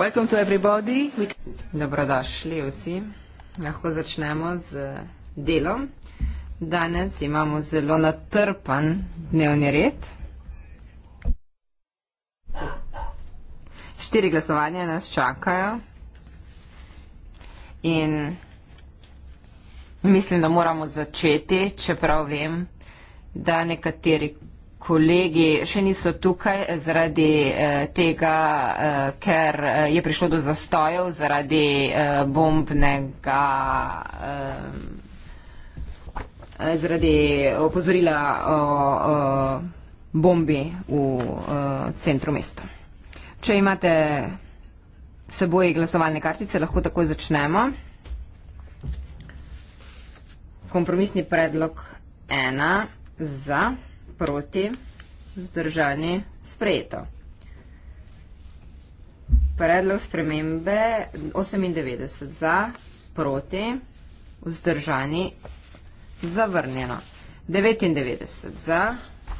Welcome to everybody. Dobrodošli vsi. Lahko začnemo z delom. Danes imamo zelo natrpan dnevni red. Štiri glasovanja nas čakajo. In mislim, da moramo začeti, čeprav vem, da nekateri kolegi še niso tukaj zaradi eh, tega, eh, ker eh, je prišlo do zastojev zaradi eh, bombnega. Eh, zaradi opozorila o, o bombi v eh, centru mesta. Če imate seboj glasovalne kartice, lahko tako začnemo. Kompromisni predlog ena za proti, vzdržani, sprejeto. Predlog spremembe 98 za, proti, vzdržani, zavrnjeno. 99 za,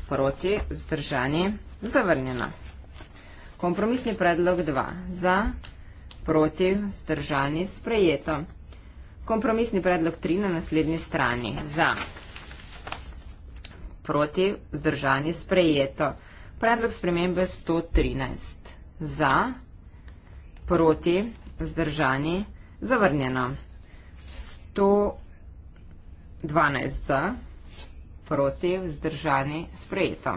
proti, vzdržani, zavrnjeno. Kompromisni predlog 2 za, proti, vzdržani, sprejeto. Kompromisni predlog 3 na naslednji strani za, proti, vzdržani, sprejeto proti, vzdržani sprejeto. Predlog spremembe 113. Za, proti, vzdržani, zavrnjeno. 112 za, proti, vzdržani, sprejeto.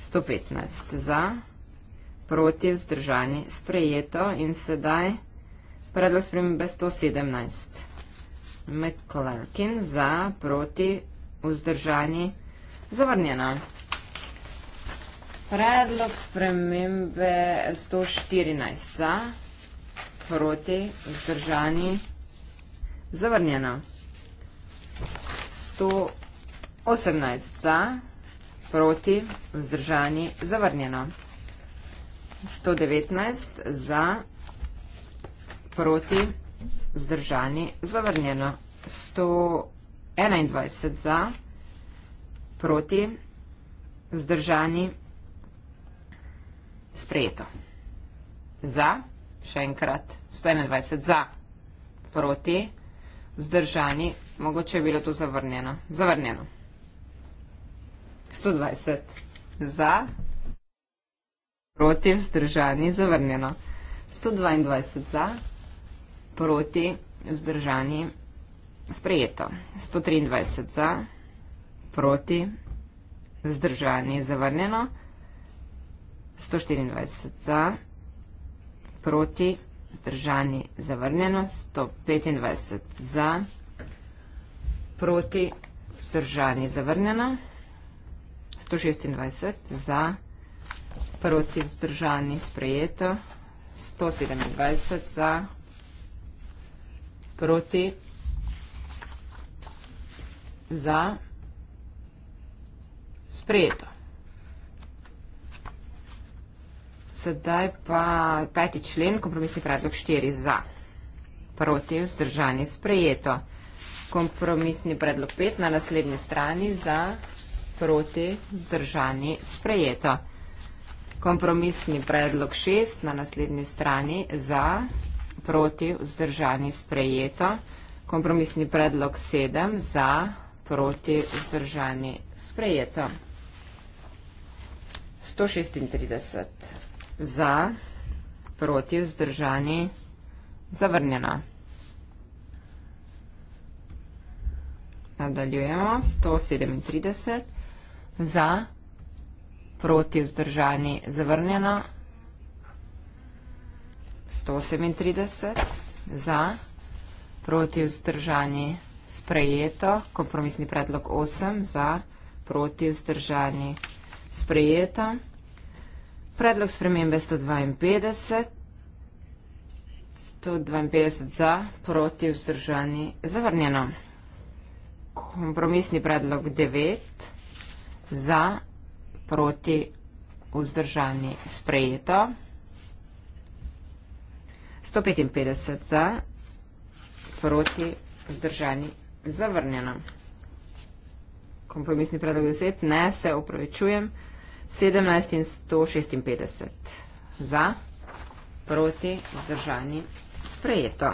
115 za, proti, vzdržani, sprejeto. In sedaj predlog spremembe 117. McClarkin za, proti, vzdržani vzdržani, zavrnjena. Predlog spremembe 114 za, proti, vzdržani, zavrnjena. 118 za, proti, vzdržani, zavrnjena. 119 za, proti, vzdržani, zavrnjena. 121 za, proti, vzdržani, zavrnjena proti, zdržani, sprejeto. Za, še enkrat, 121 za, proti, zdržani, mogoče je bilo to zavrnjeno. Zavrnjeno. 120 za, proti, vzdržani, zavrnjeno. 122 za, proti, vzdržani, sprejeto. 123 za, proti, vzdržani, sprejeto proti, vzdržani, zavrnjeno, 124 za, proti, vzdržani, zavrnjeno, 125 za, proti, vzdržani, zavrnjeno, 126 za, proti, vzdržani, sprejeto, 127 za, proti, za, proti, Sprejeto. Sedaj pa peti člen, kompromisni predlog štiri za. Proti vzdržanje sprejeto. Kompromisni predlog pet na naslednji strani za. Proti vzdržanje sprejeto. Kompromisni predlog šest na naslednji strani za. Proti vzdržanje sprejeto. Kompromisni predlog sedem za. Proti vzdržanje sprejeto proti vzdržani sprejeto. 136 za, proti vzdržani zavrnjena. Nadaljujemo, 137 za, proti vzdržani zavrnjena, 137 za, proti vzdržani zavrnjena sprejeto, kompromisni predlog 8 za proti vzdržani sprejeto. Predlog spremembe 152, 152 za proti vzdržani zavrnjeno. Kompromisni predlog 9 za proti vzdržani sprejeto. 155 za proti vzdržani sprejeto. Zavrnjeno. Kompromisni predlog 10. Ne, se opravičujem. 17 in 156. Za, proti, zdržani, sprejeto.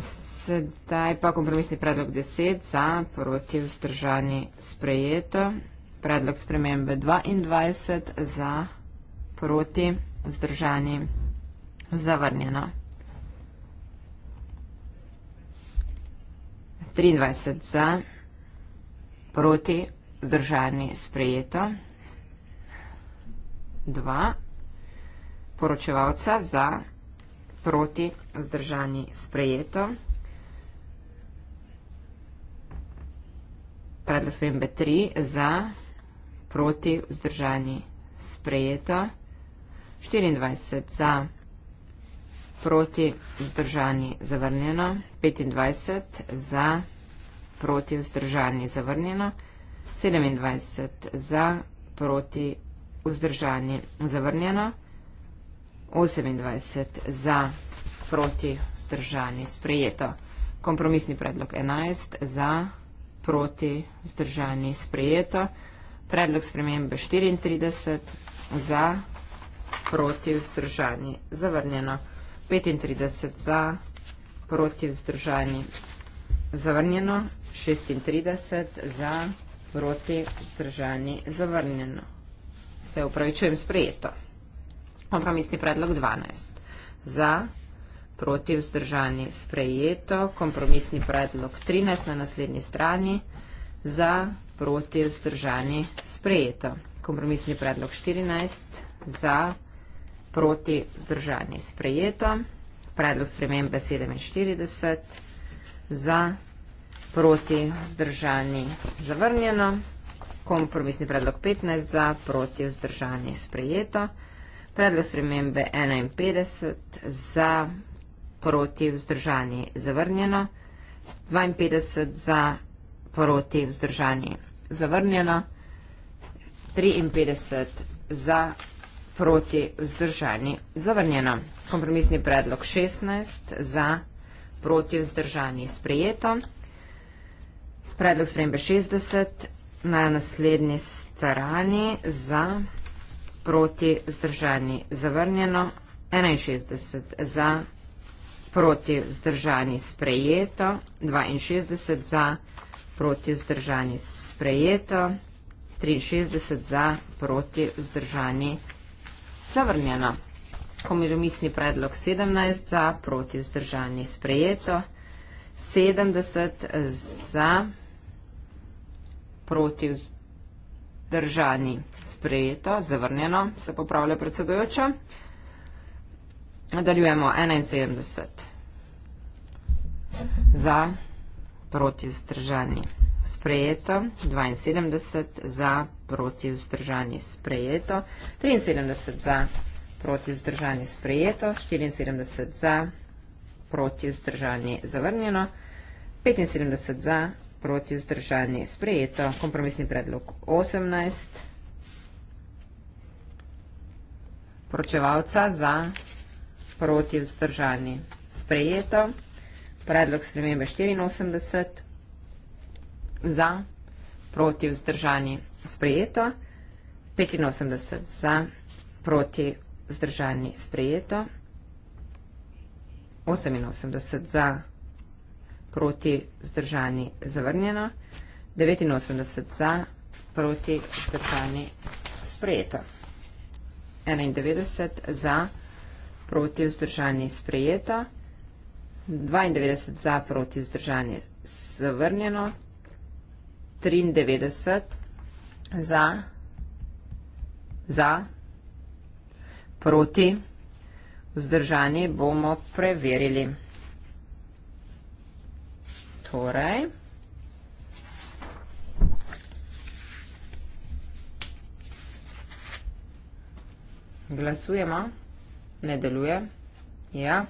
Sedaj pa kompromisni predlog 10. Za, proti, zdržani, sprejeto. Predlog spremembe 22. Za, proti, zdržani, zavrnjeno. 23 za, proti, zdržani, sprejeto. 2. Poročevalca za, proti, zdržani, sprejeto. Predlog spremembe 3. Za, proti, zdržani, sprejeto. 24 za, proti, zdržani, sprejeto proti vzdržani zavrnjeno, 25 za proti vzdržani zavrnjeno, 27 za proti vzdržani zavrnjeno, 28 za proti vzdržani sprejeto. Kompromisni predlog 11 za proti vzdržani sprejeto. Predlog spremembe 34 za proti vzdržani zavrnjeno. 35 za, proti vzdržani. Zavrnjeno, 36 za, proti vzdržani. Zavrnjeno. Se upravičujem sprejeto. Kompromisni predlog 12. Za, proti vzdržani. Sprejeto. Kompromisni predlog 13 na naslednji strani. Za, proti vzdržani. Sprejeto. Kompromisni predlog 14. Za, proti vzdržani proti vzdržanje sprejeto, predlog spremembe 47, za proti vzdržanje zavrnjeno, kompromisni predlog 15, za proti vzdržanje sprejeto, predlog spremembe 51, za proti vzdržanje zavrnjeno, 52 za proti vzdržanje zavrnjeno, 53 za proti vzdržanje zavrnjeno, proti vzdržani zavrnjeno. Kompromisni predlog 16 za proti vzdržani sprejeto. Predlog sprejembe 60 na naslednji strani za proti vzdržani zavrnjeno. 61 za proti vzdržani sprejeto. 62 za proti vzdržani sprejeto. 63 za proti vzdržani sprejeto zavrnjeno. Komiromisni predlog 17 za, proti vzdržanje sprejeto, 70 za, proti vzdržanje sprejeto, zavrnjeno, se popravlja predsedojočo. Nadaljujemo 71 za, proti vzdržanje sprejeto, 72 za, proti vzdržanje sprejeto, 73 za proti vzdržanje sprejeto, 74 za proti vzdržanje zavrnjeno, 75 za proti vzdržanje sprejeto, kompromisni predlog 18, pročevalca za proti vzdržanje sprejeto, predlog spremembe 84, za proti vzdržanje sprejeto, sprejeto, 85 za, proti vzdržani sprejeto, 88 za, proti vzdržani zavrnjeno, 89 za, proti vzdržani sprejeto, 91 za, proti vzdržani sprejeto, 92 za, proti vzdržani zavrnjeno, 93 za, za, za, proti, vzdržani bomo preverili. Torej, glasujemo, ne deluje, ja,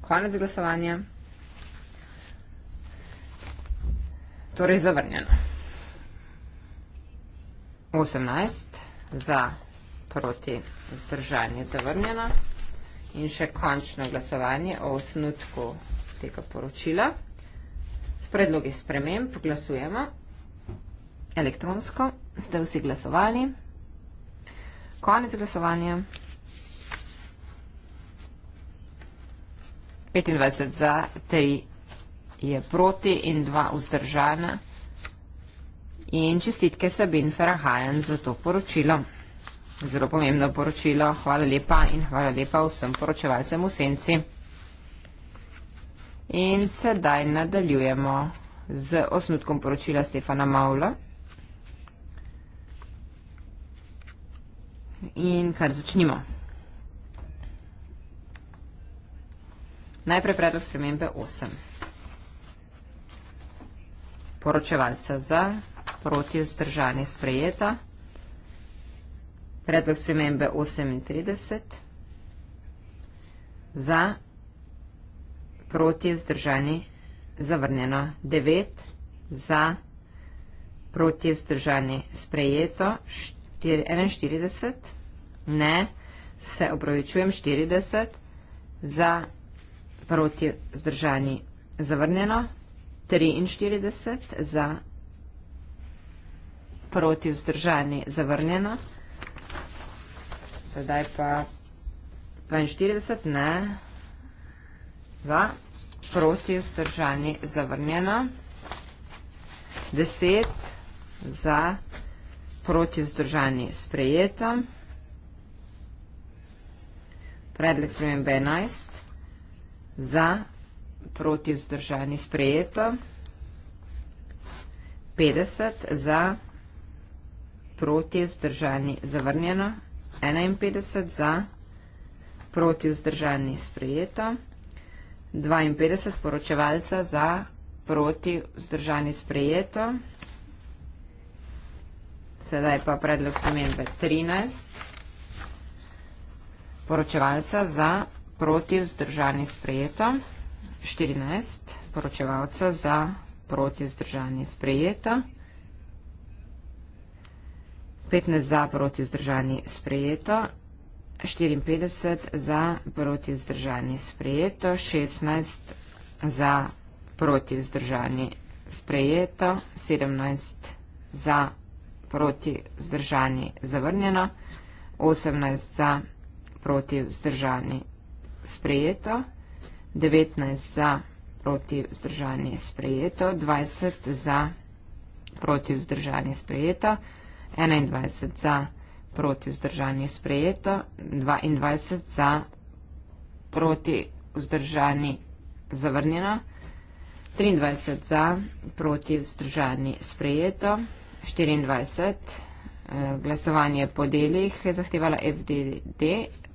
konec glasovanja, torej zavrnjeno. 18, za proti vzdržanje zavrnjeno. In še končno glasovanje o osnutku tega poročila. S predlogi sprememb glasujemo elektronsko. Ste vsi glasovali? Konec glasovanja. 25 za, 3 je proti in 2 vzdržana in čestitke Sabin Ferahajan za to poročilo. Zelo pomembno poročilo. Hvala lepa in hvala lepa vsem poročevalcem v senci. In sedaj nadaljujemo z osnutkom poročila Stefana Maula. In kar začnimo. Najprej predlog spremembe 8. Poročevalca za proti vzdržani sprejeta. Predlog spremembe 38. Za proti vzdržani zavrnjeno 9. Za proti vzdržani sprejeto 41. Ne, se opravičujem 40. Za proti vzdržani zavrnjeno 43. Za proti vzdržani zavrnjeno 43 proti vzdržani zavrnjeno. Sedaj pa 42, ne, za, proti vzdržani zavrnjeno. 10, za, proti vzdržani sprejeto. Predlek spremem 11, za, proti vzdržani sprejeto. 50 za proti vzdržani zavrnjeno, 51 za, proti vzdržani sprejeto, 52 poročevalca za, proti vzdržani sprejeto, sedaj pa predlog spomenbe 13, poročevalca za, proti vzdržani sprejeto, 14 poročevalca za, proti vzdržani sprejeto, 15. 15 za proti vzdržani sprejeto, 54 za proti vzdržani sprejeto, 16 za proti vzdržani sprejeto, 17 za proti vzdržani zavrnjeno, 18 za proti vzdržani sprejeto, 19 za proti vzdržani sprejeto, 20 za proti vzdržani sprejeto, 21 za proti vzdržanje sprejeto, 22 za proti vzdržanje zavrnjeno, 23 za proti vzdržanje sprejeto, 24 eh, glasovanje po delih je zahtevala FDD,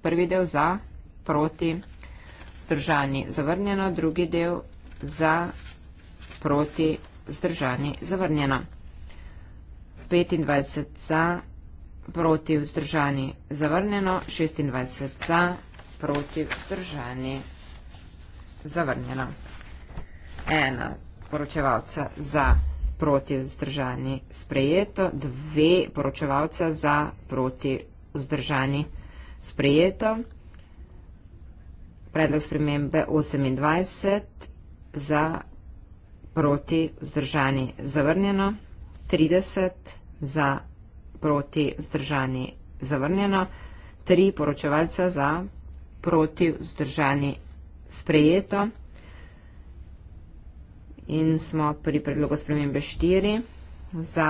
prvi del za proti vzdržanje zavrnjeno, drugi del za proti vzdržanje zavrnjeno. 25 za, proti vzdržani zavrnjeno, 26 za, proti vzdržani zavrnjeno. Ena poročevalca za, proti vzdržani sprejeto, dve poročevalca za, proti vzdržani sprejeto. Predlog spremembe 28 za, proti vzdržani zavrnjeno. 30 za proti vzdržani zavrnjeno, 3 poročevalca za proti vzdržani sprejeto in smo pri predlogu spremembe 4 za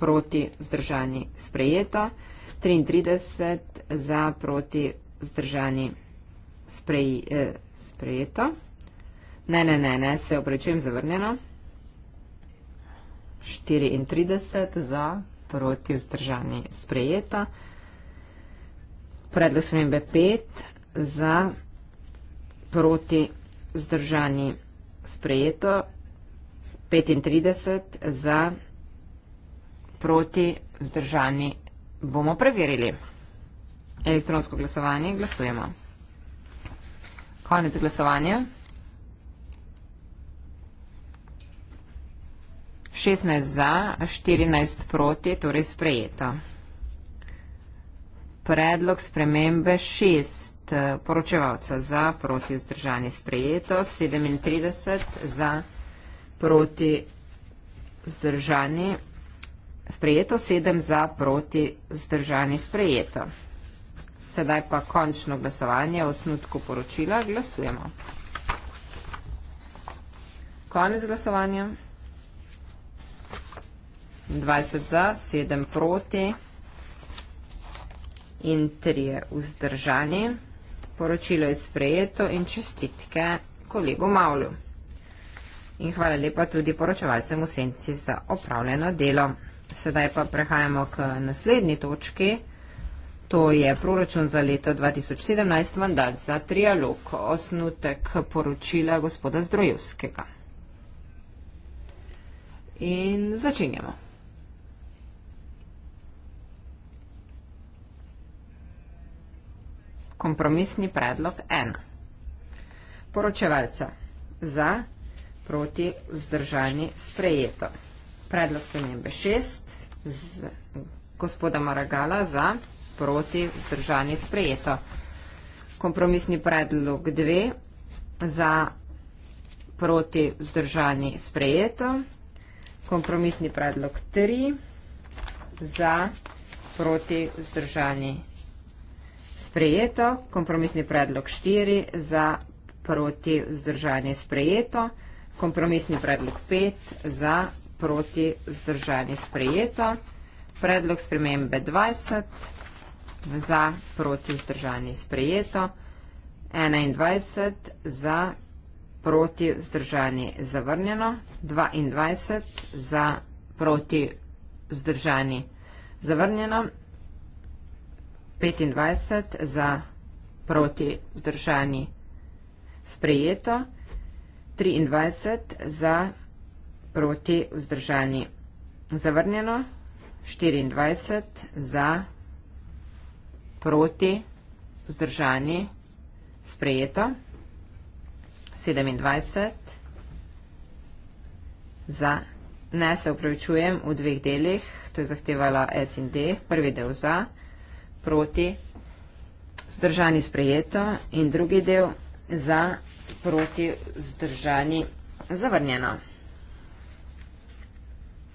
proti vzdržani sprejeto, 33 za proti vzdržani sprej, eh, sprejeto. Ne, ne, ne, ne, se oprečujem zavrnjeno. 34 za, proti vzdržani sprejeta. Predlog spremembe 5 za, proti vzdržani sprejeto. 35 za, proti vzdržani bomo preverili. Elektronsko glasovanje glasujemo. Konec glasovanja. 16 za, 14 proti, torej sprejeto. Predlog spremembe 6 eh, poročevalca za, proti vzdržanje sprejeto, 37 za, proti vzdržanje sprejeto, 7 za, proti vzdržanje sprejeto. Sedaj pa končno glasovanje o snutku poročila. Glasujemo. Konec glasovanja. 20 za, 7 proti in 3 vzdržani. Poročilo je sprejeto in čestitke kolegu Mavlju. In hvala lepa tudi poročevalcem v senci za opravljeno delo. Sedaj pa prehajamo k naslednji točki. To je proračun za leto 2017, mandat za trialog, osnutek poročila gospoda Zdrojevskega. In začenjamo. kompromisni predlog ena. Poročevalca za, proti, vzdržani, sprejeto. Predlog spremembe šest, z, gospoda Maragala za, proti, vzdržani, sprejeto. Kompromisni predlog dve, za, proti, vzdržani, sprejeto. Kompromisni predlog tri, za, proti, vzdržani, sprejeto sprejeto, kompromisni predlog 4 za proti vzdržanje sprejeto, kompromisni predlog 5 za proti vzdržanje sprejeto, predlog spremembe 20 za proti vzdržanje sprejeto, 21 za proti vzdržanje zavrnjeno, 22 za proti vzdržanje zavrnjeno, 25 za proti zdržani sprejeto, 23 za proti vzdržani zavrnjeno, 24 za proti vzdržani sprejeto, 27 za ne se upravičujem v dveh delih, to je zahtevala S in D, prvi del za, proti, zdržani sprejeto in drugi del za, proti, zdržani zavrnjeno.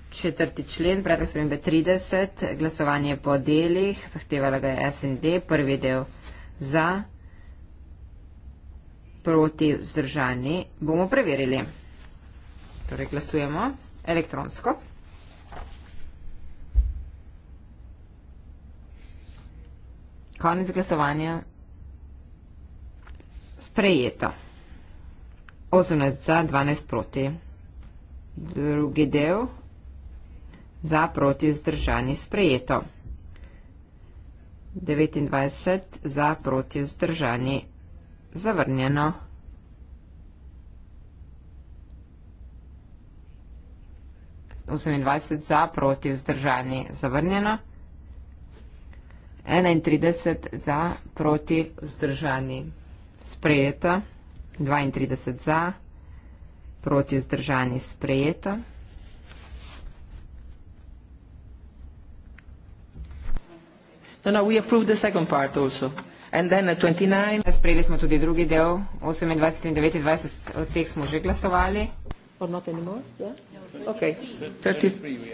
Četrti člen, predlog spremembe 30, glasovanje po delih, zahtevala ga je SND, prvi del za, proti, vzdržani, bomo preverili. Torej glasujemo elektronsko. Konec glasovanja. Sprejeto. 18 za, 12 proti. Drugi del. Za, proti, vzdržani. Sprejeto. 29 za, proti, vzdržani. Zavrnjeno. 28 za, proti, vzdržani. Zavrnjeno. 31 za, proti vzdržani. Sprejeta. 32 za, proti vzdržani. Sprejeta. No, no, we approve the second part also. And then 29. Sprejeli smo tudi drugi del. 28 in 29 od teh smo že glasovali or not anymore? Yeah? No. Okay. 33.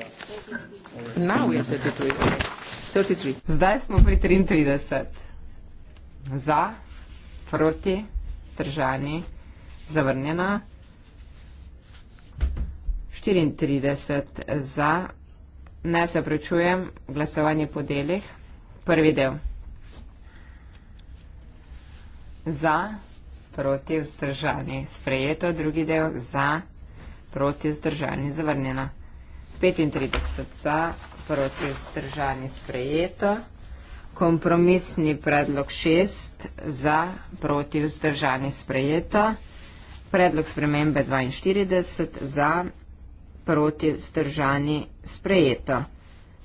Now we are 33. Zdaj smo pri 33. Za, proti, stržani, zavrnjena. 34 za, ne se prečujem, glasovanje po delih. Prvi del. Za, proti, vzdržani. Sprejeto, drugi del. Za, proti zdržani zavrnjena. 35 za, proti zdržani sprejeto. Kompromisni predlog 6 za, proti vzdržani sprejeto. Predlog spremembe 42 za, proti vzdržani sprejeto.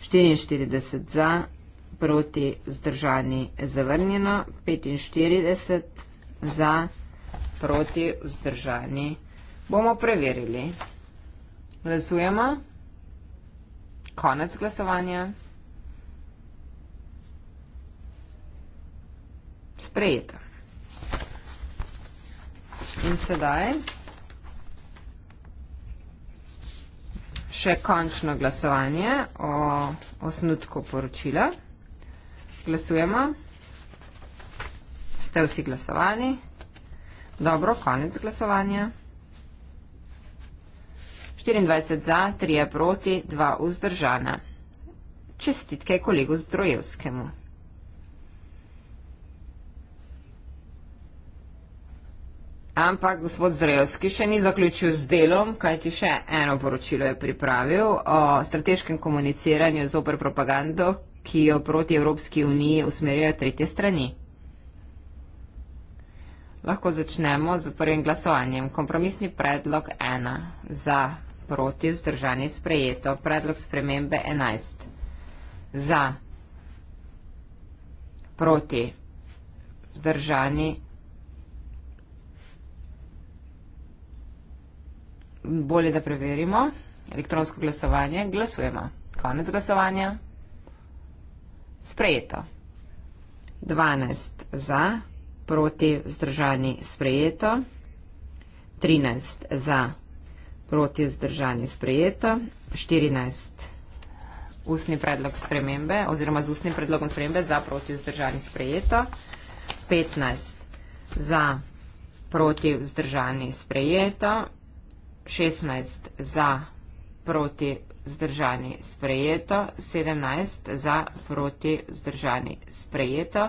44 za, proti vzdržani zavrnjeno. 45 za, proti vzdržani sprejeto. Bomo preverili. Glasujemo. Konec glasovanja. Sprejeto. In sedaj še končno glasovanje o osnutku poročila. Glasujemo. Ste vsi glasovali? Dobro, konec glasovanja. 24 za, 3 proti, 2 vzdržana. Čestitke kolegu Zdrojevskemu. Ampak gospod Zrejovski še ni zaključil z delom, kajti še eno poročilo je pripravil o strateškem komuniciranju z opr propagando, ki jo proti Evropski uniji usmerjajo tretje strani. Lahko začnemo z prvim glasovanjem. Kompromisni predlog 1 za proti, vzdržani sprejeto. Predlog spremembe 11. Za, proti, vzdržani. Bolje, da preverimo. Elektronsko glasovanje. Glasujemo. Konec glasovanja. Sprejeto. 12 za, proti, vzdržani, sprejeto. 13 za, proti zdržani sprejeto. 14. Ustni predlog spremembe oziroma z ustnim predlogom spremembe za proti vzdržani sprejeto. 15. Za proti vzdržani sprejeto. 16. Za proti vzdržani sprejeto. 17. Za proti vzdržani sprejeto.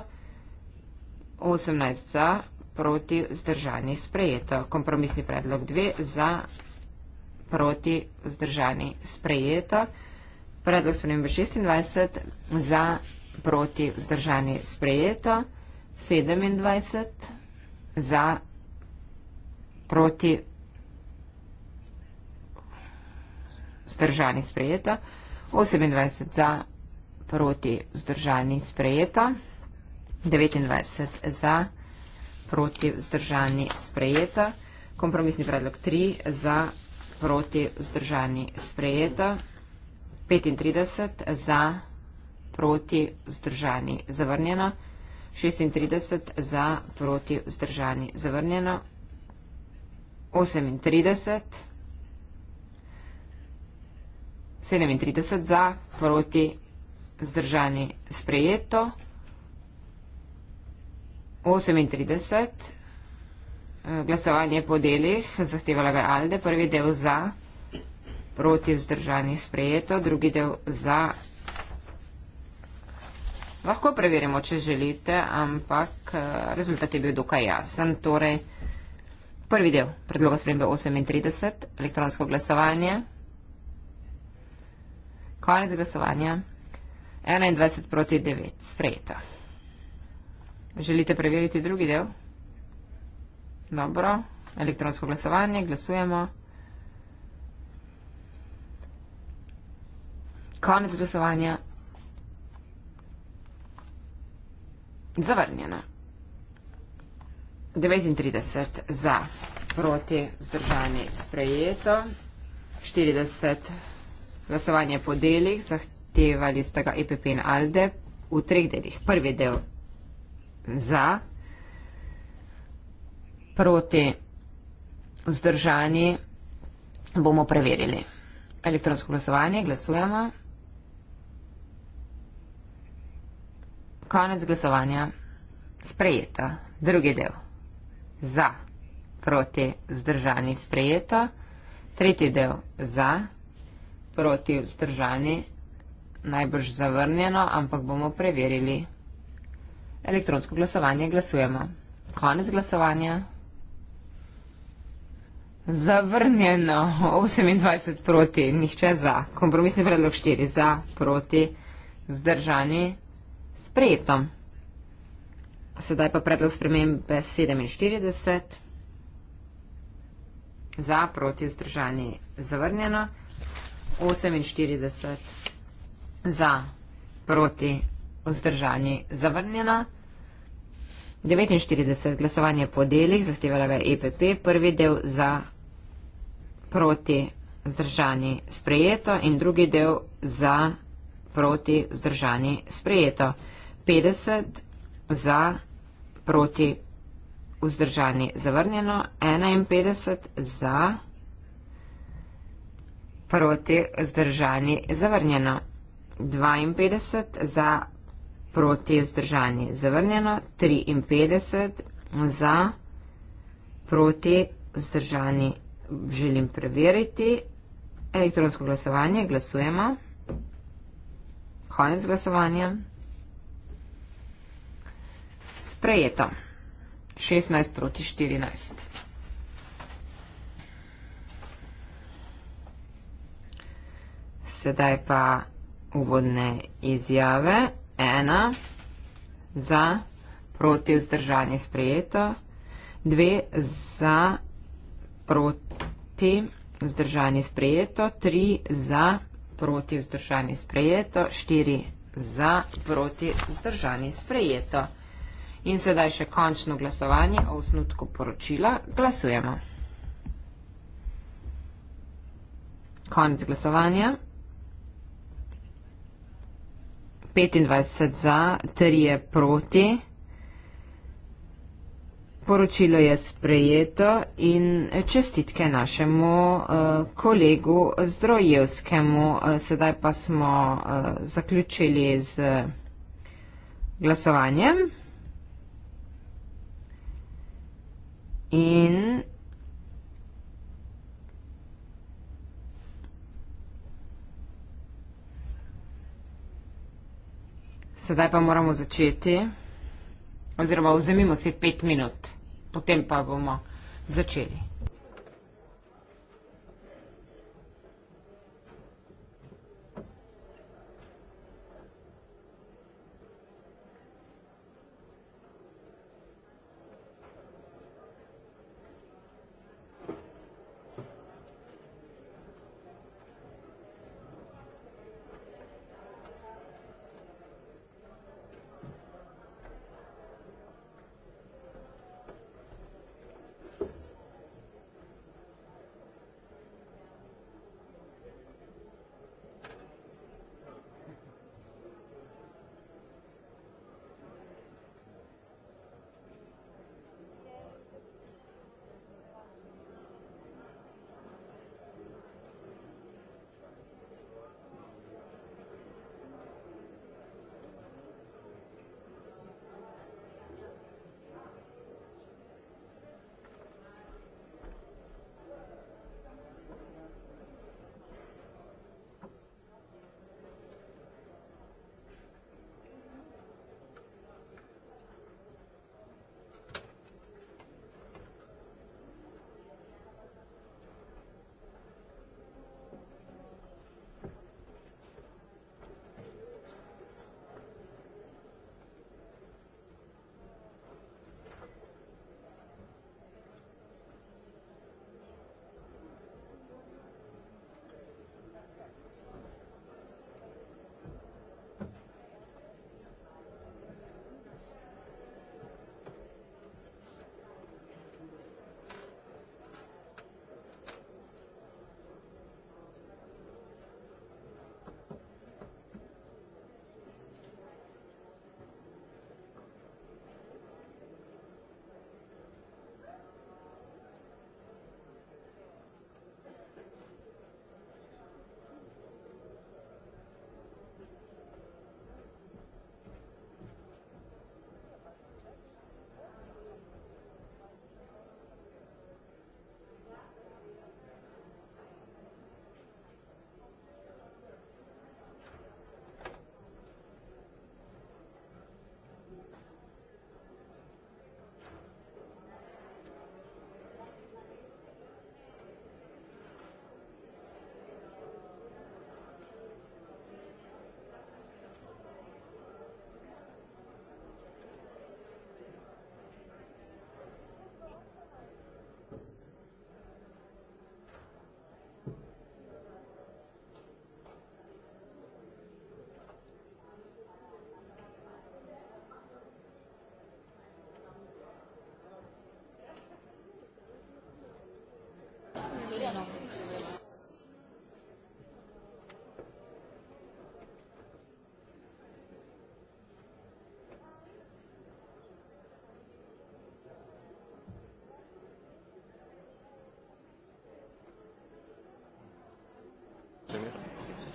18. Za proti vzdržani sprejeto. Kompromisni predlog 2. Za proti vzdržani sprejeto proti vzdržani sprejeto. Predlog spremembe 26 za proti vzdržani sprejeto. 27 za proti vzdržani sprejeto. 28 za proti vzdržani sprejeto. 29 za proti vzdržani sprejeto. Kompromisni predlog 3 za proti vzdržani sprejeto, 35 za proti vzdržani zavrnjeno, 36 za proti vzdržani zavrnjeno, 38, 37 za proti vzdržani sprejeto, 38 za proti vzdržani zavrnjeno, Eh, glasovanje po delih zahtevala ga Alde, prvi del za, proti vzdržani sprejeto, drugi del za. Lahko preverimo, če želite, ampak eh, rezultat je bil dokaj jasen. Torej, prvi del predloga spremembe 38, elektronsko glasovanje. Konec glasovanja. 21 proti 9. Sprejeto. Želite preveriti drugi del? Dobro, elektronsko glasovanje, glasujemo. Konec glasovanja. Zavrnjeno. 39 za, proti zdržani sprejeto. 40 glasovanje po delih, zahtevali ste ga EPP in ALDE v treh delih. Prvi del za proti vzdržani, bomo preverili. Elektronsko glasovanje, glasujemo. Konec glasovanja. Sprejeto. Drugi del. Za. Proti vzdržani. Sprejeto. Tretji del. Za. Proti vzdržani. Najbrž zavrnjeno, ampak bomo preverili. Elektronsko glasovanje. Glasujemo. Konec glasovanja. Zavrnjeno 28 proti, nihče za. Kompromisni predlog 4 za, proti, zdržani, sprejeto. Sedaj pa predlog spremembe 47. Za, proti, zdržani, zavrnjeno. 48 za, proti, vzdržani, zavrnjeno. 49 glasovanje po delih, zahtevala ga EPP, e prvi del za, proti zdržani sprejeto in drugi del za proti zdržani sprejeto. 50 za proti vzdržani zavrnjeno, 51 za proti vzdržani zavrnjeno, 52 za proti vzdržani zavrnjeno, 53 za proti vzdržani zavrnjeno želim preveriti. Elektronsko glasovanje, glasujemo. Konec glasovanja. Sprejeto. 16 proti 14. Sedaj pa uvodne izjave. Ena za, proti vzdržanje sprejeto. Dve za proti, vzdržani sprejeto, 3 za, proti, vzdržani sprejeto, 4 za, proti, vzdržani sprejeto. In sedaj še končno glasovanje o osnutku poročila. Glasujemo. Konec glasovanja. 25 za, 3 proti. Poročilo je sprejeto in čestitke našemu uh, kolegu Zdrojevskemu. Eh, sedaj pa smo uh, zaključili z glasovanjem. In sedaj pa moramo začeti oziroma vzemimo si pet minut, potem pa bomo začeli.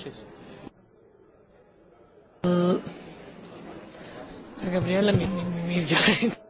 noches. Uh, eh, a Gabriela, mi, mi, mi, mi...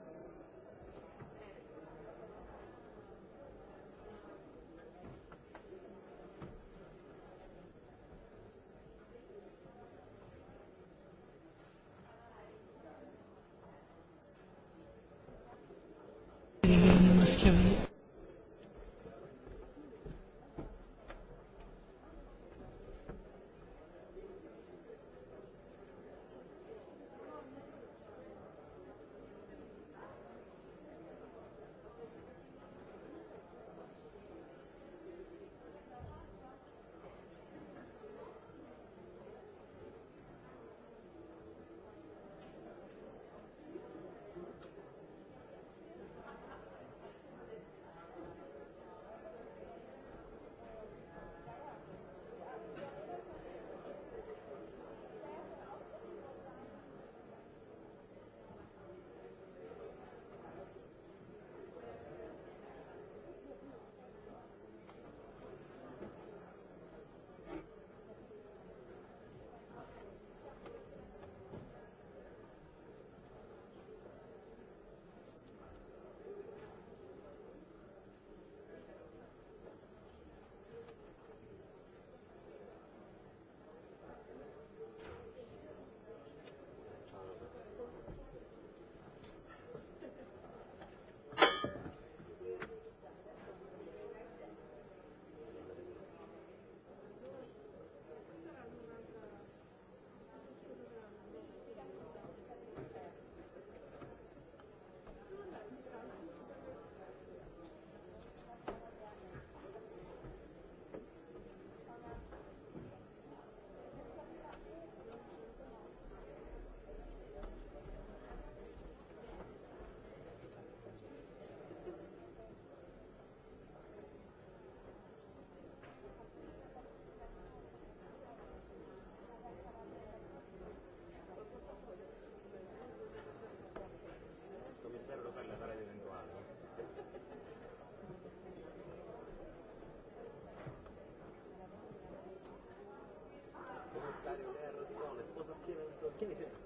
necessario, eh, né? Razão, esposa, que razão, que razão.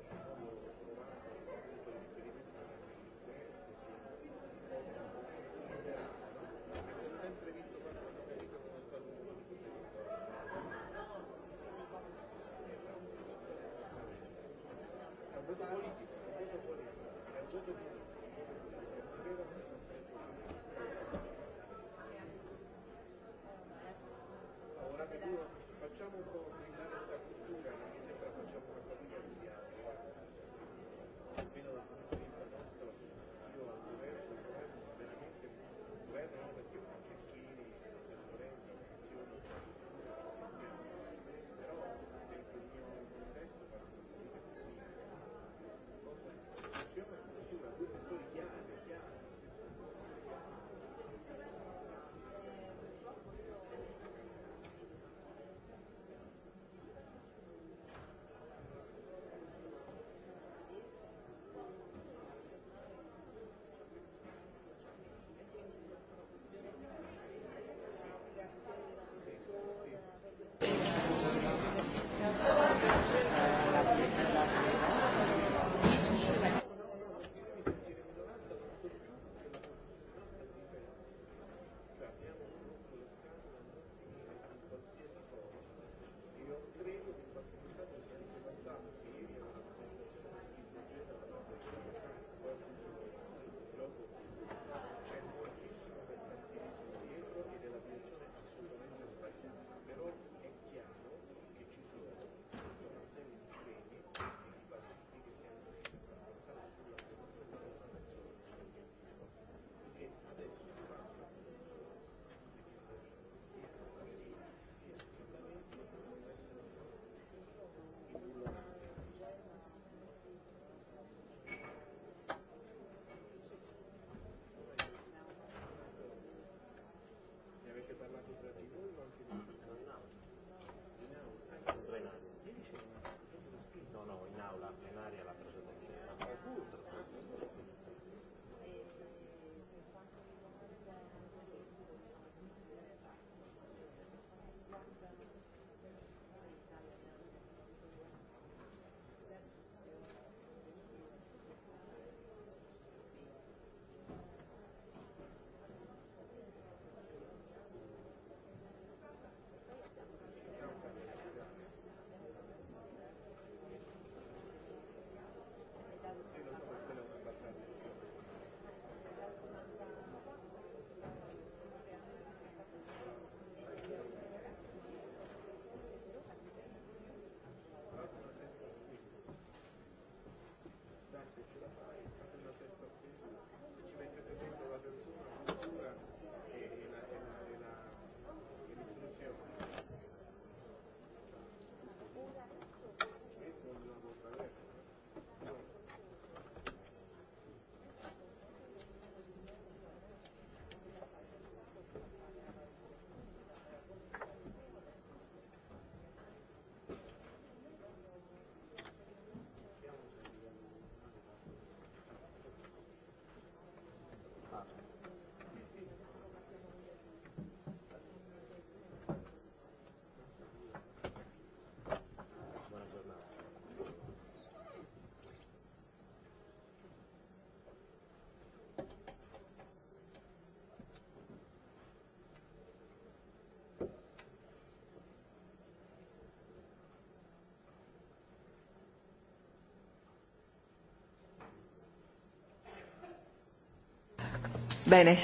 Bene.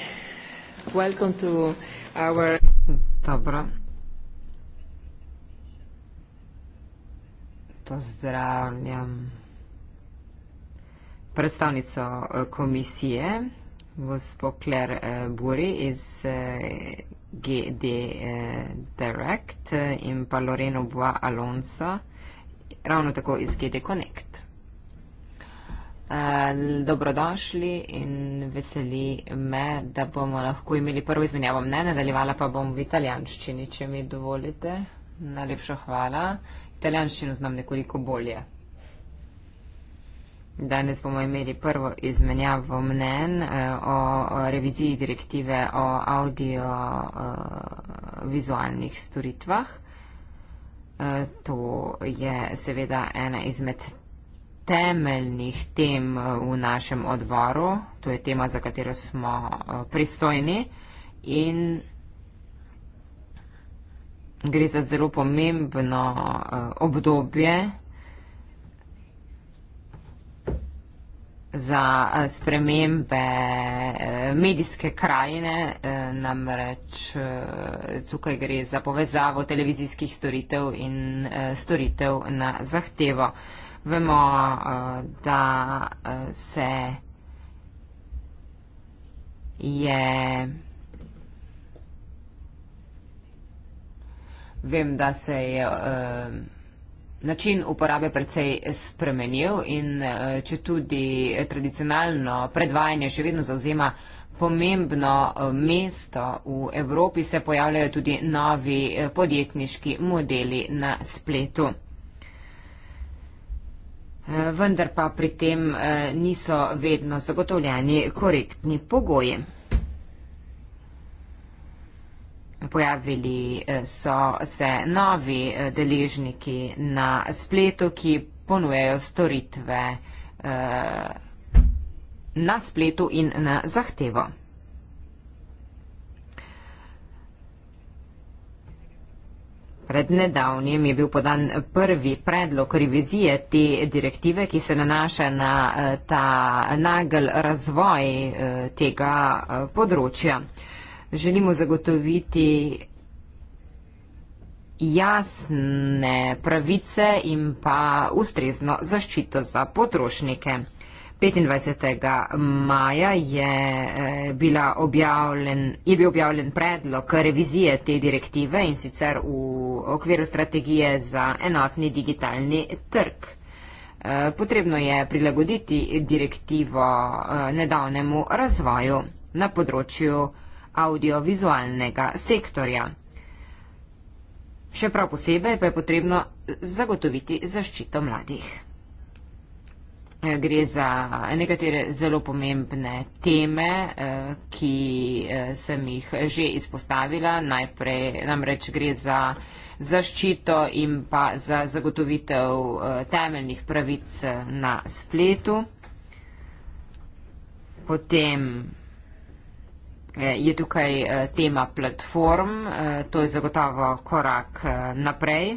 Welcome to our Dobro. Pozdravljam predstavnico eh, komisije, gospod Claire eh, Buri iz eh, GD Direct in pa Loreno Bois Alonso, ravno tako iz GD Connect. Eh, dobrodošli in veseli me, da bomo lahko imeli prvo izmenjavo mnenja, nadaljevala pa bom v italijanščini, če mi dovolite. Najlepša hvala. Italijanščino znam nekoliko bolje. Danes bomo imeli prvo izmenjavo mnen eh, o reviziji direktive o audiovizualnih eh, storitvah. To je seveda ena izmed temeljnih tem eh, v našem odboru, to je tema, za katero smo eh, pristojni in gre za zelo pomembno eh, obdobje, za eh, spremembe eh, medijske krajine, eh, namreč tukaj gre za povezavo televizijskih storitev in storitev na zahtevo. Vemo, da se je. Vem, da se je. Uh, način uporabe precej spremenil in eh, če tudi tradicionalno predvajanje še vedno zauzema pomembno eh, mesto v Evropi, se pojavljajo tudi novi eh, podjetniški modeli na spletu. Vendar pa pri tem niso vedno zagotovljeni korektni pogoji pojavili eh, so se novi eh, deležniki na spletu, ki ponujejo storitve eh, na spletu in na zahtevo. Pred nedavnjem je bil podan prvi predlog revizije te direktive, ki se nanaša na ta nagel razvoj tega področja želimo zagotoviti jasne pravice in pa ustrezno zaščito za potrošnike. 25. maja je, eh, bila objavljen, je bil objavljen predlog revizije te direktive in sicer v okviru strategije za enotni digitalni trg. Eh, potrebno je prilagoditi direktivo eh, nedavnemu razvoju na področju audiovizualnega sektorja. Še prav posebej pa je potrebno zagotoviti zaščito mladih. Eh, gre za nekatere zelo pomembne teme, eh, ki eh, sem jih že izpostavila. Najprej namreč gre za zaščito in pa za zagotovitev temeljnih pravic na spletu. Potem Eh, je tukaj eh, tema platform, eh, to je zagotovo korak naprej.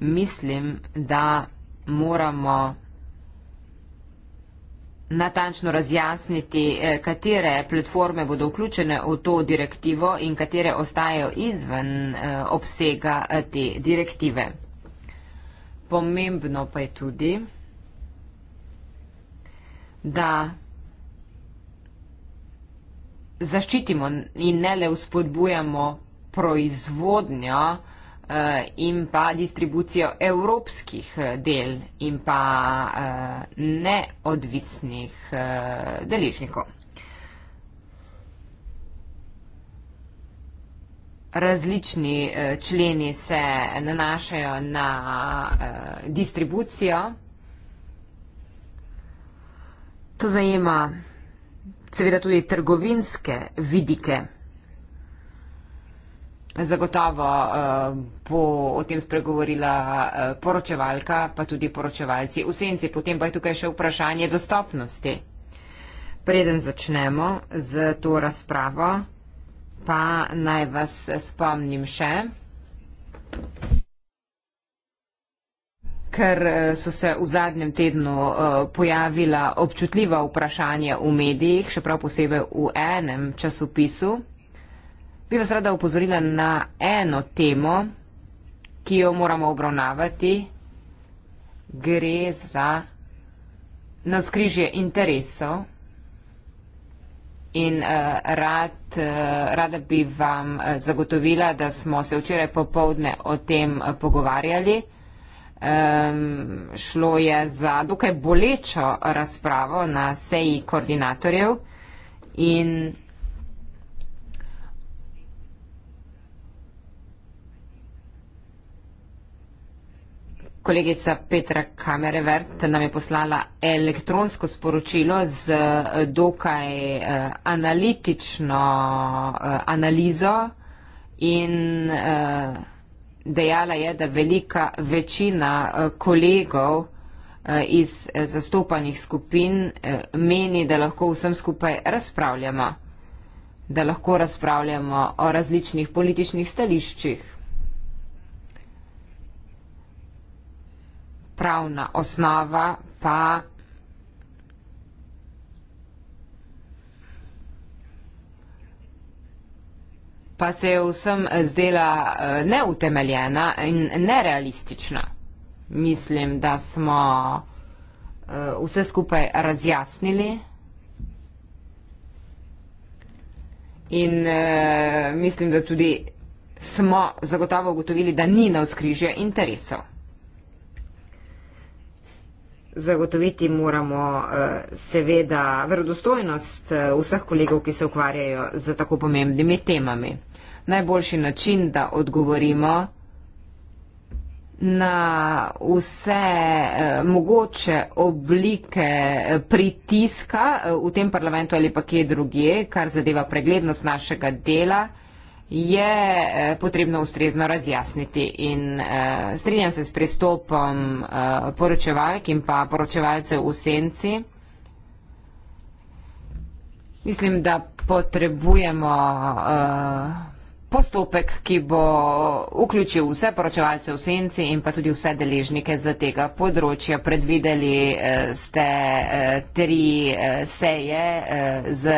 Mislim, da moramo natančno razjasniti, katere platforme bodo vključene v to direktivo in katere ostajajo izven obsega te direktive. Pomembno pa je tudi, da je tukaj tema platform, da zaščitimo in ne le uspodbujamo proizvodnjo eh, in pa distribucijo evropskih eh, del in pa eh, neodvisnih deležnikov. Različni členi se nanašajo na distribucijo, To zajema seveda tudi trgovinske vidike. Zagotovo uh, bo o tem spregovorila uh, poročevalka, pa tudi poročevalci v senci. Potem pa je tukaj še vprašanje dostopnosti. Preden začnemo z to razpravo, pa naj vas spomnim še ker eh, so se v zadnjem tednu eh, pojavila občutljiva vprašanja v medijih, še prav posebej v enem časopisu, bi vas rada upozorila na eno temo, ki jo moramo obravnavati. Gre za navskrižje interesov. In uh, rad, uh, rada bi vam uh, zagotovila, da smo se včeraj popovdne o tem uh, pogovarjali. Um, šlo je za dokaj bolečo razpravo na seji koordinatorjev in kolegica Petra Kamerevert nam je poslala elektronsko sporočilo z eh, dokaj uh, analitično uh, analizo in uh, dejala je, da velika večina eh, kolegov eh, iz eh, zastopanih skupin meni, da lahko vsem skupaj razpravljamo, da lahko razpravljamo o različnih političnih stališčih. Pravna osnova pa pa se je vsem zdela eh, neutemeljena in nerealistična. Mislim, da smo eh, vse skupaj razjasnili. In e, mislim, da tudi smo zagotovo ugotovili, da ni na vzkrižje interesov zagotoviti moramo eh, seveda verodostojnost eh, vseh kolegov, ki se ukvarjajo z tako pomembnimi temami. Najboljši način, da odgovorimo na vse eh, mogoče oblike pritiska v tem parlamentu ali pa kje drugje, kar zadeva preglednost našega dela, je eh, potrebno ustrezno razjasniti. In uh, strinjam se s pristopom uh, poročevalk in pa poročevalcev v senci. Mislim, da potrebujemo uh, postopek, ki bo vključil vse poročevalce v senci in pa tudi vse deležnike za tega področja. Predvideli eh, ste eh, tri eh, seje z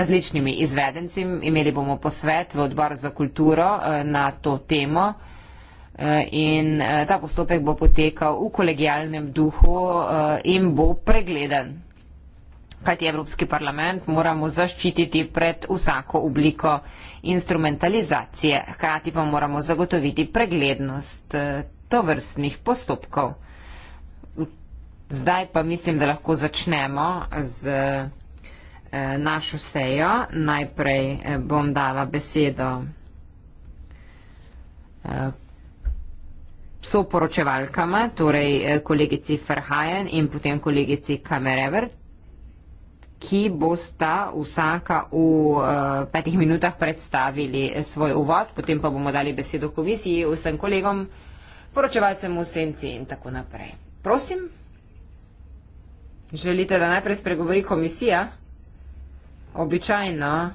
različnimi izvedenci. Imeli bomo posvet v odbor za kulturo na to temo. In ta postopek bo potekal v kolegijalnem duhu in bo pregleden. Kajti Evropski parlament moramo zaščititi pred vsako obliko instrumentalizacije. Hkrati pa moramo zagotoviti preglednost eh, tovrstnih postopkov. Zdaj pa mislim, da lahko začnemo z eh, našo sejo. Najprej eh, bom dala besedo soporočevalkama, torej kolegici Ferhajen in potem kolegici Kamerevert ki bosta vsaka v uh, petih minutah predstavili svoj uvod, potem pa bomo dali besedo komisiji, vsem kolegom, poročevalcem v senci in tako naprej. Prosim, želite, da najprej spregovori komisija? Običajno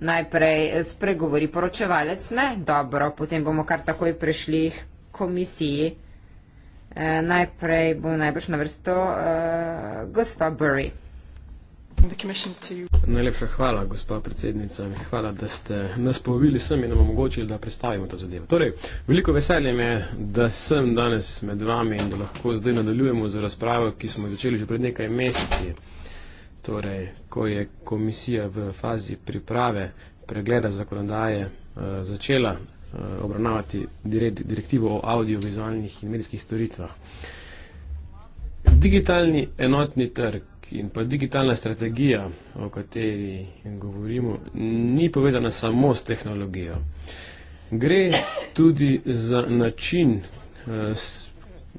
najprej spregovori poročevalec, ne? Dobro, potem bomo kar takoj prišli k komisiji. E, najprej bo najbrž na vrsto e, gospa Burry. Najlepša hvala, gospa predsednica. Hvala, da ste nas povili sem in nam omogočili, da predstavimo to zadevo. Torej, veliko veselje je, da sem danes med vami in da lahko zdaj nadaljujemo z razpravo, ki smo začeli že pred nekaj meseci. Torej, ko je komisija v fazi priprave pregleda zakonodaje uh, začela uh, obravnavati direktivo o audiovizualnih in medijskih storitvah. Digitalni enotni trg In pa digitalna strategija, o kateri govorimo, ni povezana samo s tehnologijo. Gre tudi za način, eh,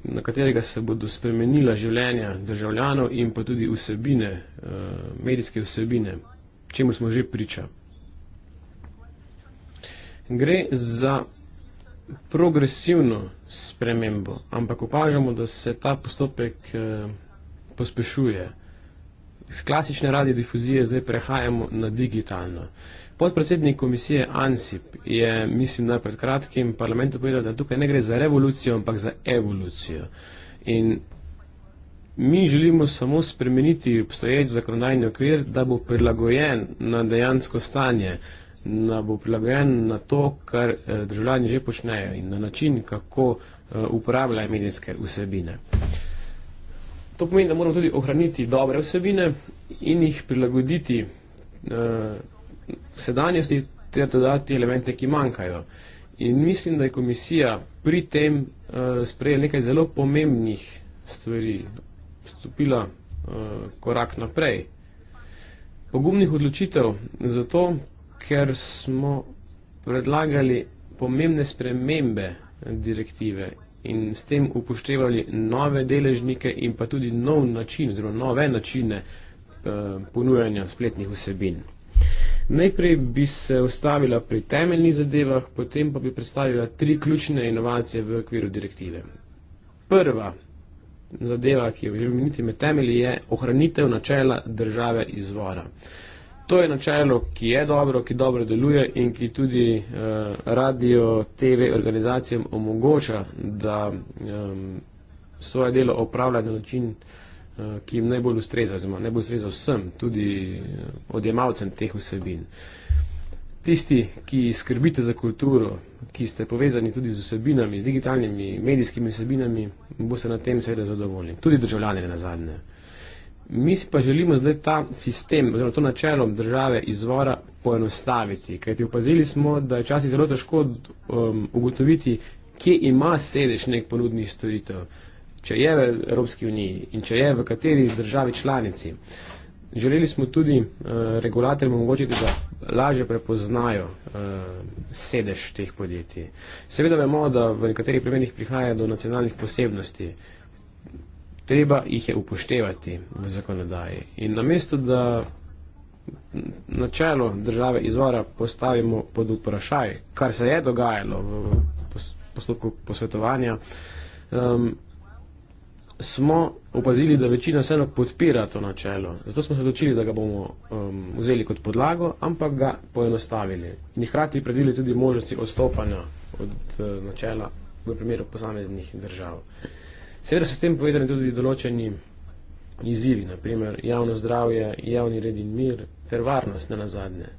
na katerega se bodo spremenila življenja državljanov in pa tudi vsebine, eh, medijske vsebine, čemu smo že priča. Gre za progresivno spremembo, ampak opažamo, da se ta postopek eh, pospešuje. Iz klasične radiodifuzije zdaj prehajamo na digitalno. Podpredsednik komisije ANSIP je, mislim, da pred kratkim parlamentu povedal, da tukaj ne gre za revolucijo, ampak za evolucijo. In mi želimo samo spremeniti obstoječ zakonodajni okvir, da bo prilagojen na dejansko stanje, da bo prilagojen na to, kar eh, državljani že počnejo in na način, kako eh, uporabljajo medijske vsebine. Uh, To pomeni, da moramo tudi ohraniti dobre vsebine in jih prilagoditi uh, sedanjosti ter dodati elemente, ki manjkajo. In mislim, da je komisija pri tem uh, sprejela nekaj zelo pomembnih stvari, stopila uh, korak naprej. Pogumnih odločitev zato, ker smo predlagali pomembne spremembe direktive in s tem upoštevali nove deležnike in pa tudi nov način, oziroma nove načine eh, ponujanja spletnih vsebin. Najprej bi se ustavila pri temeljnih zadevah, potem pa bi predstavila tri ključne inovacije v okviru direktive. Prva zadeva, ki jo želim imeti med temelji, je ohranitev načela države izvora. Uh, To je načelo, ki je dobro, ki dobro deluje in ki tudi eh, radio, TV organizacijam omogoča, da eh, svoje delo opravljajo na način, eh, ki jim najbolj ustreza, oziroma najbolj ustreza vsem, tudi eh, odjemalcem teh vsebin. Tisti, ki skrbite za kulturo, ki ste povezani tudi z vsebinami, z digitalnimi, medijskimi vsebinami, boste na tem seveda zadovoljni. Tudi državljani na zadnje. Mi pa želimo zdaj ta sistem, oziroma to načelo države izvora poenostaviti, kajti opazili smo, da je včasih zelo težko um, ugotoviti, kje ima sedež nek ponudnih storitev, če je v Evropski uniji in če je v kateri državi članici. Želeli smo tudi uh, regulatorjem omogočiti, da lažje prepoznajo uh, sedež teh podjetij. Seveda vemo, da v nekaterih primerjih prihaja do nacionalnih posebnosti. Uh, treba jih je upoštevati v zakonodaji. In namesto, da načelo države izvora postavimo pod vprašaj, kar se je dogajalo v postopku posvetovanja, um, smo opazili, da večina vseeno podpira to načelo. Zato smo se odločili, da ga bomo um, vzeli kot podlago, ampak ga poenostavili. In hkrati predvideli tudi možnosti odstopanja od uh, načela v primeru posameznih držav. Uh, Seveda so s tem povezani tudi določeni izzivi, naprimer javno zdravje, javni red in mir ter varnost na nazadnje.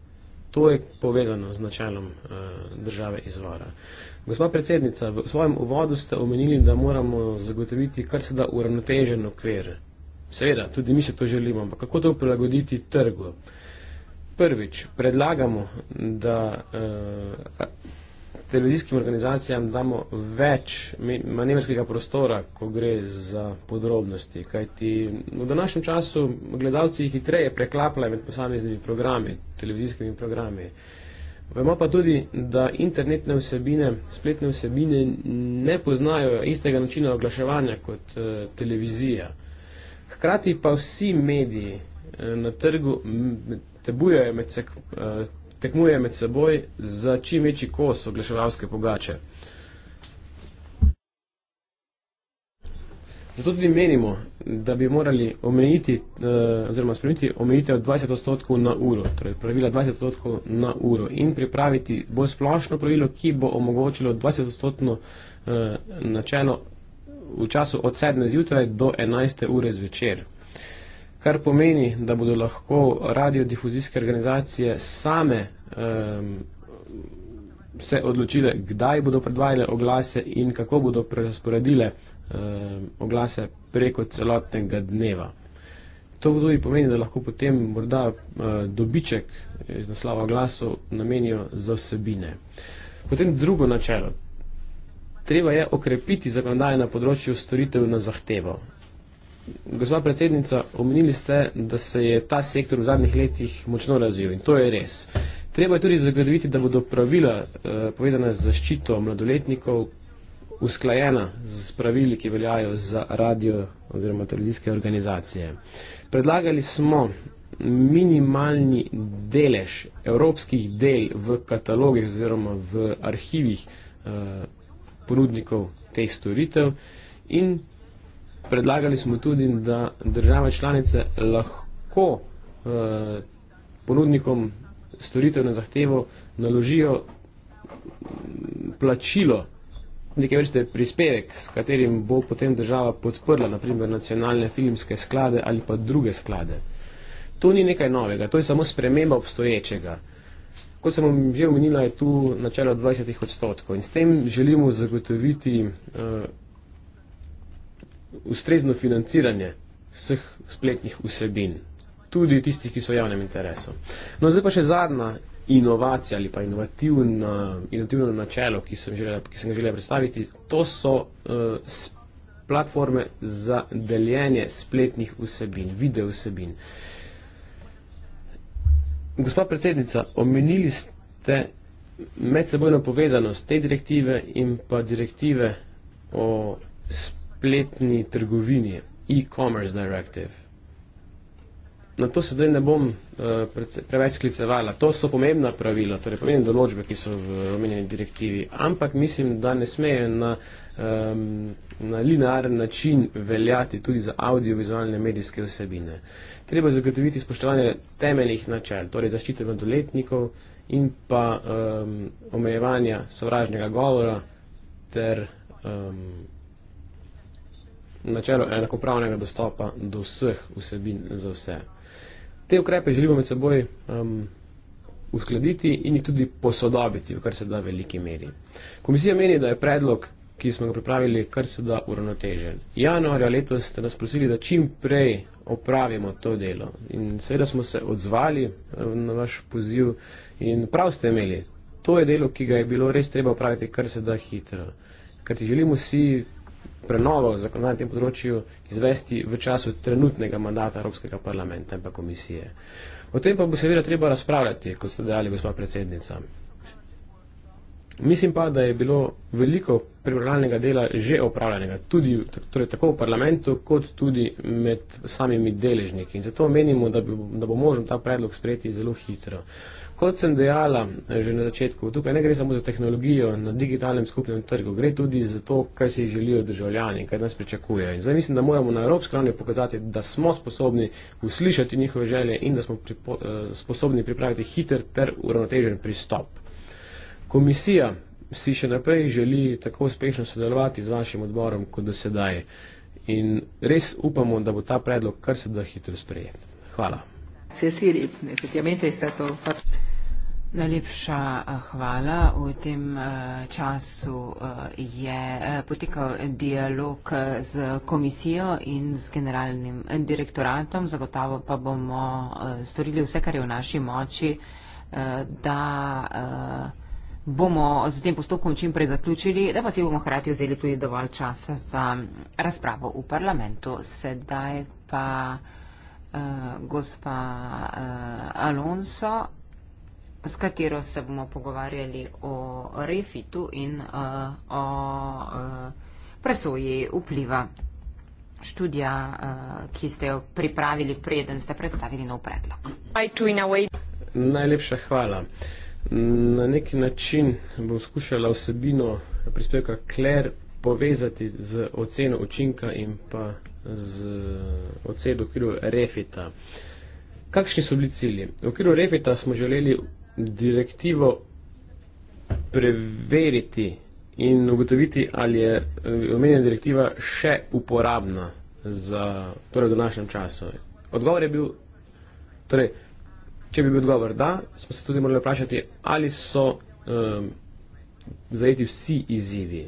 To je povezano z načelom uh, države izvora. Gospa predsednica, v svojem uvodu ste omenili, da moramo zagotoviti kar se da uravnotežen okvir. Seveda, tudi mi se to želimo, ampak kako to prilagoditi trgu? Prvič, predlagamo, da uh, televizijskim organizacijam damo več manevrskega prostora, ko gre za podrobnosti. Kaj ti v današnjem času gledalci hitreje preklapljajo med posameznimi programi, televizijskimi programi. Vemo pa tudi, da internetne vsebine, spletne vsebine ne poznajo istega načina oglaševanja kot eh, televizija. Hkrati pa vsi mediji eh, na trgu tebujejo med, sek, eh, tekmuje med seboj za čim večji kos oglaševalske pogače. Zato tudi menimo, da bi morali omejiti eh, oziroma spremeniti omejitev 20 odstotkov na uro, torej pravila 20 odstotkov na uro in pripraviti bolj splošno pravilo, ki bo omogočilo 20 odstotno eh, načelo v času od 7. zjutraj do 11. ure zvečer kar pomeni, da bodo lahko radiodifuzijske organizacije same um, se odločile, kdaj bodo predvajale oglase in kako bodo prerasporedile um, oglase preko celotnega dneva. To tudi pomeni, da lahko potem morda uh, dobiček iz naslava glasov namenijo za vsebine. Potem drugo načelo. Treba je okrepiti zakonodaje na področju storitev na zahtevo. Gospa predsednica, omenili ste, da se je ta sektor v zadnjih letih močno razvil in to je res. Treba je tudi zagotoviti, da bodo pravila eh, povezana z zaščito mladoletnikov usklajena z pravili, ki veljajo za radio oziroma televizijske organizacije. Predlagali smo minimalni delež evropskih del v katalogih oziroma v arhivih eh, porudnikov teh storitev in predlagali smo tudi, da države članice lahko eh, ponudnikom storitev na zahtevo naložijo mm, plačilo, nekaj vrste prispevek, s katerim bo potem država podprla, naprimer nacionalne filmske sklade ali pa druge sklade. To ni nekaj novega, to je samo sprememba obstoječega. Kot sem vam že omenila, je tu načelo 20 odstotkov in s tem želimo zagotoviti eh, ustrezno financiranje vseh spletnih vsebin, tudi tistih, ki so v javnem interesu. No, zdaj pa še zadnja inovacija ali pa inovativno, inovativno načelo, ki sem, želela, ki sem ga želela predstaviti, to so uh, platforme za deljenje spletnih vsebin, video vsebin. Gospa predsednica, omenili ste medsebojno povezanost te direktive in pa direktive o spletnih spletni trgovini, e-commerce directive. Na to se zdaj ne bom uh, preveč sklicevala. To so pomembna pravila, torej pomembne določbe, ki so v omenjeni direktivi, ampak mislim, da ne smejo na, um, na linearen način veljati tudi za audiovizualne medijske vsebine. Treba zagotoviti spoštovanje temeljnih načel, torej zaščite mladoletnikov in pa um, omejevanja sovražnega govora ter um, načelo enakopravnega dostopa do vseh vsebin za vse. Te ukrepe želimo med seboj um, uskladiti in jih tudi posodobiti, v kar se da veliki meri. Komisija meni, da je predlog, ki smo ga pripravili, kar se da uravnotežen. Januarja letos ste nas prosili, da čim prej opravimo to delo. In seveda smo se odzvali um, na vaš poziv in prav ste imeli. To je delo, ki ga je bilo res treba opraviti kar se da hitro. Ker ti želimo vsi prenovo zakonodaje na tem področju izvesti v času trenutnega mandata Evropskega parlamenta in pa komisije. O tem pa bo seveda treba razpravljati, kot ste dejali, gospod predsednica. Mislim pa, da je bilo veliko pripravljalnega dela že opravljenega, tudi, torej tako v parlamentu, kot tudi med samimi deležniki. In zato menimo, da, bi, da bo možno ta predlog sprejeti zelo hitro. Kot sem dejala že na začetku, tukaj ne gre samo za tehnologijo na digitalnem skupnem trgu, gre tudi za to, kaj si želijo državljani, kaj nas pričakuje. In zdaj mislim, da moramo na evropski ravni pokazati, da smo sposobni uslišati njihove želje in da smo pripo, eh, sposobni pripraviti hiter ter uravnotežen pristop. Komisija si še naprej želi tako uspešno sodelovati z vašim odborom, kot da sedaj. In res upamo, da bo ta predlog kar se da hitro sprejet. Hvala. Se si red, efektivamente je stato. Najlepša eh, hvala. V tem eh, času eh, je potekal dialog z komisijo in z generalnim direktoratom. Zagotavo pa bomo storili vse, kar je v naši moči, da bomo z tem postopkom čim prej zaključili, da pa si bomo hkrati vzeli tudi dovolj časa za razpravo v parlamentu. Sedaj pa uh, gospa uh, Alonso s katero se bomo pogovarjali o refitu in uh, o uh, presoji vpliva študija, uh, ki ste jo pripravili, preden ste predstavili nov predlog. Najlepša hvala. Na neki način bom skušala osebino prispevka Kler povezati z oceno učinka in pa z oceno v okviru refita. Kakšni so bili cilji? V okviru refita smo želeli direktivo preveriti in ugotoviti, ali je eh, omenjena direktiva še uporabna za, torej, v današnjem času. Odgovor je bil, torej, če bi bil odgovor da, smo se tudi morali vprašati, ali so um, zajeti vsi izzivi.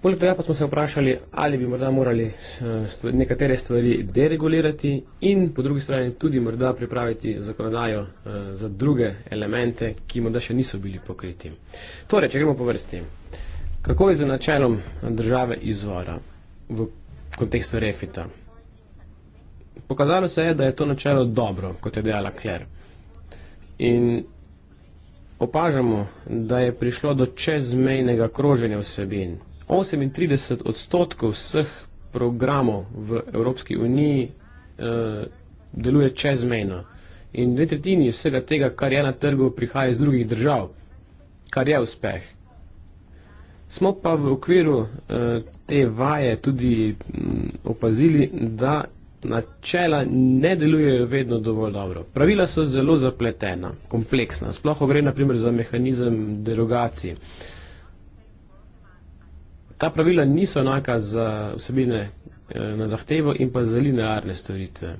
Poleg tega pa smo se vprašali, ali bi morda morali eh, stvari, nekatere stvari deregulirati in po drugi strani tudi morda pripraviti zakonodajo eh, za druge elemente, ki morda še niso bili pokriti. Torej, če gremo po vrsti, kako je z načelom države izvora v kontekstu refita? Pokazalo se je, da je to načelo dobro, kot je dejala Kler. In opažamo, da je prišlo do čezmejnega kroženja vsebin. 38 odstotkov vseh programov v Evropski uniji uh, deluje čezmejno. In dve tretjini vsega tega, kar je na trgu, prihaja iz drugih držav, kar je uspeh. Smo pa v okviru uh, te vaje tudi um, opazili, da načela ne delujejo vedno dovolj dobro. Pravila so zelo zapletena, kompleksna. Sploh, ko gre naprimer za mehanizem derogacije. Uh, ta pravila niso enaka za vsebine eh, na zahtevo in pa za linearne storitve.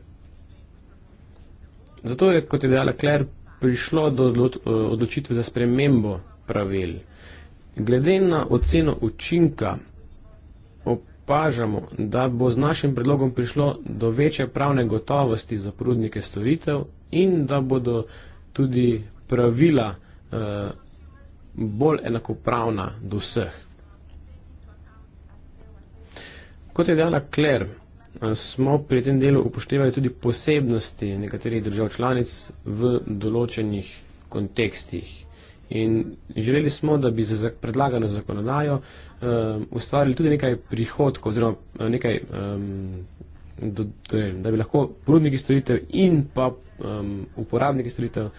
Zato je, kot je dejala Claire, prišlo do eh, odločitve za spremembo pravil. Glede na oceno učinka opažamo, da bo z našim predlogom prišlo do večje pravne gotovosti za prudnike storitev in da bodo tudi pravila eh, bolj enakopravna do vseh. Kot je dejala Kler, smo pri tem delu upoštevali tudi posebnosti nekaterih držav članic v določenih kontekstih. In želeli smo, da bi za predlagano zakonodajo um, ustvarili tudi nekaj prihodkov, oziroma uh, nekaj, um, do, torej, da bi lahko prudniki storitev in pa um, uporabniki storitev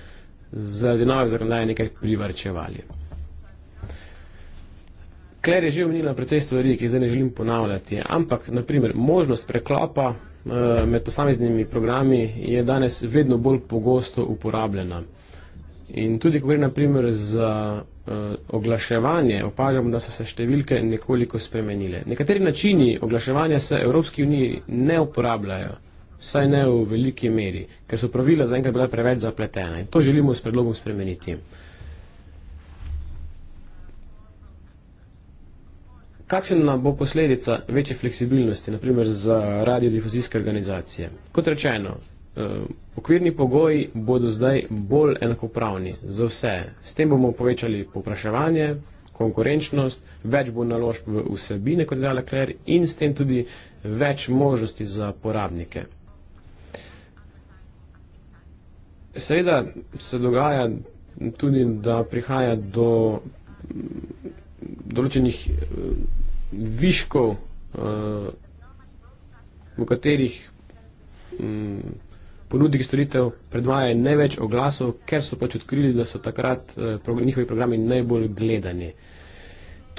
zaradi nove zakonodaje nekaj privrčevali. Kler je že omenila precej stvari, ki zdaj ne želim ponavljati, ampak naprimer možnost preklapa eh, med posameznimi programi je danes vedno bolj pogosto uporabljena. In tudi, ko gre naprimer za uh, oglaševanje, opažamo, da so se številke nekoliko spremenile. Nekateri načini oglaševanja se Evropski uniji ne uporabljajo, vsaj ne v veliki meri, ker so pravila zaenkrat bila preveč zapletena in to želimo s predlogom spremeniti. Uh, Kakšna bo posledica večje fleksibilnosti, naprimer za radiodifuzijske organizacije? Kot rečeno, eh, okvirni pogoji bodo zdaj bolj enakopravni za vse. S tem bomo povečali popraševanje, konkurenčnost, več bo naložb v vsebine, kot je dala Kler, in s tem tudi več možnosti za porabnike. Seveda se dogaja tudi, da prihaja do določenih eh, viškov, eh, v katerih mm, ponudnik storitev predvaja ne več oglasov, ker so pač odkrili, da so takrat eh, njihovi programi najbolj gledani.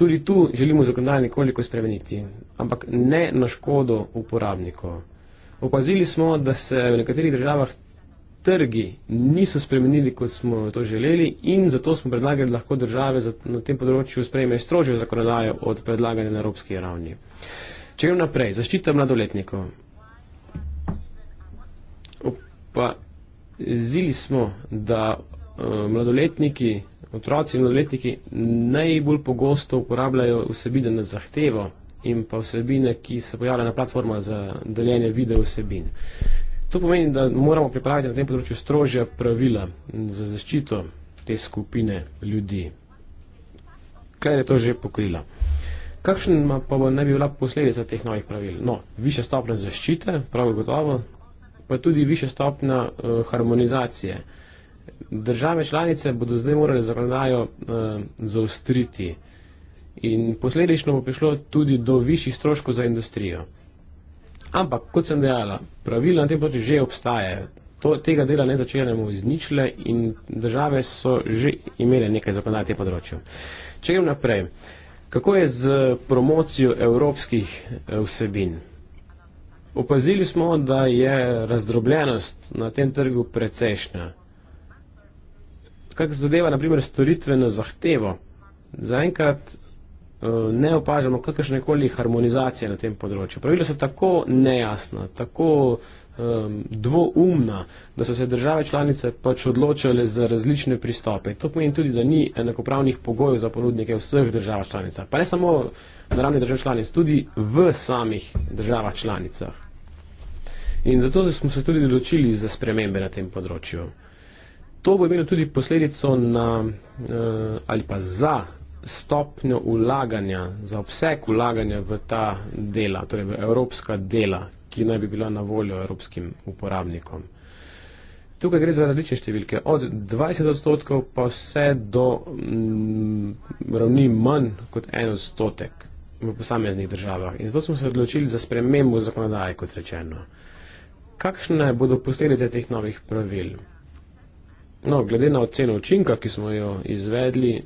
Tudi tu želimo zakonodajno nekoliko spremeniti, ampak ne na škodo uporabnikov. Opazili smo, da se v nekaterih državah trgi niso spremenili, kot smo to želeli in zato smo predlagali, da lahko države na tem področju sprejmejo strožjo zakonodajo od predlagane na evropski ravni. Če grem naprej, zaščita mladoletnikov. Opa, zili smo, da uh, mladoletniki, otroci in mladoletniki najbolj pogosto uporabljajo vsebine na zahtevo in pa vsebine, ki se pojavljajo na platforma za deljenje video vsebin. To pomeni, da moramo pripraviti na tem področju strožja pravila za zaščito te skupine ljudi. Kaj je to že pokrila? Kakšna pa bo naj bi bila posledica teh novih pravil? No, više stopne zaščite, prav gotovo, pa tudi više stopne uh, harmonizacije. Države članice bodo zdaj morali zakonodajo uh, eh, zaustriti in posledično bo prišlo tudi do višjih stroškov za industrijo. Ampak, kot sem dejala, pravila na tem področju že obstajajo. To, tega dela ne začenjamo iz ničle in države so že imele nekaj zakonodaje na tem področju. Če grem naprej, kako je z promocijo evropskih eh, vsebin? Opazili smo, da je razdrobljenost na tem trgu precejšnja. Kar zadeva, naprimer, storitve na zahtevo. Zaenkrat Eh, ne opažamo kakršne koli harmonizacije na tem področju. Pravila so tako nejasna, tako dvoumna, da so se države članice pač odločile za različne pristope. To pomeni tudi, da ni enakopravnih pogojev za ponudnike vseh držav članica. Pa ne samo na ravni držav članic, tudi v samih državah članicah. In zato smo se tudi odločili za spremembe na tem področju. To bo imelo tudi posledico na, eh, ali pa za stopnjo ulaganja, za obseg ulaganja v ta dela, torej v evropska dela, ki naj bi bila na voljo evropskim uporabnikom. Tukaj gre za različne številke, od 20 odstotkov pa vse do mm, ravni manj kot en odstotek v posameznih državah. In zato smo se odločili za spremembo zakonodaje, kot rečeno. Kakšne bodo posledice teh novih pravil? No, glede na oceno učinka, ki smo jo izvedli,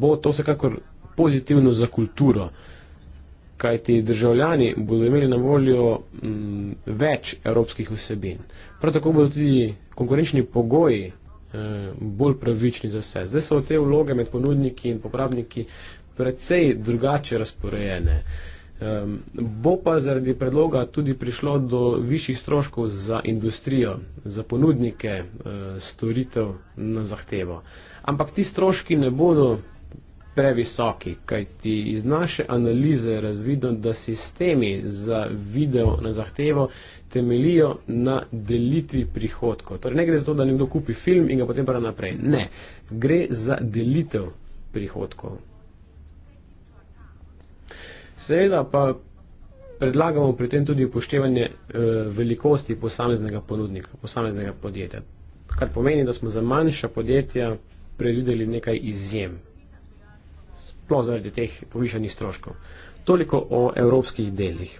bo to vsekakor pozitivno za kulturo, kajti državljani bodo imeli na voljo mm, več evropskih vsebin. Prav tako bodo tudi konkurenčni pogoji eh, bolj pravični za vse. Zdaj so te vloge med ponudniki in popravniki precej drugače razporejene. Uh, Um, bo pa zaradi predloga tudi prišlo do višjih stroškov za industrijo, za ponudnike uh, storitev na zahtevo. Ampak ti stroški ne bodo previsoki, kajti iz naše analize je razvidno, da sistemi za video na zahtevo temelijo na delitvi prihodkov. Torej ne gre za to, da nekdo kupi film in ga potem pa naprej. Ne, gre za delitev prihodkov seveda pa predlagamo pri tem tudi upoštevanje e, velikosti posameznega ponudnika, posameznega podjetja. Kar pomeni, da smo za manjša podjetja predvideli nekaj izjem, sploh zaradi teh povišanih stroškov. Toliko o evropskih delih.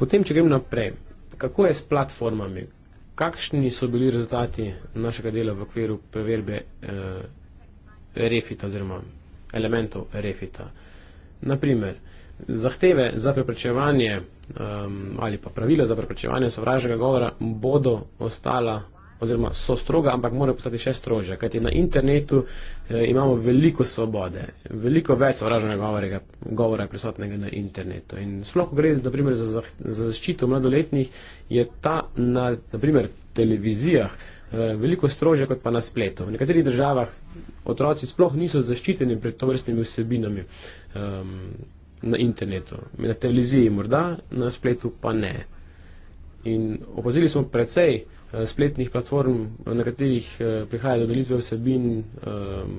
Potem, če grem naprej, kako je s platformami? Kakšni so bili rezultati našega dela v okviru preverbe eh, refita, oziroma elementov refita? Naprimer, zahteve za preprečevanje um, ali pa pravila za preprečevanje sovražnega govora bodo ostala oziroma so stroga, ampak morajo postati še strožja, kajti na internetu eh, imamo veliko svobode, veliko več sovražnega govorega, govora prisotnega na internetu. In sploh, ko gre za, primer, za, zah, za zaščito mladoletnih, je ta na naprimer, televizijah eh, veliko strožja kot pa na spletu. V nekaterih državah otroci sploh niso zaščiteni pred tovrstnimi vsebinami. Um, na internetu, na televiziji morda, na spletu pa ne. In opazili smo precej eh, spletnih platform, na katerih eh, prihaja do delitve vsebin, ehm,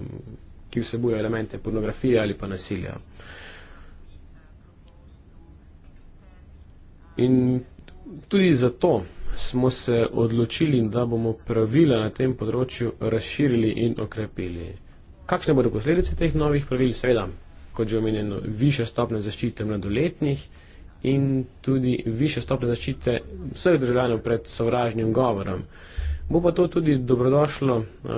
ki vsebujejo elemente pornografije ali pa nasilja. In tudi zato smo se odločili, da bomo pravila na tem področju razširili in okrepili. Kakšne bodo posledice teh novih pravil? Seveda, kot že omenjeno, više stopne zaščite mladoletnih in tudi više stopne zaščite vseh državljanov pred sovražnim govorom. Bo pa to tudi dobrodošlo eh,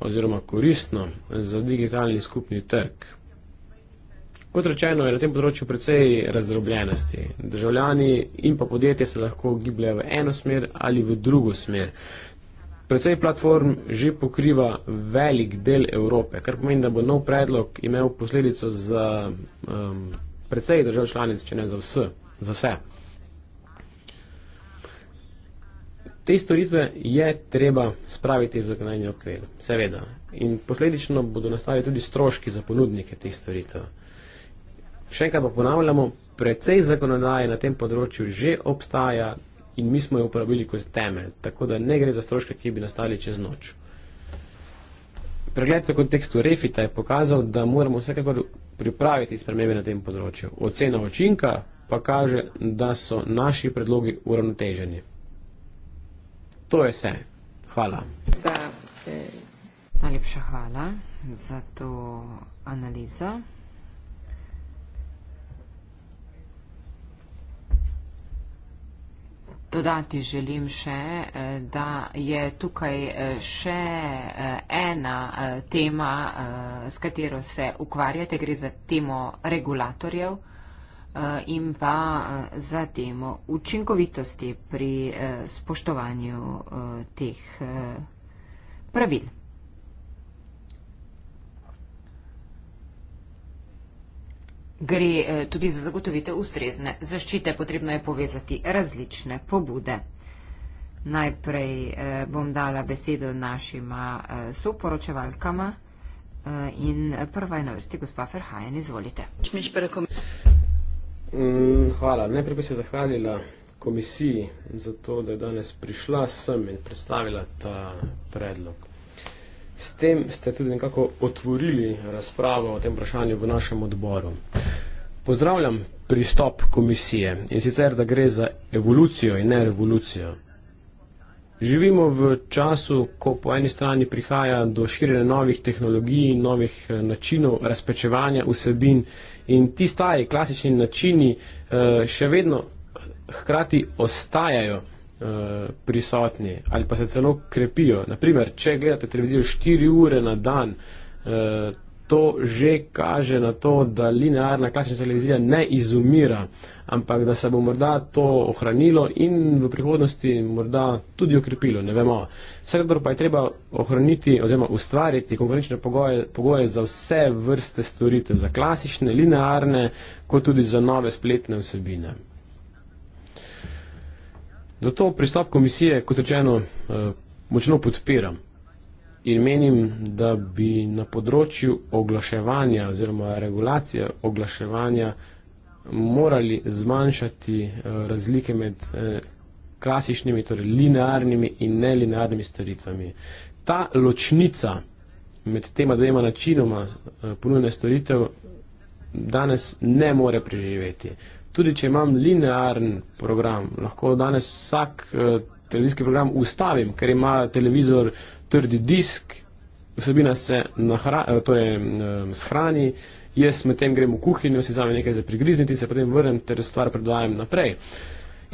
oziroma koristno za digitalni skupni trg. Kot rečeno, je na tem področju precej razdrobljenosti. Državljani in pa podjetje se lahko gibljajo v eno smer ali v drugo smer. Predvsej platform že pokriva velik del Evrope, kar pomeni, da bo nov predlog imel posledico za um, predvsej držav članic, če ne za, vse, za vse. Te storitve je treba spraviti v zakonodajni okvir, seveda. In posledično bodo nastali tudi stroški za ponudnike teh storitev. Še enkrat pa ponavljamo, predvsej zakonodaje na tem področju že obstaja, in mi smo jo uporabili kot temelj, tako da ne gre za stroške, ki bi nastali čez noč. Pregled v kontekstu Refita je pokazal, da moramo vsekakor pripraviti spremembe na tem področju. Ocena očinka pa kaže, da so naši predlogi uravnoteženi. To je vse. Hvala. Eh, najlepša hvala za to analizo. Dodati želim še, eh, da je tukaj eh, še eh, ena tema, s katero se ukvarjate, gre za temo regulatorjev in pa za temo učinkovitosti pri spoštovanju teh pravil. Gre eh, tudi za zagotovitev ustrezne zaščite, potrebno je povezati različne pobude. Najprej eh, bom dala besedo našima eh, soporočevalkama in prva je na vrsti gospa Ferhajen, izvolite. Mm, hvala. Najprej bi se zahvalila komisiji za to, da je danes prišla sem in predstavila ta predlog. S tem ste tudi nekako otvorili razpravo o tem vprašanju v našem odboru. Pozdravljam pristop komisije in sicer, da gre za evolucijo in ne revolucijo. Živimo v času, ko po eni strani prihaja do širjenja novih tehnologij, novih eh, načinov razpečevanja vsebin in ti stari klasični načini eh, še vedno eh, hkrati ostajajo. Eh, prisotni ali pa se celo krepijo. Naprimer, če gledate televizijo 4 ure na dan, eh, to že kaže na to, da linearna klasična televizija ne izumira, ampak da se bo morda to ohranilo in v prihodnosti morda tudi okrepilo, ne vemo. Vsekakor pa je treba ohraniti oziroma ustvariti konkurenčne pogoje, pogoje za vse vrste storitev, za klasične, linearne, kot tudi za nove spletne vsebine. Zato pristop komisije, kot rečeno, eh, močno podpiram in menim, da bi na področju oglaševanja oziroma regulacije oglaševanja morali zmanjšati eh, razlike med eh, klasičnimi, torej linearnimi in nelinearnimi storitvami. Ta ločnica med tema dvema načinoma ponudne storitev danes ne more preživeti tudi če imam linearen program, lahko danes vsak uh, televizijski program ustavim, ker ima televizor trdi disk, vsebina se nahra, uh, torej, uh, shrani, jaz med tem grem v kuhinjo, si zame nekaj za prigrizniti, se potem vrnem ter stvar predvajam naprej.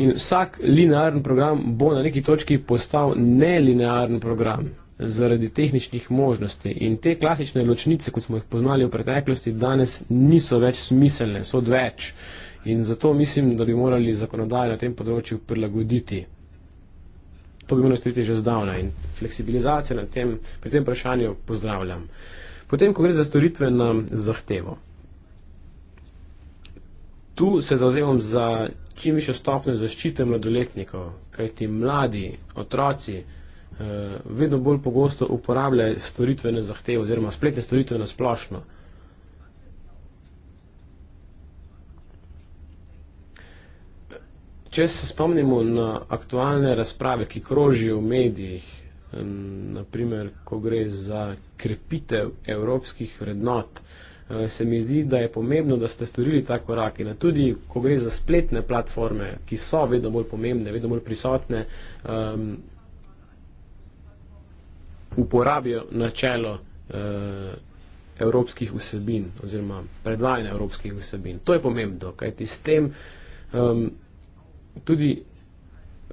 In vsak linearen program bo na neki točki postal nelinearen program zaradi tehničnih možnosti. In te klasične ločnice, kot smo jih poznali v preteklosti, danes niso več smiselne, so odveč. Uh, In zato mislim, da bi morali zakonodaje na tem področju prilagoditi. To bi morali storiti že zdavna in fleksibilizacijo na tem, pri tem vprašanju pozdravljam. Potem, ko gre za storitve na zahtevo. Tu se zauzemam za čim višjo stopnjo zaščite mladoletnikov, kajti mladi, otroci eh, vedno bolj pogosto uporabljajo storitve na zahtevo oziroma spletne storitve na splošno. Če se spomnimo na aktualne razprave, ki krožijo v medijih, naprimer, ko gre za krepitev evropskih vrednot, eh, se mi zdi, da je pomembno, da ste storili ta korak in tudi, ko gre za spletne platforme, ki so vedno bolj pomembne, vedno bolj prisotne, um, uporabijo načelo uh, evropskih vsebin oziroma predvajanja evropskih vsebin. To je pomembno, kajti s tem. Um, tudi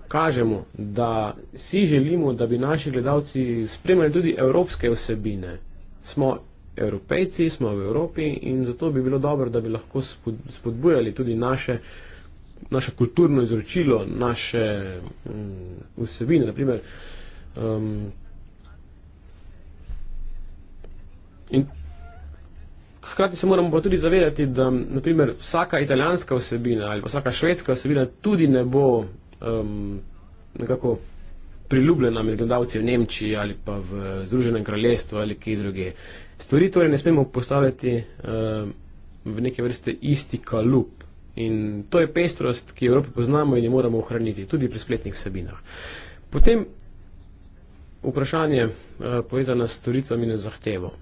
kažemo, da si želimo, da bi naši gledalci spremljali tudi evropske vsebine. Smo evropejci, smo v Evropi in zato bi bilo dobro, da bi lahko spodbujali tudi naše, naše kulturno izročilo, naše um, vsebine. Naprimer, um, in Hkrati se moramo pa tudi zavedati, da naprimer, vsaka italijanska osebina ali pa vsaka švedska osebina tudi ne bo um, nekako priljubljena med gledalci v Nemčiji ali pa v Združenem kraljestvu ali kje druge. Stvari torej ne smemo postavljati um, v neke vrste isti kalup. In to je pestrost, ki jo Evropi poznamo in jo moramo ohraniti tudi pri spletnih vsebinah. Potem vprašanje uh, povezano s storitvami in zahtevo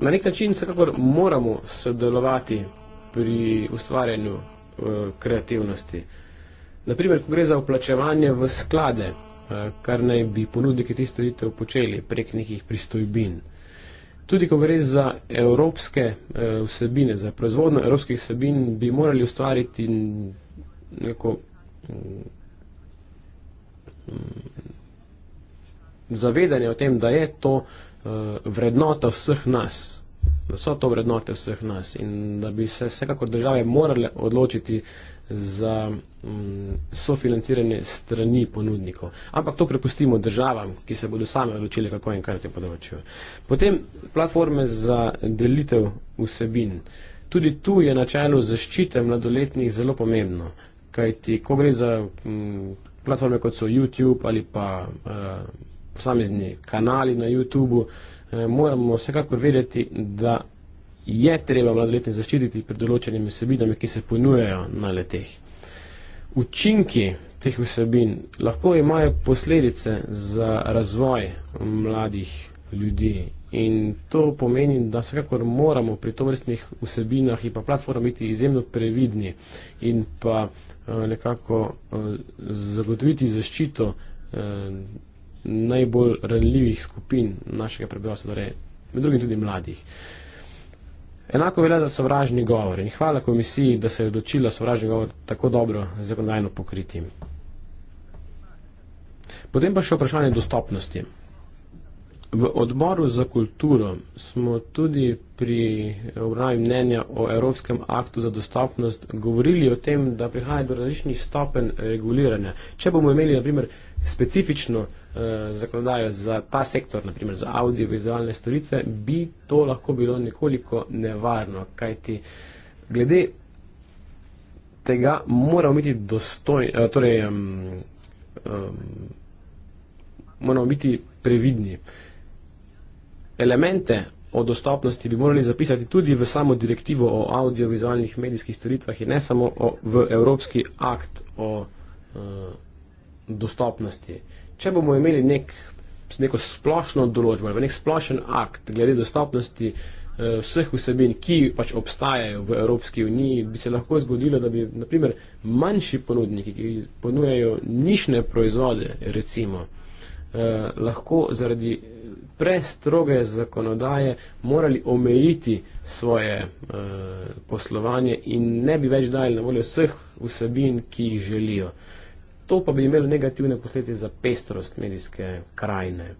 na nek način vsekakor moramo sodelovati pri ustvarjanju e, kreativnosti. Naprimer, ko gre za uplačevanje v sklade, e, kar naj bi ponudniki tih storitev počeli prek nekih pristojbin. Tudi, ko gre za evropske e, vsebine, za proizvodno evropskih vsebin, bi morali ustvariti neko mm, zavedanje o tem, da je to Eh, vrednota vseh nas, da so to vrednote vseh nas in da bi se vsekako države morale odločiti za um, sofinanciranje strani ponudnikov. Ampak to prepustimo državam, ki se bodo same odločili, kako in kaj na tem področju. Potem platforme za delitev vsebin. Tudi tu je načelo zaščite mladoletnih zelo pomembno, kajti ko gre za um, platforme kot so YouTube ali pa. Uh, posamezni kanali na YouTubu, eh, moramo vsekakor vedeti, da je treba mladoletne zaščititi pred določenimi vsebinami, ki se ponujajo na leteh. Učinki teh vsebin lahko imajo posledice za razvoj mladih ljudi in to pomeni, da vsekakor moramo pri tovrstnih vsebinah in pa platformah biti izjemno previdni in pa eh, nekako eh, zagotoviti zaščito najbolj ranljivih skupin našega prebivalstva, torej med drugim tudi mladih. Enako velja za sovražni govor in hvala komisiji, da se je odločila sovražni govor tako dobro zakonodajno pokriti. Potem pa še vprašanje dostopnosti. V odboru za kulturo smo tudi pri obravnavi mnenja o Evropskem aktu za dostopnost govorili o tem, da prihaja do različnih stopen reguliranja. Če bomo imeli, na primer, specifično Eh, zakonodajo za ta sektor, naprimer za audiovizualne storitve, bi to lahko bilo nekoliko nevarno, kajti glede tega moramo biti dostojni, eh, torej um, um, moramo biti previdni. Elemente o dostopnosti bi morali zapisati tudi v samo direktivo o audiovizualnih medijskih storitvah in ne samo o, v Evropski akt o uh, dostopnosti. Uh, če bomo imeli nek, neko splošno določbo ali nek splošen akt glede dostopnosti eh, vseh vsebin, ki pač obstajajo v Evropski uniji, bi se lahko zgodilo, da bi naprimer manjši ponudniki, ki ponujajo nišne proizvode, recimo, eh, lahko zaradi prestroge zakonodaje morali omejiti svoje eh, poslovanje in ne bi več dajali na voljo vseh vsebin, ki jih želijo. To pa bi imelo negativne posledice za pestrost medijske krajine.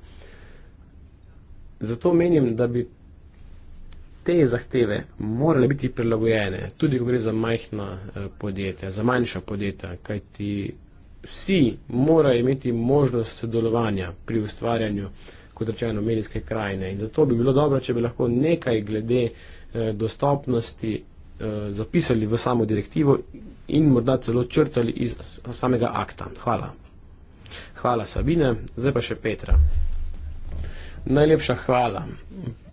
Zato menim, da bi te zahteve morale biti prilagojene, tudi ko gre za majhna eh, podjetja, za manjša podjetja, kajti vsi morajo imeti možnost sodelovanja pri ustvarjanju, kot rečeno, medijske krajine. In zato bi bilo dobro, če bi lahko nekaj glede eh, dostopnosti Eh, zapisali v samo direktivo in morda celo črtali iz samega akta. Hvala. Hvala Sabine, zdaj pa še Petra. Najlepša hvala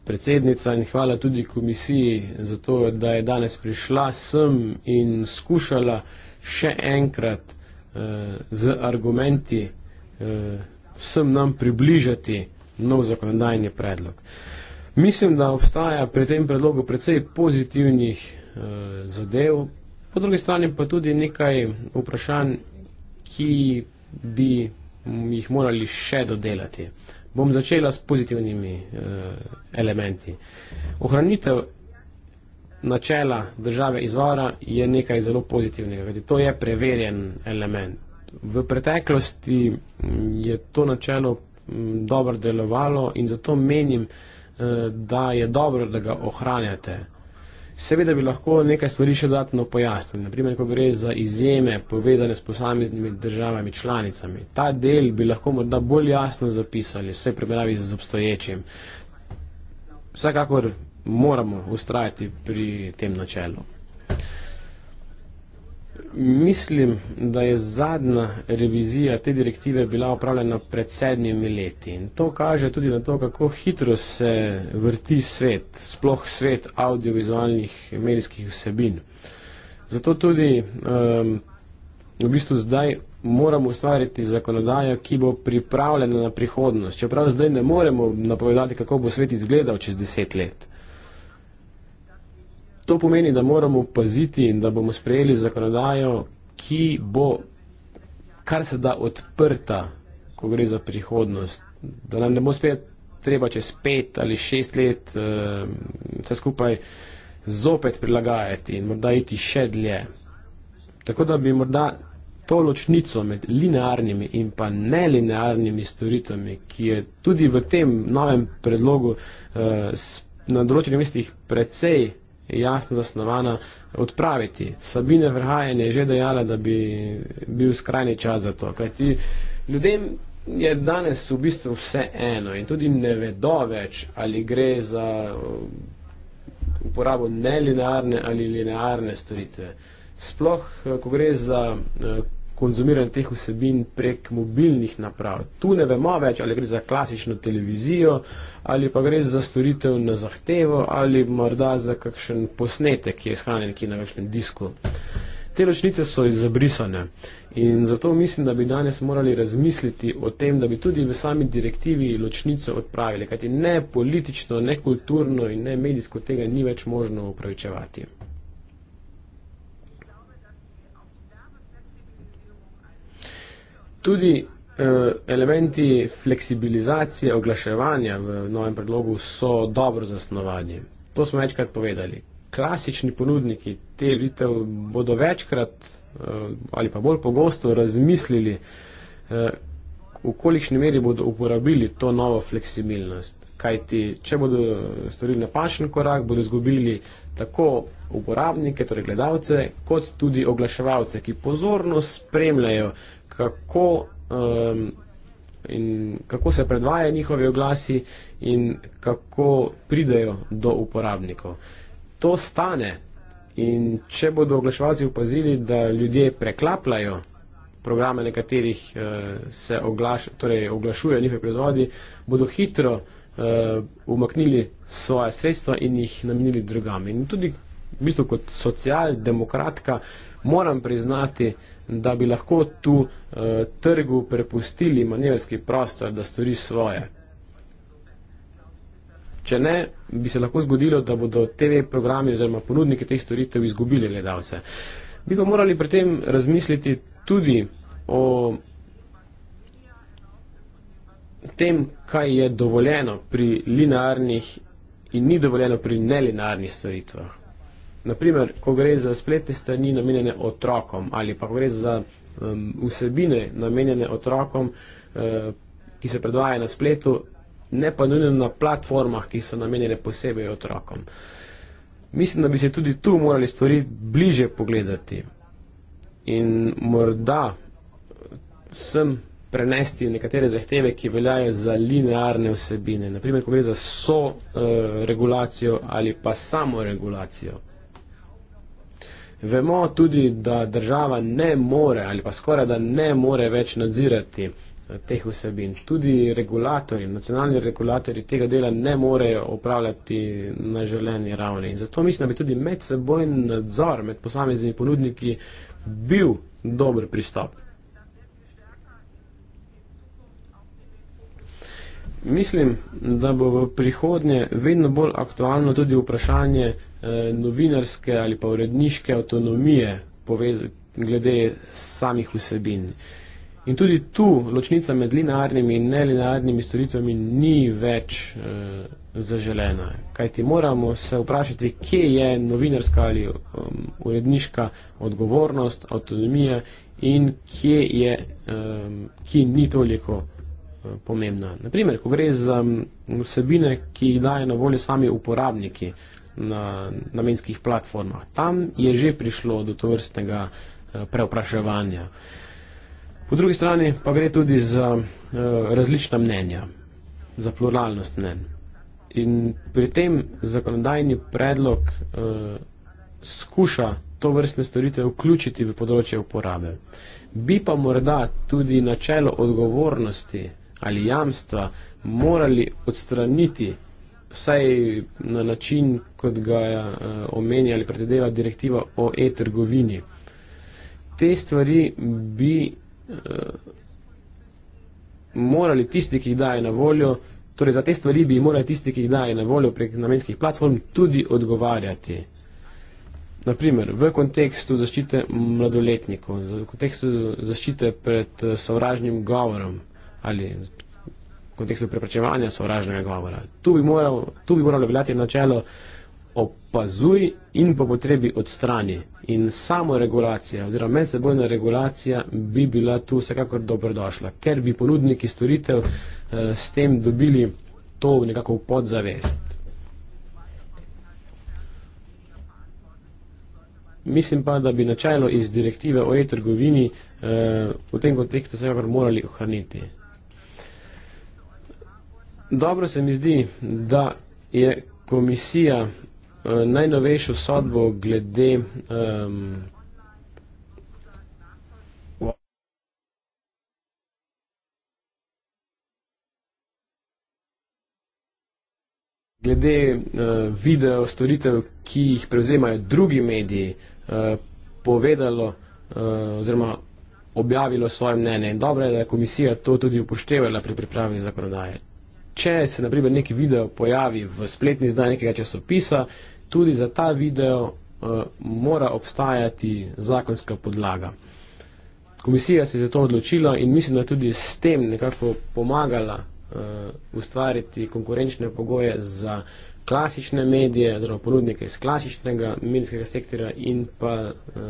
predsednica in hvala tudi komisiji za to, da je danes prišla sem in skušala še enkrat eh, z argumenti eh, vsem nam približati nov zakonodajni predlog. Mislim, da obstaja pri tem predlogu precej pozitivnih Eh, zadev, po drugi strani pa tudi nekaj vprašanj, ki bi jih morali še dodelati. Bom začela s pozitivnimi eh, elementi. Ohranitev načela države izvora je nekaj zelo pozitivnega, kajti to je preverjen element. V preteklosti je to načelo dobro delovalo in zato menim, eh, da je dobro, da ga ohranjate. Eh, Seveda bi lahko nekaj stvari še dodatno pojasnili, naprimer, ko gre za izjeme povezane s posameznimi državami članicami. Ta del bi lahko morda bolj jasno zapisali, vse prebravi z obstoječim. Vsekakor moramo ustrajati pri tem načelu mislim, da je zadnja revizija te direktive bila opravljena pred sedmimi leti. In to kaže tudi na to, kako hitro se vrti svet, sploh svet audiovizualnih medijskih vsebin. Zato tudi um, v bistvu zdaj moramo ustvariti zakonodajo, ki bo pripravljena na prihodnost. Čeprav zdaj ne moremo napovedati, kako bo svet izgledal čez deset let. To pomeni, da moramo paziti in da bomo sprejeli zakonodajo, ki bo kar se da odprta, ko gre za prihodnost. Da nam ne bo spet treba čez pet ali šest let ehm, vse eh, skupaj zopet prilagajati in morda iti še dlje. Tako da bi morda to ločnico med linearnimi in pa nelinearnimi storitvami, ki je tudi v tem novem predlogu eh, na določenih mestih precej jasno zasnovana, odpraviti. Sabine Vrhajen je že dejala, da bi bil skrajni čas za to. Kajti ljudem je danes v bistvu vse eno in tudi ne vedo več, ali gre za uh, uporabo nelinearne ali linearne storitve. Sploh, uh, ko gre za uh, konzumiranje teh vsebin prek mobilnih naprav. Tu ne vemo več, ali gre za klasično televizijo, ali pa gre za storitev na zahtevo, ali morda za kakšen posnetek, ki je shranjen ki na večnem disku. Te ločnice so izabrisane in zato mislim, da bi danes morali razmisliti o tem, da bi tudi v sami direktivi ločnico odpravili, kajti ne politično, ne kulturno in ne medijsko tega ni več možno upravičevati. tudi eh, elementi fleksibilizacije oglaševanja v novem predlogu so dobro zasnovani. To smo večkrat povedali. Klasični ponudniki te vritev bodo večkrat eh, ali pa bolj pogosto razmislili, eh, v kolikšni meri bodo uporabili to novo fleksibilnost. Kajti, če bodo storili napačen korak, bodo izgubili tako uporabnike, torej gledalce, kot tudi oglaševalce, ki pozorno spremljajo kako, um, in kako se predvajajo njihovi oglasi in kako pridejo do uporabnikov. To stane in če bodo oglaševalci upazili, da ljudje preklapljajo programe, na katerih uh, se oglaš, torej, oglašujejo njihovi proizvodi, bodo hitro uh, umaknili svoje sredstva in jih namenili drugam. In tudi, v bistvu, kot socialdemokratka, moram priznati, da bi lahko tu eh, trgu prepustili manjerski prostor, da stori svoje. Če ne, bi se lahko zgodilo, da bodo TV programi oziroma ponudniki teh storitev izgubili gledalce. Bi pa morali pri tem razmisliti tudi o tem, kaj je dovoljeno pri linearnih in ni dovoljeno pri nelinearnih storitvah. Naprimer, ko gre za spletne strani namenjene otrokom ali pa ko gre za um, vsebine namenjene otrokom, uh, ki se predvaja na spletu, ne pa nujno na platformah, ki so namenjene posebej otrokom. Mislim, da bi se tudi tu morali stvari bliže pogledati in morda sem prenesti nekatere zahteve, ki veljajo za linearne vsebine, naprimer, ko gre za so uh, regulacijo ali pa samo regulacijo. Vemo tudi, da država ne more ali pa skoraj da ne more več nadzirati eh, teh vsebin. Tudi regulatori, nacionalni regulatori tega dela ne morejo upravljati na želeni ravni. In zato mislim, da bi tudi medsebojen nadzor med posameznimi ponudniki bil dober pristop. Mislim, da bo v prihodnje vedno bolj aktualno tudi vprašanje, Eh, novinarske ali pa uredniške avtonomije glede samih vsebin. In tudi tu ločnica med linearnimi in nelinearnimi storitvami ni več e, zaželena. Kaj ti moramo se vprašati, kje je novinarska ali um, uredniška odgovornost, avtonomija in kje je, um, ki ni toliko um, pomembna. Naprimer, ko gre za um, vsebine, ki jih daje na voljo sami uporabniki, uh, na namenskih platformah. Tam je že prišlo do tovrstnega eh, preopraševanja. Po drugi strani pa gre tudi za eh, različna mnenja, za pluralnost mnen. In pri tem zakonodajni predlog eh, skuša to vrstne storitve vključiti v področje uporabe. Bi pa morda tudi načelo odgovornosti ali jamstva morali odstraniti vsaj na način, kot ga je eh, omenja ali predvideva direktiva o e-trgovini. Te stvari bi eh, morali tisti, ki jih daje na voljo, torej za te stvari bi morali tisti, ki jih daje na voljo prek namenskih platform, tudi odgovarjati. Naprimer, v kontekstu zaščite mladoletnikov, v kontekstu zaščite pred eh, sovražnim govorom ali kontekstu preprečevanja sovražnega govora. Tu bi, moral, tu bi moralo veljati načelo opazuj in po potrebi odstrani. In samo regulacija oziroma medsebojna regulacija bi bila tu vsekakor dobrodošla, ker bi ponudniki storitev eh, s tem dobili to nekako v podzavest. Mislim pa, da bi načelo iz direktive o e-trgovini eh, v tem kontekstu vsekakor morali ohraniti. Dobro se mi zdi, da je komisija eh, najnovejšo sodbo glede eh, glede uh, video storitev, ki jih prevzemajo drugi mediji, uh, povedalo uh, oziroma objavilo svoje mnenje. Dobro je, da je komisija to tudi upoštevala pri pripravi zakonodaje če se naprimer neki video pojavi v spletni zdaj nekega časopisa, tudi za ta video uh, mora obstajati zakonska podlaga. Komisija se je za to odločila in mislim, da tudi s tem nekako pomagala uh, ustvariti konkurenčne pogoje za klasične medije, oziroma ponudnike iz klasičnega medijskega sektora in pa uh,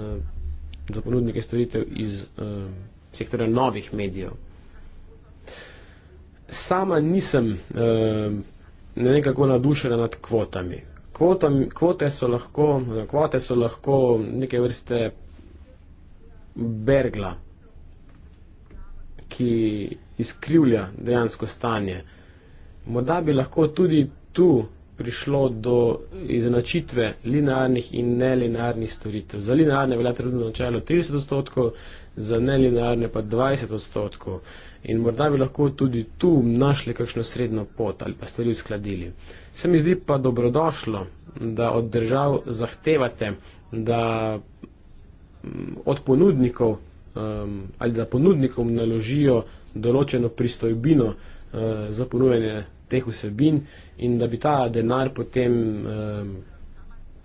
za ponudnike storitev iz uh, sektora novih medijev sama nisem uh, eh, nekako nadušena nad kvotami. Kvotami, kvote, so lahko, kvote so lahko neke vrste bergla, ki izkrivlja dejansko stanje. Morda bi lahko tudi tu prišlo do izenačitve linearnih in nelinearnih storitev. Za linearne velja trenutno načelo 30 odstotkov, za nelinearne pa 20 odstotkov in morda bi lahko tudi tu našli kakšno srednjo pot ali pa stvari uskladili. Se mi zdi pa dobrodošlo, da od držav zahtevate, da mm, od ponudnikov um, ali da ponudnikom naložijo določeno pristojbino uh, za ponujanje teh vsebin in da bi ta denar potem um,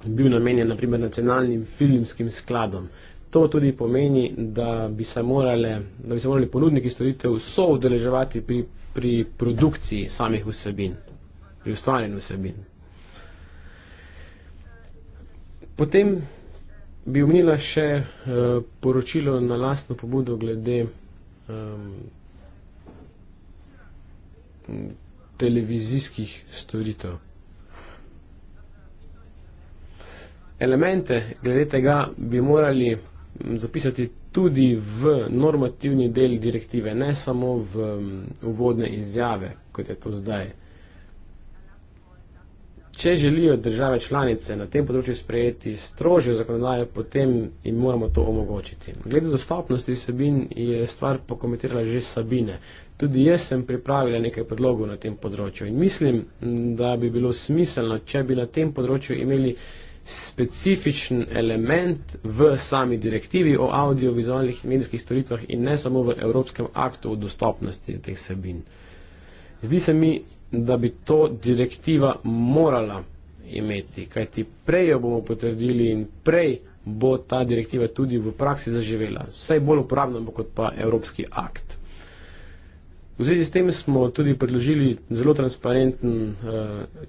bil namenjen naprimer nacionalnim filmskim skladom. To tudi pomeni, da bi se morali, da bi se morali ponudniki storitev so udeleževati pri, pri produkciji samih vsebin, pri ustvarjanju vsebin. Potem bi omenila še eh, poročilo na lastno pobudo glede eh, televizijskih storitev. Elemente glede tega bi morali zapisati tudi v normativni del direktive, ne samo v uvodne izjave, kot je to zdaj. Če želijo države članice na tem področju sprejeti strožjo zakonodajo, potem jim moramo to omogočiti. Glede dostopnosti Sabin je stvar pokomentirala že Sabine. Tudi jaz sem pripravila nekaj predlogov na tem področju in mislim, da bi bilo smiselno, če bi na tem področju imeli uh, specifičen element v sami direktivi o audiovizualnih medijskih storitvah in ne samo v Evropskem aktu o dostopnosti teh sebin. Zdi se mi, da bi to direktiva morala imeti, kajti prej jo bomo potrdili in prej bo ta direktiva tudi v praksi zaživela. Vsaj bolj uporabna bo kot pa Evropski akt. V zvezi s tem smo tudi predložili zelo transparenten uh,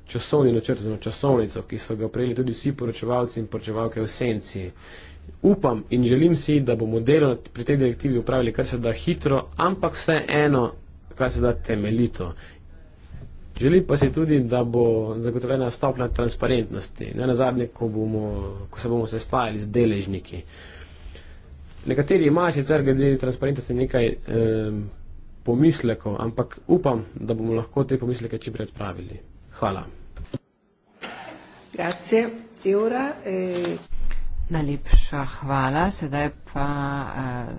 časovni načrt, oziroma časovnico, ki so ga prejeli tudi vsi poročevalci in poročevalke v senci. Upam in želim si, da bomo delo pri tej direktivi upravili kar se da hitro, ampak vse eno, kar se da temeljito. Želim pa si tudi, da bo zagotovljena stopna transparentnosti, ne na zadnje, ko, bomo, ko se bomo sestajali z deležniki. Nekateri imajo sicer glede transparentnosti nekaj. Eh, pomislekov, ampak upam, da bomo lahko te pomisleke čim prej odpravili. Hvala. Grazie, Eura. E... Najlepša hvala. Sedaj pa eh,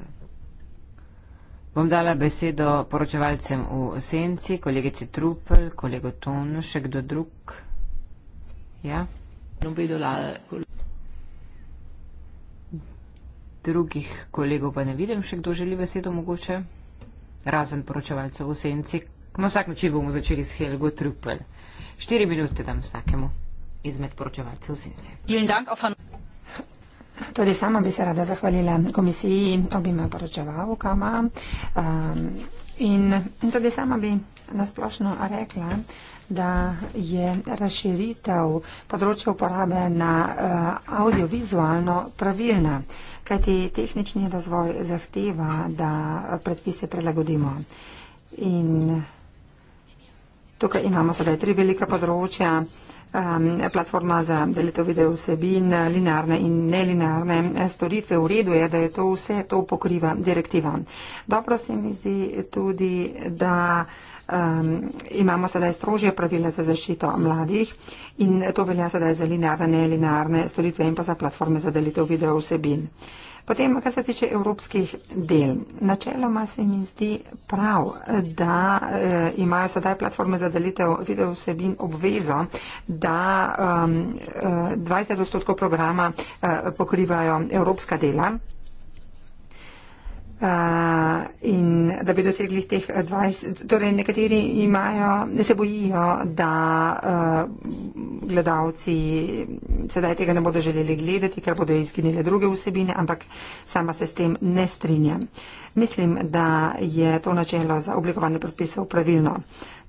bom dala besedo poročevalcem v senci, kolegici Trupel, kolego Tonu, še kdo drug. Ja. Drugih kolegov pa ne vidim, še kdo želi besedo mogoče razen poročevalcev v senci. Na vsak način bomo začeli s Helgo Trupel. Štiri minute dam vsakemu izmed poročevalcev v senci. Tudi sama bi se rada zahvalila komisiji obima poročevalkama. Um, in tudi sama bi nasplošno rekla, da je razširitev področja uporabe na eh, audiovizualno pravilna, kajti tehnični razvoj zahteva, da predpise prilagodimo. In tukaj imamo sedaj tri velika področja. Um, platforma za delitev video vsebin, linearne in nelinearne eh, storitve v redu je, da je to vse to pokriva direktiva. Dobro se mi zdi tudi, da uh, um, imamo sedaj strožje pravile za zaščito mladih in to velja sedaj za linearne, nelinearne storitve in pa za platforme za delitev video vsebin. Potem, kar se tiče evropskih del. Načeloma se mi zdi prav, da eh, imajo sedaj platforme za delitev video vsebin obvezo, da eh, 20 odstotkov programa eh, pokrivajo evropska dela, Uh, in da bi dosegli teh 20, torej nekateri imajo, ne se bojijo, da uh, gledalci sedaj tega ne bodo želeli gledati, ker bodo izginile druge vsebine, ampak sama se s tem ne strinjam. Mislim, da je to načelo za oblikovanje predpisov pravilno.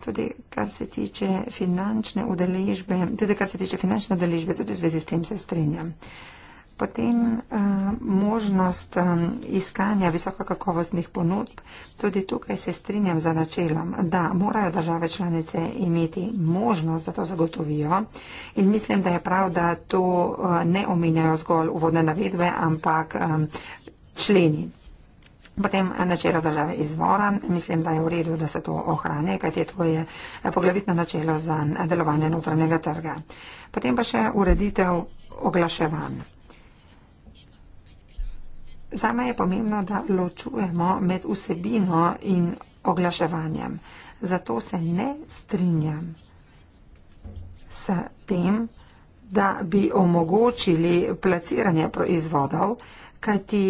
Tudi kar se tiče finančne udeležbe, tudi kar se tiče finančne udeležbe, tudi v zvezi s tem se strinjam potem uh, možnost um, iskanja visokokakovostnih ponudb. Tudi tukaj se strinjam za načelom, da morajo države članice imeti možnost, da to zagotovijo. In mislim, da je prav, da to uh, ne omenjajo zgolj uvodne navedbe, ampak um, členi. Potem načelo države izvora. Mislim, da je v redu, da se to ohrane, kajti to je poglavitno načelo za delovanje notranjega trga. Potem pa še ureditev oglaševanja. Za me je pomembno, da ločujemo med vsebino in oglaševanjem. Zato se ne strinjam s tem, da bi omogočili placiranje proizvodov, kajti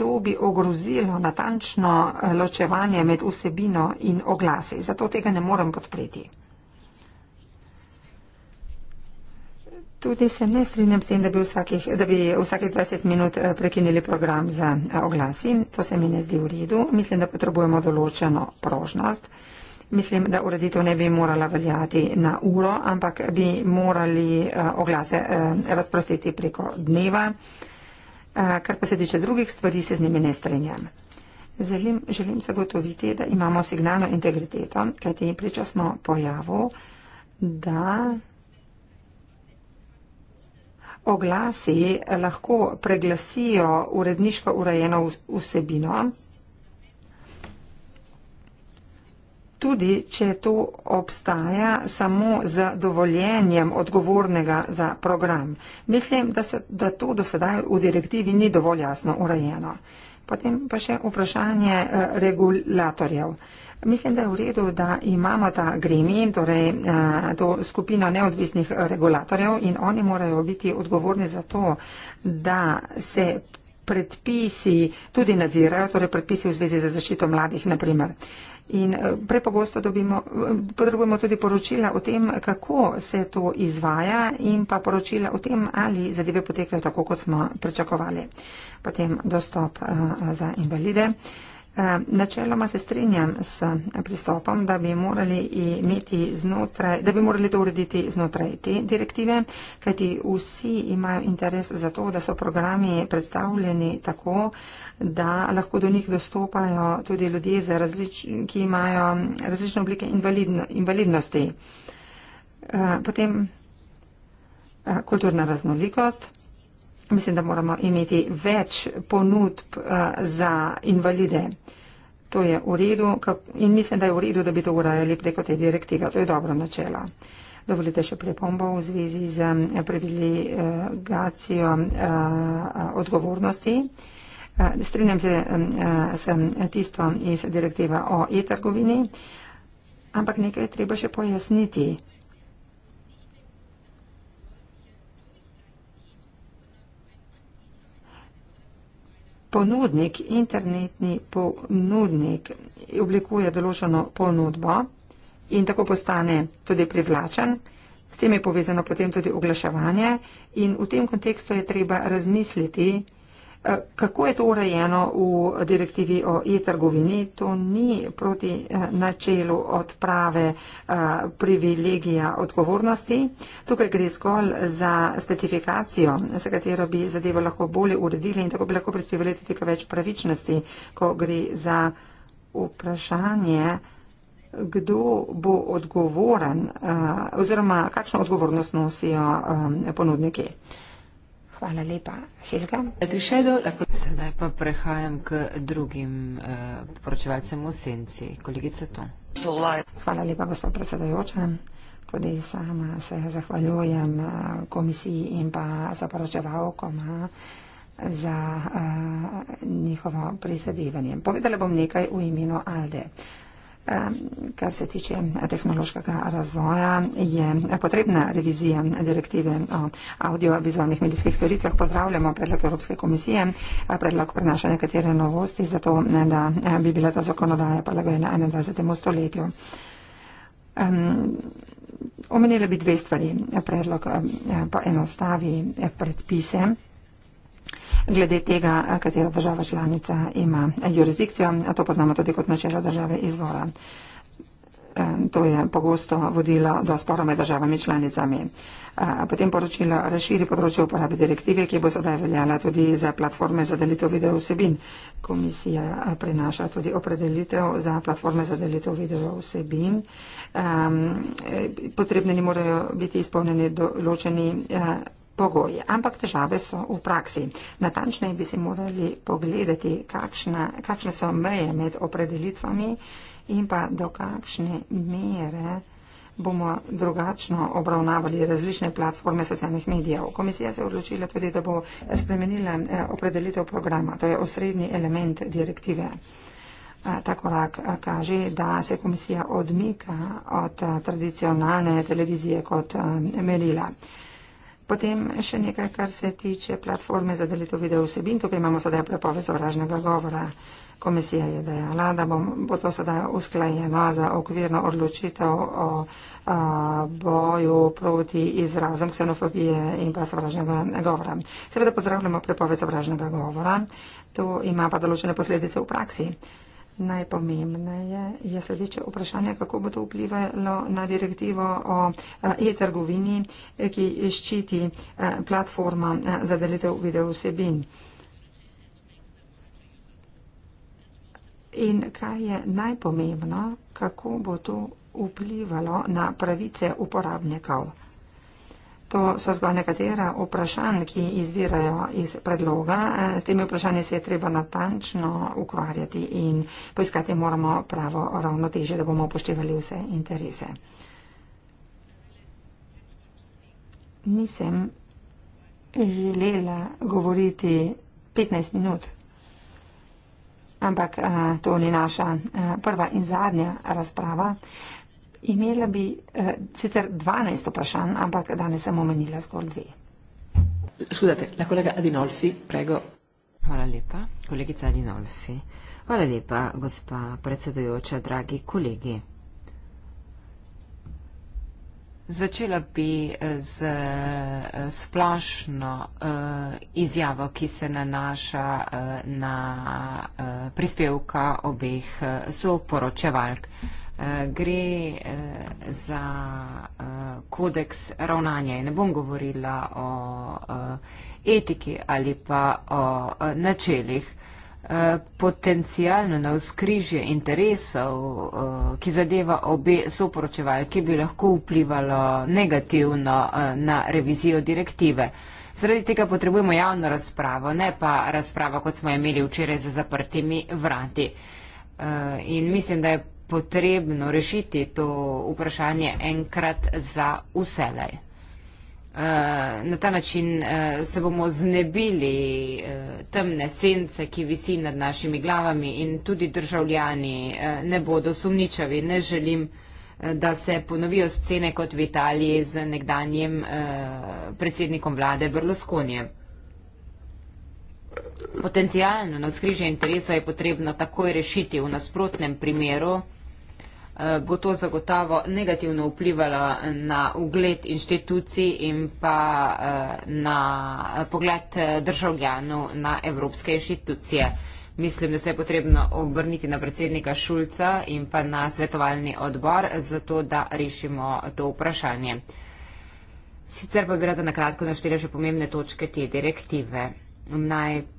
to bi ogrozilo natančno ločevanje med vsebino in oglasi. Zato tega ne morem podpreti. Tudi se ne strinjam s tem, da bi vsakih, da bi vsakih 20 minut eh, prekinili program za eh, oglasi. To se mi ne zdi v redu. Mislim, da potrebujemo določeno prožnost. Mislim, da ureditev ne bi morala veljati na uro, ampak bi morali eh, oglase razprostiti preko dneva. Kar pa se tiče drugih stvari, se z njimi ne strinjam. Želim, želim zagotoviti, da imamo signalno integriteto, kajti priča smo pojavu, da oglasi lahko preglasijo uredniško urejeno vsebino, tudi če to obstaja samo z dovoljenjem odgovornega za program. Mislim, da, se, da to do sedaj v direktivi ni dovolj jasno urejeno. Potem pa še vprašanje eh, regulatorjev. Mislim, da je v redu, da imamo ta gremi, torej eh, to skupino neodvisnih regulatorjev in oni morajo biti odgovorni za to, da se predpisi tudi nadzirajo, torej predpisi v zvezi za zaščito mladih, naprimer. In eh, prepogosto dobimo, eh, potrebujemo tudi poročila o tem, kako se to izvaja in pa poročila o tem, ali zadeve potekajo tako, kot smo pričakovali. Potem dostop za invalide. Eh, načeloma se strinjam s pristopom, da bi morali, znotraj, da bi morali to urediti znotraj te direktive, kajti vsi imajo interes za to, da so programi predstavljeni tako, da lahko do njih dostopajo tudi ljudje, različ, ki imajo različne oblike invalidno, invalidnosti. Eh, potem eh, kulturna raznolikost mislim, da moramo imeti več ponudb eh, za invalide. To je v redu in mislim, da je v redu, da bi to urajali preko te direktive. To je dobro načelo. Dovolite še pripombo v zvezi z eh, privilegacijo eh, odgovornosti. Strinjam se s tisto iz direktive o e-trgovini, ampak nekaj je treba še pojasniti. ponudnik, internetni ponudnik, oblikuje določeno ponudbo in tako postane tudi privlačen. S tem je povezano potem tudi oglaševanje in v tem kontekstu je treba razmisliti, Eh, kako je to urejeno v direktivi o e-trgovini? To ni proti eh, načelu odprave eh, privilegija odgovornosti. Tukaj gre zgolj za specifikacijo, za katero bi zadevo lahko bolje uredili in tako bi lahko prispevali tudi k več pravičnosti, ko gre za vprašanje kdo bo odgovoren oziroma kakšno odgovornost nosijo ponudniki. Hvala lepa, Helga. Sedaj pa prehajam k drugim eh, poročevalcem v senci. Kolegica to. Hvala lepa, gospod predsedajoča. Tudi sama se zahvaljujem eh, komisiji in pa soporočevalkom eh, za eh, njihovo prizadevanje. Povedala bom nekaj v imenu Alde. Eh, kar se tiče tehnološkega razvoja, je potrebna revizija direktive o audiovizualnih medijskih storitvah. Pozdravljamo predlog Evropske komisije. Predlog prenaša nekatere novosti, zato da bi bila ta zakonodaja prilagojena 21. stoletju. Omenili bi dve stvari. Predlog eh, poenostavi predpise glede tega, katera država članica ima jurisdikcijo. To poznamo tudi kot načelo države izvora. E, to je pogosto vodilo do spora med državami članicami. E, potem poročilo razširi področje uporabe direktive, ki bo sedaj veljala tudi za platforme za delitev video vsebin. Komisija e, prenaša tudi opredelitev za platforme za delitev video vsebin. Potrebni morajo biti izpolnjeni določeni pogoji, ampak težave so v praksi. Natančneje bi se morali pogledati, kakšna, kakšne so meje med opredelitvami in pa do kakšne mere bomo drugačno obravnavali različne platforme socialnih medijev. Komisija se je odločila tudi, da bo spremenila eh, opredelitev programa. To je osrednji element direktive. Ta korak kaže, da se komisija odmika od tradicionalne televizije kot merila. Potem še nekaj, kar se tiče platforme za delitev videosebin. Tukaj imamo sedaj prepoved sovražnega govora. Komisija je dejala, da bom, bo to sedaj usklajeno za okvirno odločitev o a, boju proti izrazom ksenofobije in pa sovražnega govora. Seveda pozdravljamo prepoved sovražnega govora. To ima pa določene posledice v praksi. Najpomembneje je sledeče vprašanje, kako bo to vplivalo na direktivo o eh, e-trgovini, eh, ki ščiti eh, platforma za delitev videosebin. In kaj je najpomembno, kako bo to vplivalo na pravice uporabnikov? To so zgolj nekatera vprašanj, ki izvirajo iz predloga. S temi vprašanji se je treba natančno ukvarjati in poiskati moramo pravo ravnotežje, da bomo upoštevali vse interese. Nisem želela govoriti 15 minut, ampak to ni naša prva in zadnja razprava. Imela bi uh, sicer 12 vprašanj, ampak danes sem omenila zgolj dve. Skudate, na kolega Adinolfi, prego. Hvala lepa, kolegica Adinolfi. Hvala lepa, gospa predsedujoča, dragi kolegi. Začela bi eh, z eh, splošno izjavo, ki se nanaša na prispevka obeh soporočevalk. Eh, gre eh, za eh, kodeks ravnanja. Ne bom govorila o etiki ali pa o načelih. Potencijalno na vzkrižje interesov, ki zadeva obe soporočevalki, bi lahko vplivalo negativno na revizijo direktive. Zaradi tega potrebujemo javno razpravo, ne pa razpravo, kot smo imeli včeraj za zaprtimi vrati. In mislim, da je potrebno rešiti to vprašanje enkrat za vselej. Uh, na ta način uh, se bomo znebili uh, temne sence, ki visi nad našimi glavami in tudi državljani uh, ne bodo sumničavi. Ne želim, uh, da se ponovijo scene kot v Italiji z nekdanjem uh, predsednikom vlade Berlusconijem. Potencijalno na skrižje interesov je potrebno takoj rešiti v nasprotnem primeru. Eh, bo to zagotovo negativno vplivalo na ugled inštitucij in pa eh, na pogled eh, državljanov na evropske inštitucije. Mislim, da se je potrebno obrniti na predsednika Šulca in pa na svetovalni odbor, zato da rešimo to vprašanje. Sicer pa bi rada na kratko naštela še pomembne točke te direktive. Najprej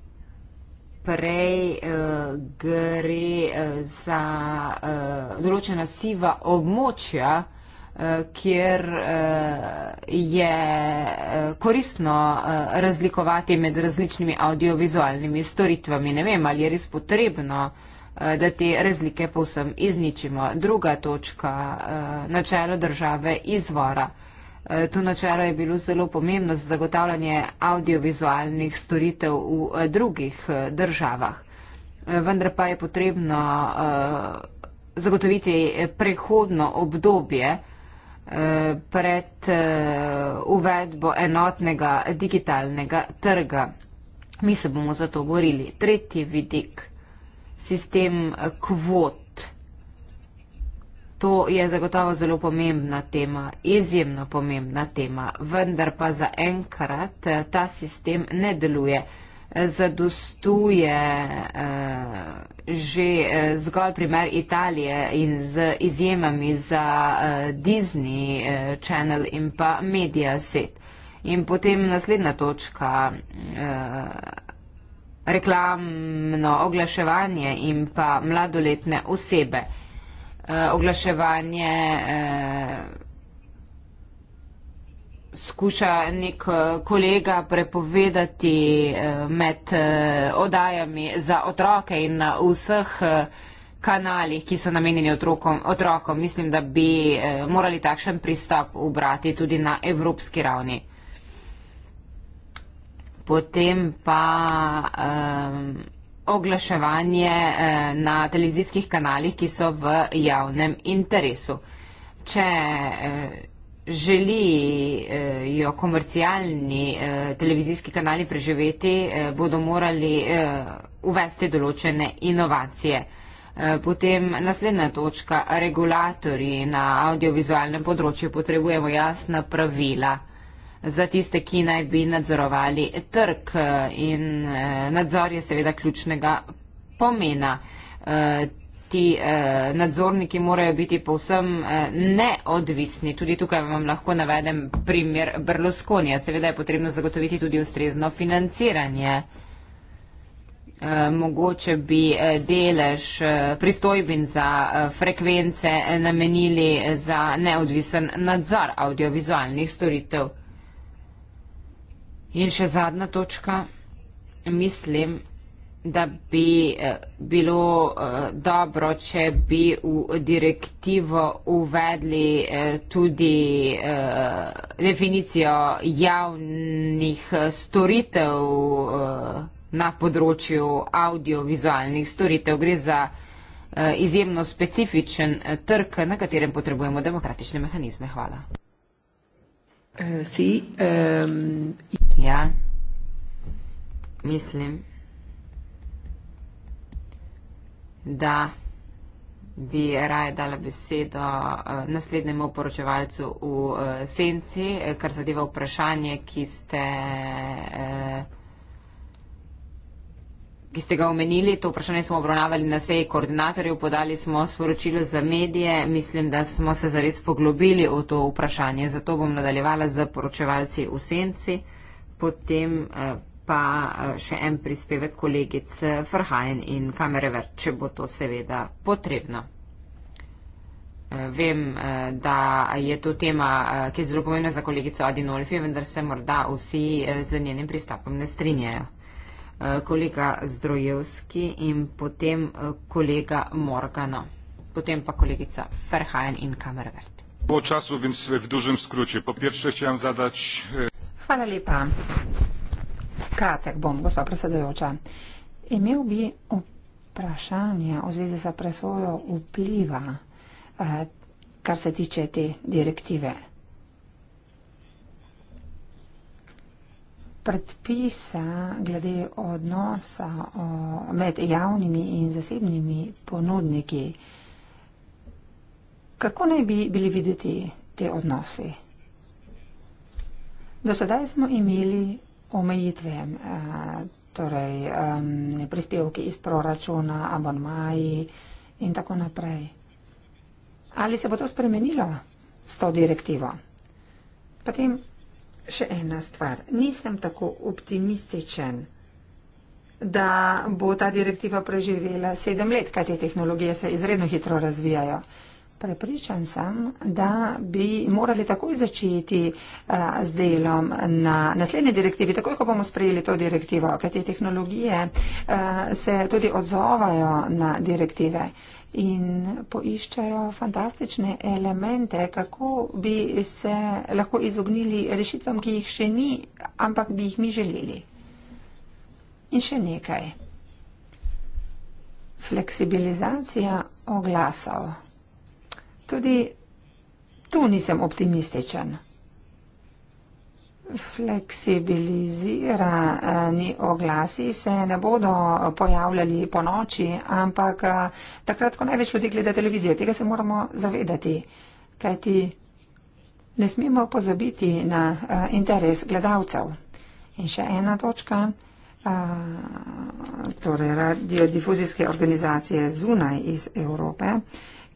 prej uh, gre eh, za uh, določena siva območja, uh, kjer uh, je koristno uh, razlikovati med različnimi audiovizualnimi storitvami. Ne vem, ali je res potrebno da te razlike povsem izničimo. Druga točka, načelo države izvora. Eh, to načelo je bilo zelo pomembno za zagotavljanje audiovizualnih storitev v eh, drugih eh, državah. Vendar pa je potrebno zagotoviti prehodno obdobje pred uvedbo enotnega digitalnega trga. Mi se bomo za to borili. Tretji vidik, sistem kvot. To je zagotovo zelo pomembna tema, izjemno pomembna tema, vendar pa zaenkrat eh, ta sistem ne deluje. Zadostuje eh, že eh, zgolj primer Italije in z izjemami za Disney Channel in pa Mediaset. In potem naslednja točka, reklamno oglaševanje in pa mladoletne osebe. Eh, oglaševanje eh, skuša nek eh, kolega prepovedati eh, med eh, odajami za otroke in na vseh eh, kanalih, ki so namenjeni otrokom, otrokom. Mislim, da bi eh, morali takšen pristop ubrati tudi na evropski ravni. Potem pa. Eh, oglaševanje eh, na televizijskih kanalih, ki so v javnem interesu. Če eh, želijo eh, komercialni televizijski kanali preživeti, bodo morali uvesti določene inovacije. Potem naslednja točka, regulatori na audiovizualnem področju potrebujemo jasna pravila za tiste, ki naj bi nadzorovali trg. E, in e, nadzor je seveda ključnega pomena. E, ti nadzorniki morajo biti povsem neodvisni. Tudi tukaj vam lahko navedem primer Berlusconija. Seveda je potrebno zagotoviti tudi ustrezno financiranje. Mogoče bi delež pristojbin za frekvence namenili za neodvisen nadzor audiovizualnih storitev. In še zadnja točka. Mislim, da bi eh, bilo eh, dobro, če bi v direktivo uvedli eh, tudi definicijo javnih storitev na področju audiovizualnih storitev. Gre za izjemno specifičen trg, na katerem potrebujemo demokratične mehanizme. Hvala. Uh, sí. Um... Ja. Mislim, da bi raje dala besedo uh, naslednjemu poročevalcu v uh, senci, kar zadeva vprašanje, ki ste. Uh, ki ste ga omenili. To vprašanje smo obravnavali na seji koordinatorjev, podali smo sporočilo za medije. Mislim, da smo se zares poglobili v to vprašanje. Zato bom nadaljevala z poročevalci v senci, potem eh, pa eh, še en prispevek kolegic eh, Frhajen in Kamerever, če bo to seveda potrebno. Vem, da je to tema, ki je zelo pomembna za kolegico Adinolfi, vendar se morda vsi z njenim pristopom ne strinjajo. Eh, kolega Zdrojevski in potem eh, kolega Morgano, potem pa kolegica Ferhajen in Kamervert. Po času, więc w dużym skrócie. Po pierwsze chciałem zadać... E, Hvala lepa. Kratek bom, gospa predsedujoča. Imel bi vprašanje o zvezi za presojo vpliva, eh, kar se tiče te direktive. predpisa glede odnosa o, med javnimi in zasebnimi ponudniki. Kako naj bi bili videti te odnose? Do sedaj smo imeli omejitve, eh, torej prispevki iz proračuna, abonmaji in tako naprej. Ali se bo to spremenilo s to direktivo? Potem še ena stvar. Nisem tako optimističen, da bo ta direktiva preživela sedem let, kaj te tehnologije se izredno hitro razvijajo. Prepričan sem, da bi morali takoj začeti a, z delom na naslednji direktivi, takoj, ko bomo sprejeli to direktivo, ker te tehnologije a, se tudi odzovajo na direktive in poiščejo fantastične elemente, kako bi se lahko izognili rešitvam, ki jih še ni, ampak bi jih mi želeli. In še nekaj. Fleksibilizacija oglasov. Tudi tu nisem optimističen fleksibilizirani oglasi se ne bodo pojavljali po noči, ampak eh, takrat, ko največ ljudi gleda televizijo. Tega se moramo zavedati, kajti ne smemo pozabiti na eh, interes gledalcev. In še ena točka. A, eh, torej, radiodifuzijske organizacije zunaj iz Evrope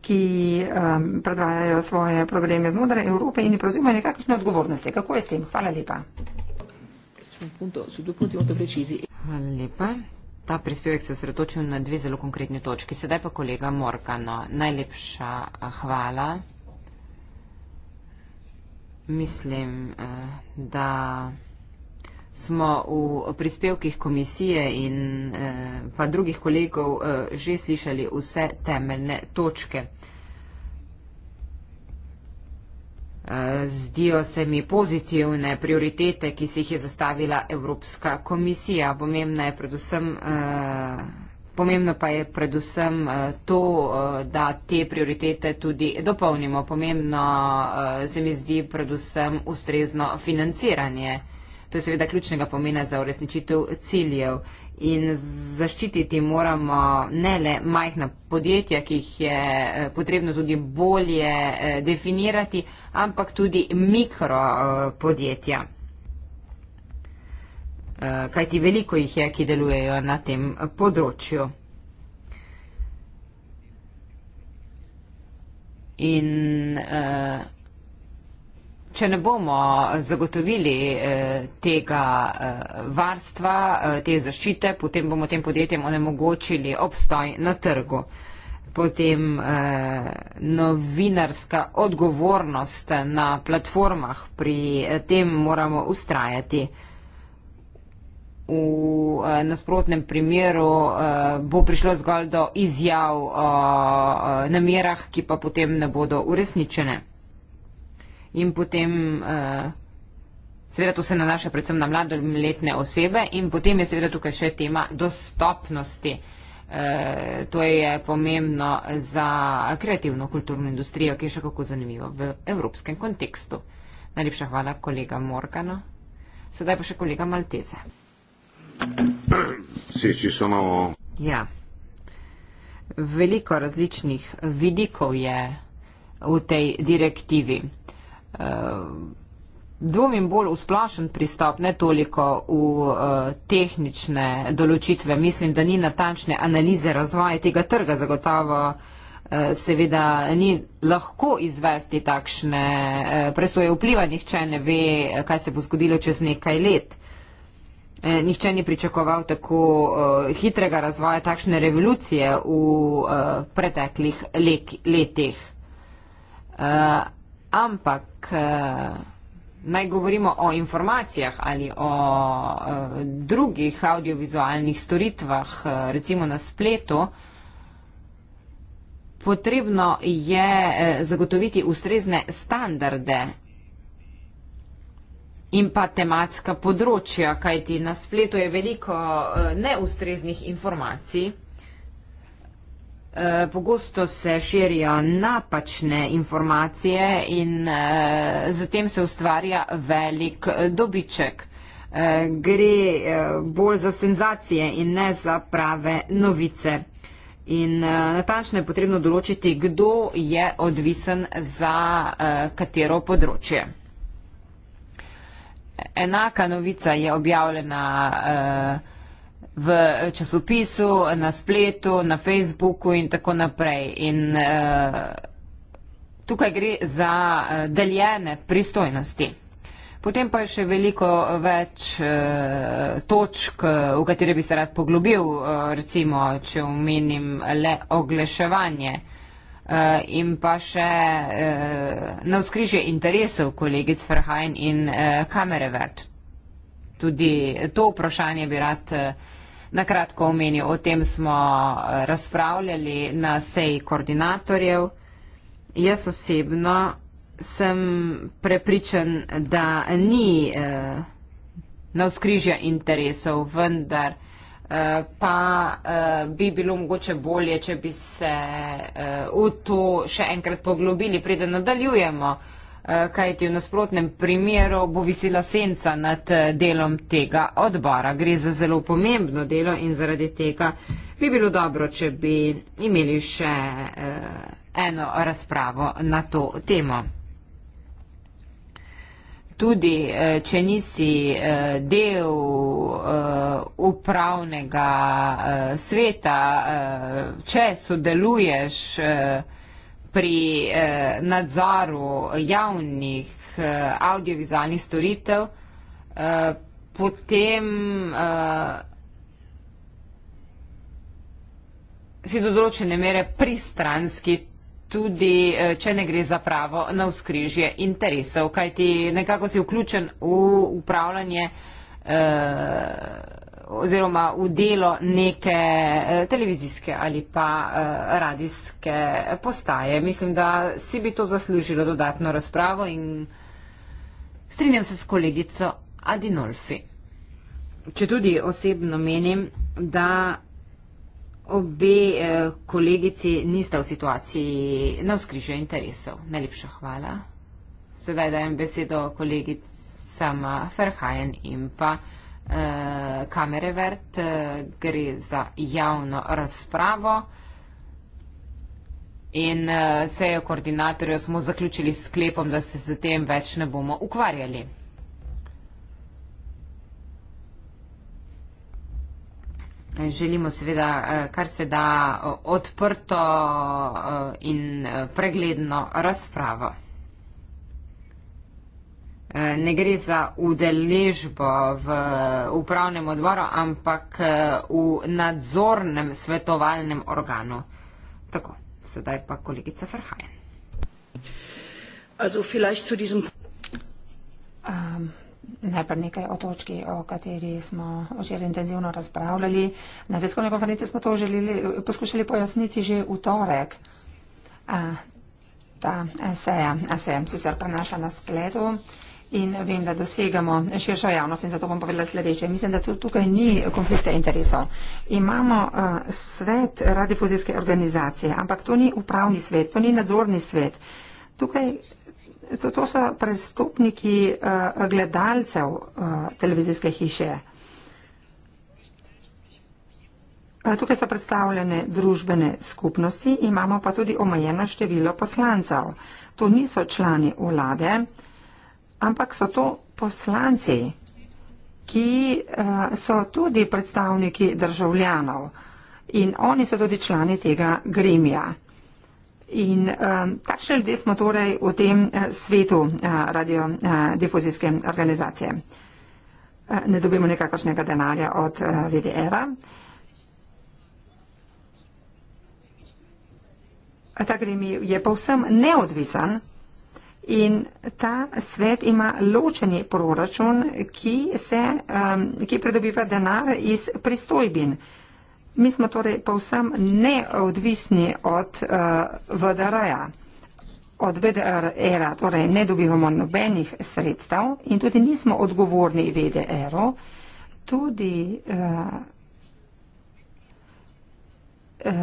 ki um, predvajajo svoje probleme znotraj Evrope in ne prevzimajo nekakšne odgovornosti. Kako je s tem? Hvala lepa. Hvala lepa. Ta prispevek se sredočil na dve zelo konkretni točki. Sedaj pa kolega Morgano. Najlepša eh, hvala. Mislim, eh, da smo v prispevkih komisije in eh, pa drugih kolegov eh, že slišali vse temeljne točke. Eh, zdijo se mi pozitivne prioritete, ki si jih je zastavila Evropska komisija. Je predvsem, pomembno pa je predvsem to, da te prioritete tudi dopolnimo. Pomembno se mi zdi predvsem ustrezno financiranje. To je seveda ključnega pomena za uresničitev ciljev in zaščititi moramo ne le majhna podjetja, ki jih je eh, potrebno tudi bolje eh, definirati, ampak tudi mikropodjetja. Eh, kajti veliko jih je, ki delujejo na tem področju. In uh, Če ne bomo zagotovili eh, tega eh, varstva, eh, te zaščite, potem bomo tem podjetjem onemogočili obstoj na trgu. Potem novinarska odgovornost na platformah, pri tem moramo ustrajati. V nasprotnem primeru bo prišlo zgolj do izjav o namerah, ki pa potem ne bodo uresničene in potem, eh, seveda to se nanaša predvsem na mladoletne osebe in potem je seveda tukaj še tema dostopnosti. Eh, to je pomembno za kreativno kulturno industrijo, ki je še kako zanimivo v evropskem kontekstu. Najlepša hvala, kolega Morgano. Sedaj pa še kolega Malteze. Sreči samo. Ja. Veliko različnih vidikov je v tej direktivi. Uh, Eh, dvomim bolj usplošen pristop, ne toliko v eh, tehnične določitve. Mislim, da ni natančne analize razvoja tega trga. Zagotovo eh, seveda ni lahko izvesti takšne presoje vpliva, nihče ne ve, kaj se bo zgodilo čez nekaj let. Nihče ni pričakoval tako uh, hitrega razvoja, takšne revolucije v uh, preteklih letih. Uh, ampak eh, naj govorimo o informacijah ali o eh, drugih audiovizualnih storitvah, eh, recimo na spletu, potrebno je zagotoviti ustrezne standarde in pa tematska področja, kajti na spletu je veliko neustreznih informacij. Eh, pogosto se širijo napačne informacije in uh, eh, zatem se ustvarja velik eh, dobiček. Gre bolj za senzacije in ne za prave novice. In natančno je potrebno določiti, kdo je odvisen za katero področje. Enaka novica je objavljena. Uh, v časopisu, na spletu, na Facebooku in tako naprej. In uh, tukaj gre za eh, deljene pristojnosti. Potem pa je še veliko več uh, točk, v katere bi se rad poglobil, uh, recimo, če omenim le oglaševanje. Uh, in pa še uh, na vzkrižje interesov kolegic Verhajn in uh, Kamerevert. Tudi to vprašanje bi rad uh, Na kratko omenil, o tem smo eh, razpravljali na seji koordinatorjev. Jaz osebno sem prepričan, da ni eh, na vzkrižja interesov, vendar eh, pa eh, bi bilo mogoče bolje, če bi se eh, v to še enkrat poglobili, preden nadaljujemo eh, Eh, kajti v nasprotnem primeru bo visila senca nad eh, delom tega odbora. Gre za zelo pomembno delo in zaradi tega bi bilo dobro, če bi imeli še eh, eno razpravo na to temo. Tudi, če nisi del upravnega sveta, če sodeluješ vsega, pri eh, nadzoru javnih eh, audiovizualnih storitev, eh, potem eh, si do določene mere pristranski tudi, eh, če ne gre za pravo na vzkrižje interesov, kajti nekako si vključen v upravljanje eh, oziroma v delo neke eh, televizijske ali pa eh, radijske postaje. Mislim, da si bi to zaslužilo dodatno razpravo in strinjam se s kolegico Adinolfi. Če tudi osebno menim, da obe eh, kolegici nista v situaciji na vzkrižju interesov. Najlepša hvala. Sedaj dajem besedo kolegicama Ferhajen in pa eh, Kamerevert, eh, gre za javno razpravo. In eh, sejo koordinatorjev smo zaključili s sklepom, da se z tem več ne bomo ukvarjali. Želimo seveda, eh, kar se da, odprto eh, in eh, pregledno razpravo. Eh, ne gre za udeležbo v upravnem odboru, ampak eh, v nadzornem svetovalnem organu. Tako, sedaj pa kolegica Ferhajen. Um, najprej nekaj o točki, o kateri smo včeraj intenzivno razpravljali. Na tiskovni konferenci smo to želili, poskušali pojasniti že v torek. Uh, ta seja, a sejem sicer prenaša na spletu. Uh, in vem, da dosegamo širšo javnost in zato bom povedala sledeče. Mislim, da tudi tukaj ni konflikta interesov. Imamo uh, svet radifuzijske organizacije, ampak to ni upravni svet, to ni nadzorni svet. Tukaj to, to so prestopniki uh, gledalcev uh, televizijske hiše. Tukaj so predstavljene družbene skupnosti, imamo pa tudi omejeno število poslancev. To niso člani vlade, ampak so to poslanci, ki eh, so tudi predstavniki državljanov in oni so tudi člani tega gremija. In um, takšni ljudje smo torej v tem eh, svetu radiodifuzijske organizacije. Ne dobimo nekakšnega denarja od VDR-a. Ta gremij je povsem neodvisen In ta svet ima ločeni proračun, ki, se, um, ki pridobiva denar iz pristojbin. Mi smo torej povsem neodvisni od uh, VDR-ja, od VDR-era, torej ne dobivamo nobenih sredstev in tudi nismo odgovorni VDR-u. Tudi uh, uh,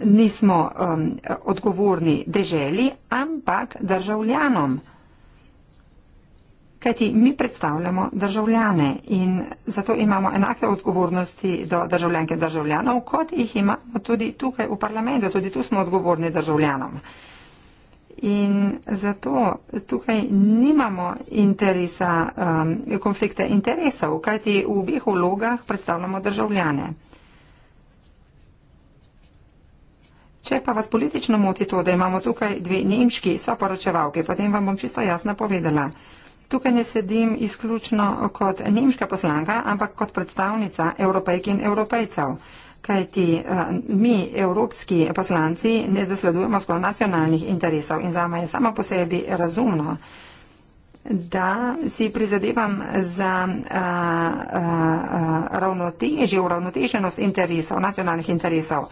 nismo um, odgovorni deželi, ampak državljanom. Kajti mi predstavljamo državljane in zato imamo enake odgovornosti do državljanke državljanov, kot jih imamo tudi tukaj v parlamentu, tudi tu smo odgovorni državljanom. In zato tukaj nimamo interesa, um, konflikta interesov, kajti v obeh vlogah predstavljamo državljane. Če pa vas politično moti to, da imamo tukaj dve nemški soporočevalke, potem vam bom čisto jasno povedala. Tukaj ne sedim izključno kot nemška poslanka, ampak kot predstavnica evropejk in evropejcev. Kaj ti eh, mi, evropski poslanci, ne zasledujemo zgolj nacionalnih interesov in zame je samo po sebi razumno, da si prizadevam za a, eh, a, eh, ravnotežje, uravnoteženost interesov, nacionalnih interesov.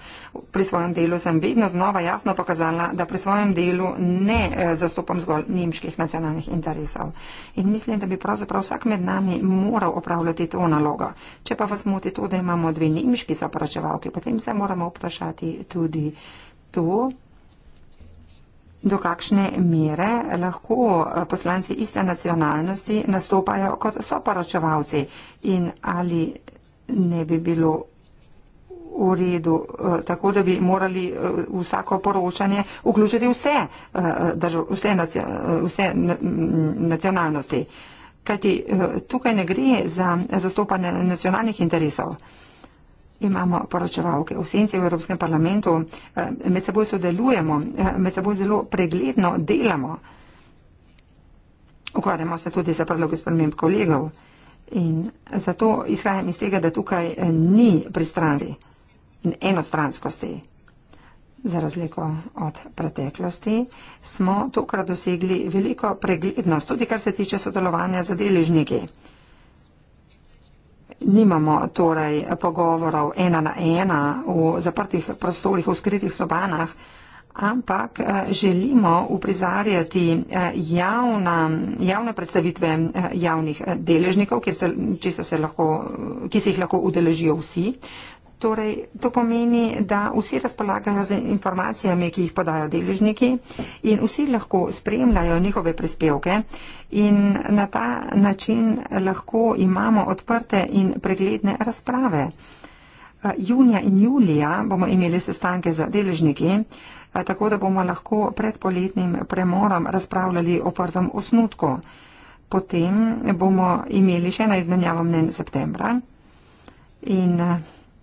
Pri svojem delu sem vedno znova jasno pokazala, da pri svojem delu ne eh, zastopam zgolj nemških nacionalnih interesov. In mislim, da bi pravzaprav vsak med nami moral opravljati to nalogo. Če pa vas moti to, da imamo dve nemški soporočevalki, potem se moramo vprašati tudi to. Do kakšne mere lahko eh, poslanci iste nacionalnosti nastopajo kot soporočevalci in ali ne bi bilo v redu, eh, tako da bi morali eh, vsako poročanje vključiti vse, vse, vse nacionalnosti. Kajti tukaj ne gre za zastopanje nacionalnih interesov imamo poročevalke v senci v Evropskem parlamentu, eh, med seboj sodelujemo, eh, med seboj zelo pregledno delamo. Ukvarjamo se tudi za predloge sprememb kolegov in zato izhajam iz tega, da tukaj eh, ni pristranski in enostranskosti. Za razliko od preteklosti smo tokrat dosegli veliko preglednost, tudi kar se tiče sodelovanja z deležniki nimamo torej pogovorov ena na ena v zaprtih prostorih, v skritih sobanah, ampak eh, želimo uprizarjati eh, javna, javne predstavitve eh, javnih deležnikov, ki se, se lahko, ki se jih lahko udeležijo vsi. Torej, to pomeni, da vsi razpolagajo z informacijami, ki jih podajo deležniki in vsi lahko spremljajo njihove prispevke in na ta način lahko imamo odprte in pregledne razprave. Junija in julija bomo imeli sestanke za deležniki, tako da bomo lahko pred poletnim premorom razpravljali o prvem osnutku. Potem bomo imeli še eno izmenjavo mnen septembra. In,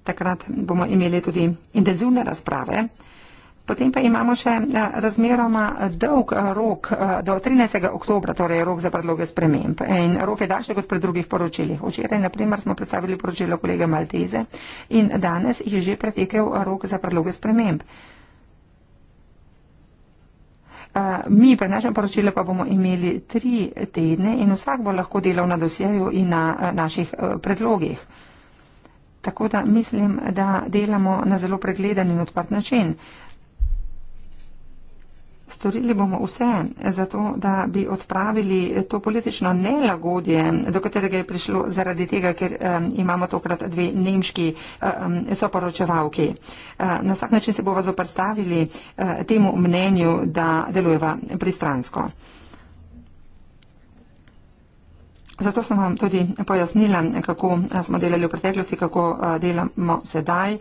takrat bomo imeli tudi intenzivne razprave. Potem pa imamo še eh, razmeroma eh, dolg eh, rok do 13. oktobra, torej rok za predloge sprememb. In rok je daljši kot pri drugih poročilih. Včeraj, na primer, smo predstavili poročilo kolege Malteze in danes je že pretekel rok za predloge sprememb. Mi pri našem poročilu pa bomo imeli tri tedne in vsak bo lahko delal na dosjeju in na naših predlogih. Tako da mislim, da delamo na zelo pregleden in odprt način. Storili bomo vse za to, da bi odpravili to politično nelagodje, do katerega je prišlo zaradi tega, ker um, imamo tokrat dve nemški um, soporočevalki. Uh, na vsak način se bomo zoprstavili uh, eh, temu mnenju, da delujeva pristransko. Zato sem vam tudi pojasnila, kako eh, smo delali v preteklosti, kako eh, delamo sedaj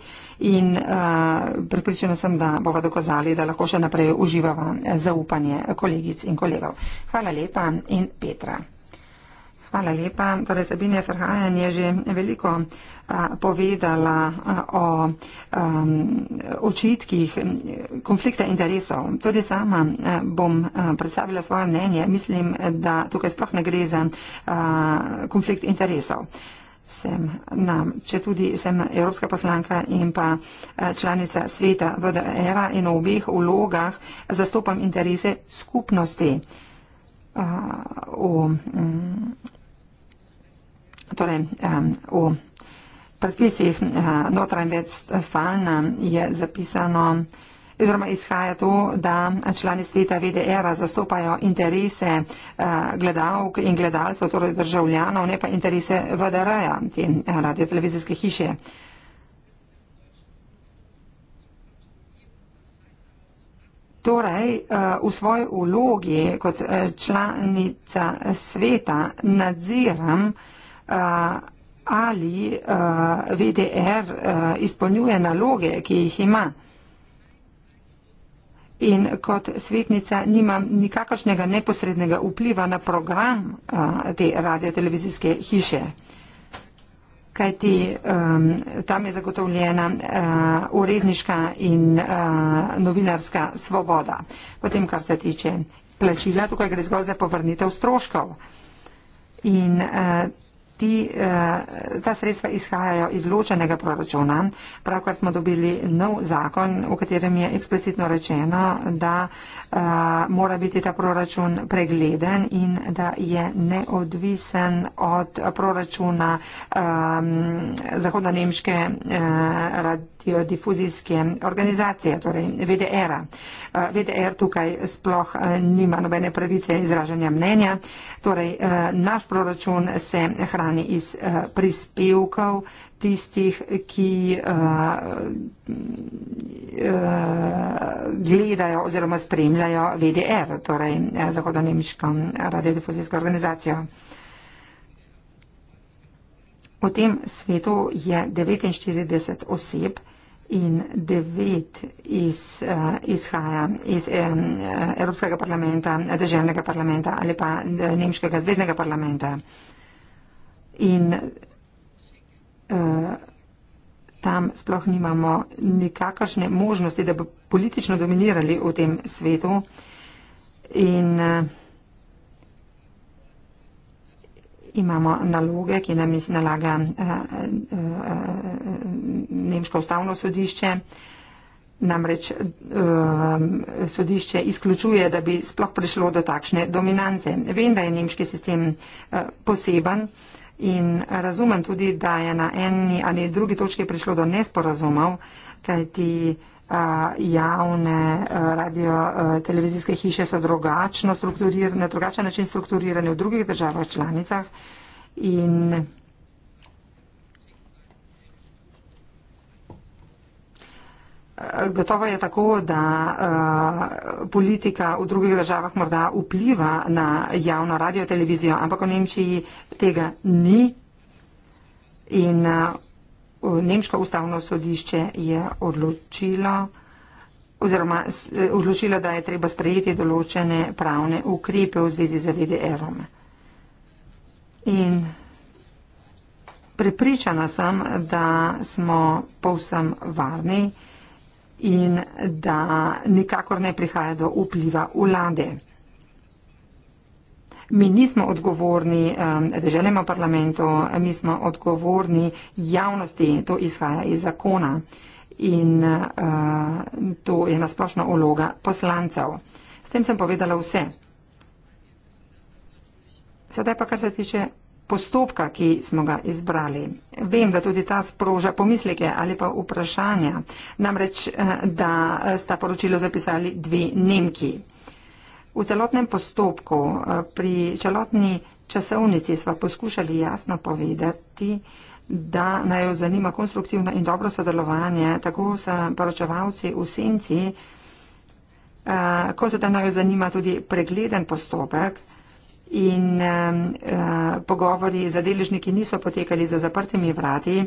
in eh, pripričana sem, da bova dokazali, da lahko še naprej uživava zaupanje kolegic in kolegov. Hvala lepa in Petra. Hvala lepa. Torej, Sabine Ferhajan je že veliko a, povedala a, o a, um, očitkih konflikta interesov. Tudi sama a, bom a, predstavila svoje mnenje. Mislim, da tukaj sploh ne gre za a, konflikt interesov. Sem nam, če tudi sem evropska poslanka in pa članica sveta VDR-a in v obeh vlogah zastopam interese skupnosti v, mm, torej, v predpisih eh, notranj vec Falna je zapisano, oziroma izhaja to, da člani sveta VDR-a zastopajo interese eh, gledalk in gledalcev, torej državljanov, ne pa interese VDR-ja, te eh, radio-televizijske hiše. Torej, eh, v svoji vlogi kot eh, članica sveta nadziram, eh, ali VDR izpolnjuje naloge, ki jih ima. In kot svetnica nimam nikakršnega neposrednega vpliva na program te radiotelevizijske hiše kajti um, tam je zagotovljena uh, uredniška in uh, novinarska svoboda. Potem, kar se tiče plačila, tukaj gre zgolj za povrnitev stroškov. In, uh, ti, eh, ta sredstva izhajajo iz ločenega proračuna. Pravkar smo dobili nov zakon, v katerem je eksplicitno rečeno, da eh, mora biti ta proračun pregleden in da je neodvisen od proračuna ehm, Zahodno-Nemške eh, radiodifuzijske organizacije, torej VDR. -a. VDR tukaj sploh nima nobene pravice izražanja mnenja. Torej, naš proračun se hrani sestavljeni iz uh, prispevkov tistih, ki uh, uh, gledajo oziroma spremljajo VDR, torej uh, Zahodno-Nemško radiodifuzijsko organizacijo. V tem svetu je 49 oseb in 9 iz, uh, izhaja iz um, Evropskega parlamenta, državnega parlamenta ali pa Nemškega zvezdnega parlamenta. Uh, in uh, tam sploh nimamo nikakršne možnosti, da bi politično dominirali v tem svetu. In uh, imamo naloge, ki nam jih nalaga uh, uh, uh, Nemško ustavno sodišče. Namreč uh, sodišče izključuje, da bi sploh prišlo do takšne dominance. Vem, da je nemški sistem uh, poseben, uh, in razumem tudi, da je na eni ali drugi točki prišlo do nesporazumov, kajti javne radio televizijske hiše so drugačno strukturirane, drugačen način strukturirane v drugih državah članicah in Gotovo je tako, da eh, politika v drugih državah morda vpliva na javno radiotelevizijo, ampak v Nemčiji tega ni. In eh, Nemško ustavno sodišče je odločilo, oziroma eh, odločilo, da je treba sprejeti določene pravne ukrepe v zvezi z VDR-om. In prepričana sem, da smo povsem varni in da nikakor ne prihaja do vpliva vlade. Mi nismo odgovorni um, deželjema parlamentu, mi smo odgovorni javnosti, to izhaja iz zakona in uh, to je nasplošna uloga poslancev. S tem sem povedala vse. Sedaj pa, kar se tiče postopka, ki smo ga izbrali. Vem, da tudi ta sproža pomisleke ali pa vprašanja, namreč, eh, da eh, sta poročilo zapisali dve Nemki. V celotnem postopku, eh, pri celotni časovnici, smo poskušali jasno povedati, da naj jo zanima konstruktivno in dobro sodelovanje, tako s poročevalci v senci, kot da naj jo zanima tudi pregleden postopek in um, uh, pogovori za deležniki niso potekali za zaprtimi vrati.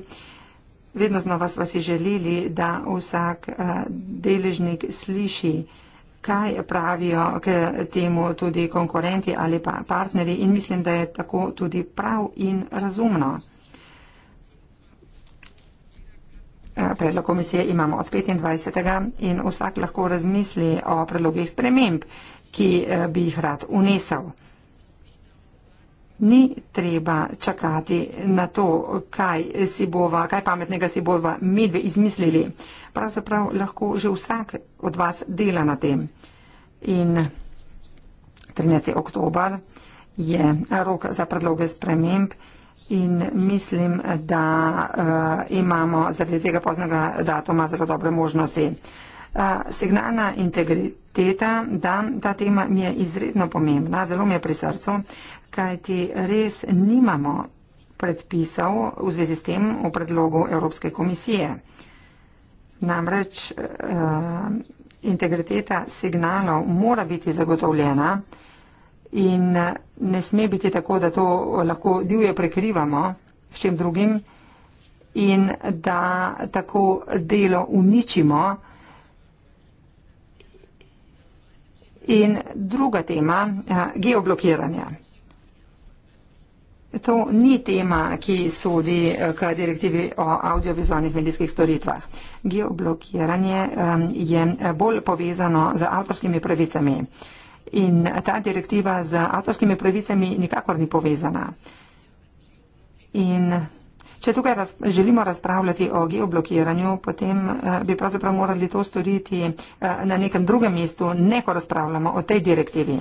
Vedno znova smo si želeli, da vsak uh, deležnik sliši, kaj pravijo k temu tudi konkurenti ali pa partnerji in mislim, da je tako tudi prav in razumno. Uh, predlog komisije imamo od 25. in vsak lahko razmisli o predlogih sprememb, ki uh, bi jih rad unesel ni treba čakati na to, kaj si bova, kaj pametnega si bova medve izmislili. Pravzaprav lahko že vsak od vas dela na tem. In 13. oktober je rok za predloge sprememb in mislim, da uh, imamo zaradi tega poznega datuma zelo dobre možnosti. Uh, signalna integriteta, da ta tema mi je izredno pomembna, zelo mi je pri srcu kajti res nimamo predpisov v zvezi s tem v predlogu Evropske komisije. Namreč uh, integriteta signalov mora biti zagotovljena in ne sme biti tako, da to lahko divje prekrivamo s čem drugim in da tako delo uničimo. In druga tema, eh, geoblokiranje. To ni tema, ki sodi eh, k direktivi o audiovizualnih medijskih storitvah. Geoblokiranje je eh, bolj povezano z avtorskimi pravicami in ta direktiva z avtorskimi pravicami nikakor ni povezana. In če tukaj raz, želimo razpravljati o geoblokiranju, potem eh, bi pravzaprav morali to storiti na nekem drugem mestu, ne ko razpravljamo o tej direktivi.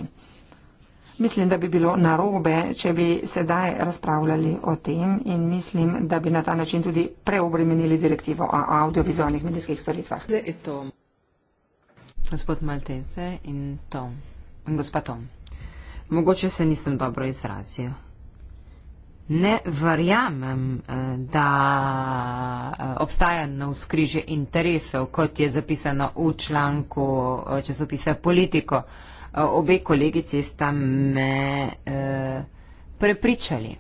Mislim, da bi bilo narobe, če bi sedaj razpravljali o tem in mislim, da bi na ta način tudi preobremenili direktivo o audiovizualnih medijskih storitvah. Gospod Maltese in Tom. In gospod Tom. Mogoče se nisem dobro izrazil. Ne verjamem, eh, da eh, obstaja na vzkrižje interesov, kot je zapisano v članku eh, časopisa Politiko obe kolegici sta me eh, prepričali.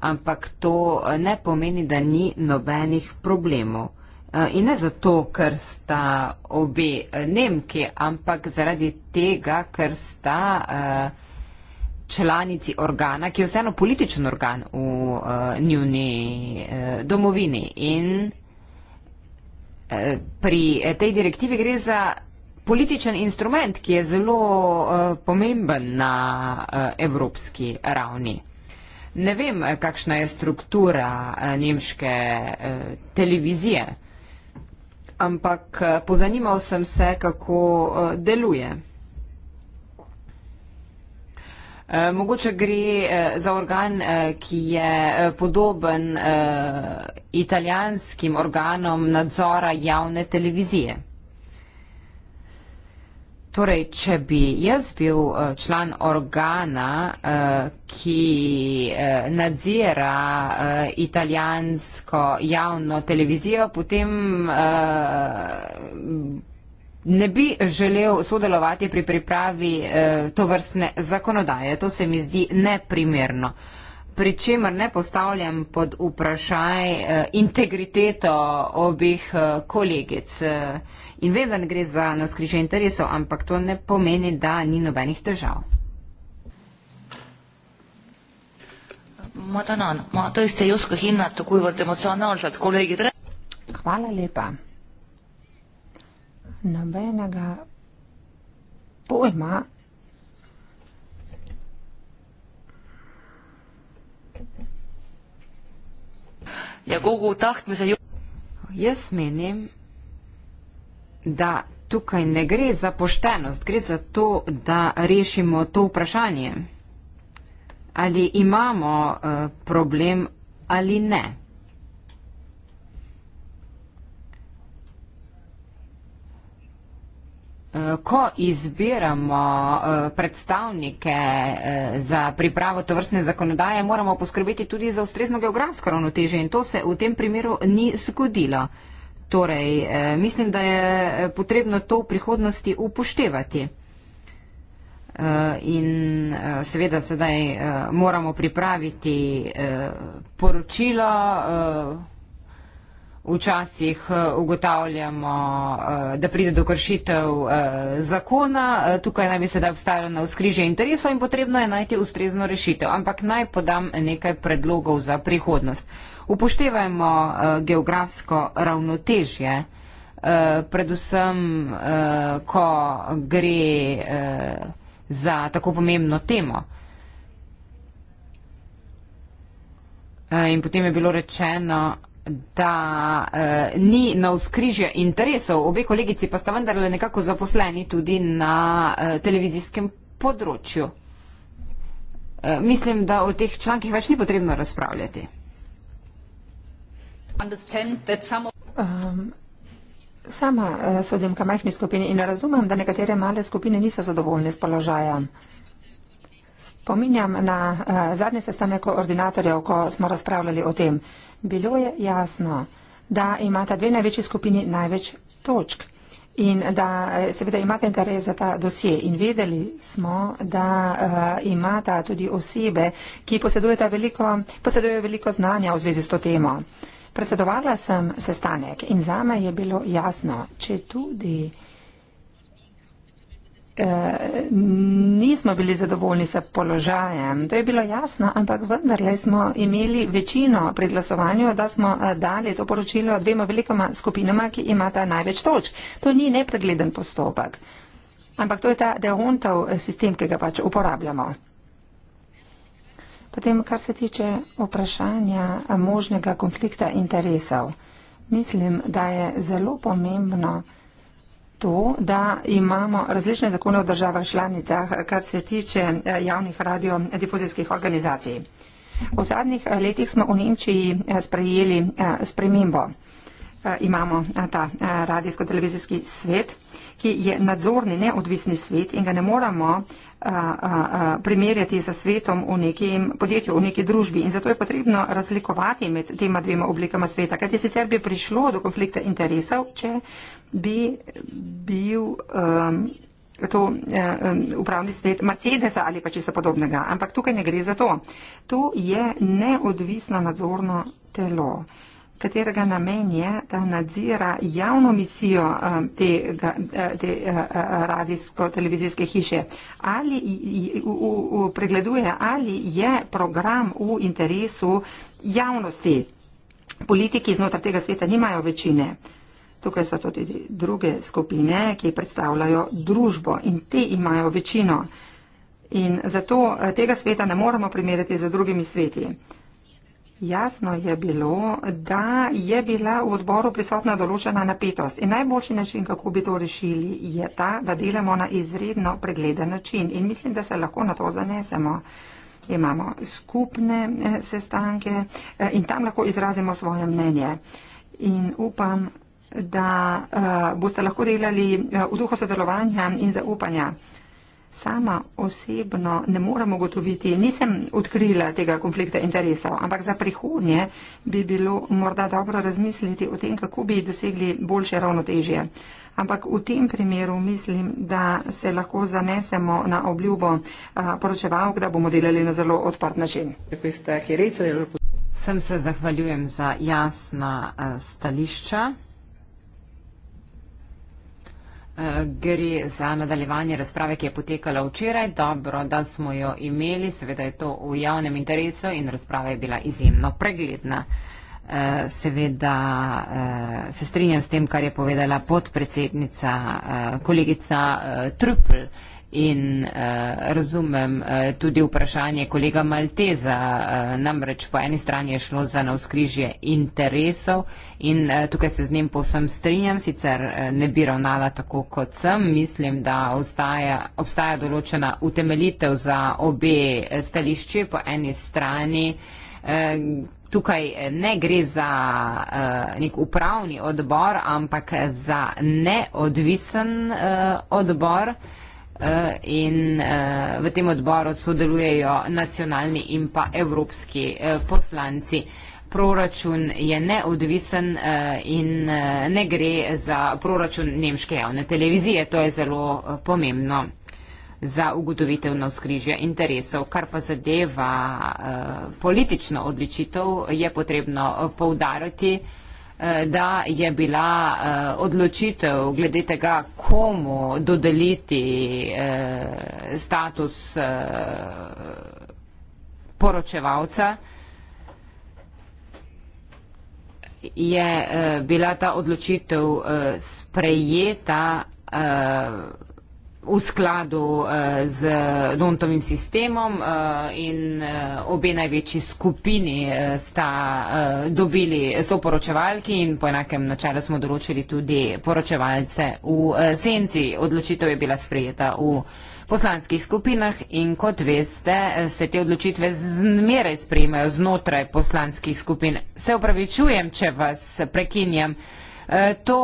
Ampak to eh, ne pomeni, da ni nobenih problemov. Eh, in ne zato, ker sta obe Nemki, ampak zaradi tega, ker sta članici organa, ki je vseeno političen organ v njuni domovini. In pri tej direktivi gre za Političen instrument, ki je zelo uh, pomemben na uh, evropski ravni. Ne vem, eh, kakšna je struktura uh, nemške uh, televizije, ampak uh, pozanimal sem se, kako uh, deluje. Uh, mogoče gre uh, za organ, uh, ki je uh, podoben uh, italijanskim organom nadzora javne televizije. Torej, če bi jaz bil eh, član organa, eh, ki eh, nadzira italijansko javno televizijo, potem ne bi želel sodelovati pri pripravi to vrstne zakonodaje. To se mi zdi neprimerno. Pričemer ne postavljam pod vprašaj integriteto obih kolegic. In vem, da ne gre za naskrižje interesov, ampak to ne pomeni, da ni nobenih težav. Hvala lepa. Nobenega pojma. Ja Jaz menim, da tukaj ne gre za poštenost, gre za to, da rešimo to vprašanje, ali imamo eh, problem ali ne. Eh, ko izbiramo eh, predstavnike za pripravo tovrstne zakonodaje, moramo poskrbeti tudi za ustrezno geografsko ravnoteže in to se v tem primeru ni zgodilo. Torej, eh, mislim, da je eh, potrebno to v prihodnosti upoštevati. Eh, in seveda sedaj moramo pripraviti poročila. Včasih ugotavljamo, da pride do kršitev zakona, tukaj naj bi se da vstalo na vzkrižje interesov in potrebno je najti ustrezno rešitev. Ampak naj podam nekaj predlogov za prihodnost upoštevajmo uh, geografsko ravnotežje, uh, predvsem, uh, ko gre uh, za tako pomembno temo. Uh, in potem je bilo rečeno, da eh, ni na vzkrižje interesov. Obe kolegici pa sta vendarle nekako zaposleni tudi na eh, televizijskem področju. Eh, mislim, da o teh člankih več ni potrebno razpravljati. Ehm, sama eh, sodim ka majhni skupini in razumem, da nekatere male skupine niso zadovoljne s položajem. Spominjam na eh, zadnji sestanek koordinatorjev, ko smo razpravljali o tem. Bilo je jasno, da imata dve največji skupini največ točk in da eh, seveda imate interes za ta dosje. In vedeli smo, da uh, imata tudi osebe, ki posedujejo veliko, veliko znanja v zvezi s to temo. Uh, Predsedovala sem sestanek in zame je bilo jasno, če tudi eh, nismo bili zadovoljni s položajem. To je bilo jasno, ampak vendarle smo imeli večino pri glasovanju, da smo eh, dali to poročilo dvema velikoma skupinama, ki imata največ točk. To ni nepregleden postopek, ampak to je ta deontov eh, sistem, ki ga pač uporabljamo. Potem, kar se tiče vprašanja eh, možnega konflikta interesov, mislim, da je zelo pomembno to, da imamo različne zakone v državah članicah, kar se tiče eh, javnih radiodifuzijskih organizacij. V zadnjih eh, letih smo v Nemčiji sprejeli spremembo. Eh, imamo eh, ta eh, radijsko-televizijski svet, ki je nadzorni, neodvisni svet in ga ne moramo primerjati z svetom v nekem podjetju, v neki družbi. In zato je potrebno razlikovati med tema dvema oblikama sveta, kajti sicer bi prišlo do konflikta interesov, če bi bil. Um, to uh, upravni svet Mercedesa ali pa česa podobnega. Ampak tukaj ne gre za to. To je neodvisno nadzorno telo. Uh, katerega namen je, da nadzira javno misijo eh, eh, te, te eh, radijsko-televizijske hiše. Ali u, u, u, pregleduje, ali je program v interesu javnosti. Politiki znotraj tega sveta nimajo večine. Tukaj so tudi druge skupine, ki predstavljajo družbo in te imajo večino. In zato tega sveta ne moremo primerjati z drugimi sveti. Jasno je bilo, da je bila v odboru prisotna določena napetost in najboljši način, kako bi to rešili, je ta, da delamo na izredno pregleden način in mislim, da se lahko na to zanesemo. Imamo skupne eh, sestanke eh, in tam lahko izrazimo svoje mnenje. In upam, da eh, boste lahko delali v duhu sodelovanja in zaupanja sama osebno ne morem ugotoviti, nisem odkrila tega konflikta interesov, ampak za prihodnje bi bilo morda dobro razmisliti o tem, kako bi dosegli boljše ravnotežje. Ampak v tem primeru mislim, da se lahko zanesemo na obljubo poročevalk, da bomo delali na zelo odprt način. Sem se zahvaljujem za jasna stališča gre za nadaljevanje razprave, ki je potekala včeraj. Dobro, da smo jo imeli, seveda je to v javnem interesu in razprava je bila izjemno pregledna. Eh, seveda eh, se strinjam s tem, kar je povedala podpredsednica eh, kolegica Trupl in uh, razumem uh, tudi vprašanje kolega Malteza. Uh, namreč po eni strani je šlo za navskrižje interesov in uh, tukaj se z njim povsem strinjam, sicer uh, ne bi ravnala tako kot sem. Mislim, da ostaja, obstaja določena utemelitev za obe stališči po eni strani. Tukaj ne gre za nek upravni odbor, ampak za neodvisen odbor. Eh, in eh, v tem odboru sodelujejo nacionalni in pa evropski eh, poslanci. Proračun je neodvisen in ne gre za proračun nemške javne televizije. To je zelo pomembno za ugotovitev na skrižje interesov. Kar pa zadeva politično odličitev, je potrebno poudariti, Eh, da je bila eh, odločitev glede tega, komu dodeliti eh, status poročevalca, je bila ta odločitev sprejeta v skladu eh, z Dontovim sistemom eh, in eh, obe največji skupini sta dobili sto poročevalki in po enakem načelu smo določili tudi poročevalce v senci. Odločitev je bila sprejeta v poslanskih skupinah in kot veste, se te odločitve zmeraj sprejemajo znotraj poslanskih skupin. Se upravičujem, če vas prekinjam, to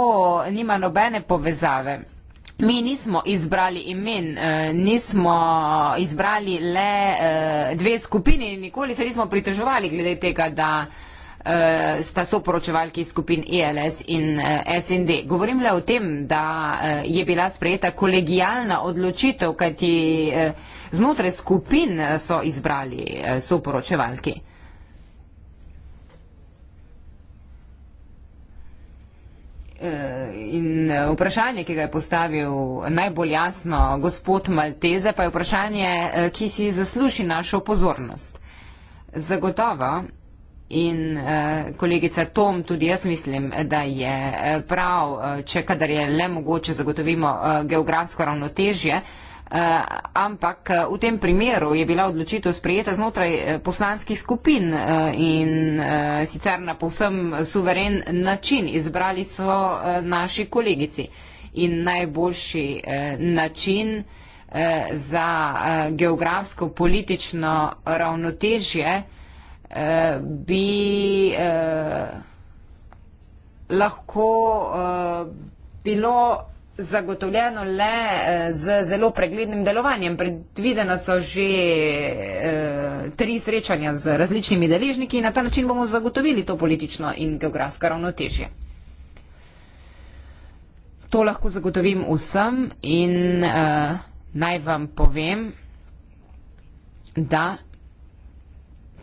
nima nobene povezave. Mi nismo izbrali imen, eh, nismo izbrali le eh, dve skupini in nikoli se nismo pritoževali glede tega, da eh, sta soporočevalki skupin ILS e in SND. Govorim le o tem, da je bila sprejeta kolegijalna odločitev, kajti znotraj skupin so izbrali soporočevalki. Eh, in eh, vprašanje, ki ga je postavil najbolj jasno gospod Malteze, pa je vprašanje, eh, ki si zasluši našo pozornost. Zagotovo in kolegica Tom, tudi jaz mislim, da je prav, če kadar je le mogoče zagotovimo geografsko ravnotežje, Eh, ampak eh, v tem primeru je bila odločitev sprejeta znotraj eh, poslanskih skupin in sicer na povsem suveren način izbrali so naši kolegici. In najboljši način za geografsko-politično ravnotežje bi lahko bilo zagotovljeno le eh, z zelo preglednim delovanjem. Predvidena so že eh, tri srečanja z različnimi deležniki in na ta način bomo zagotovili to politično in geografsko ravnotežje. To lahko zagotovim vsem in uh, naj vam povem, da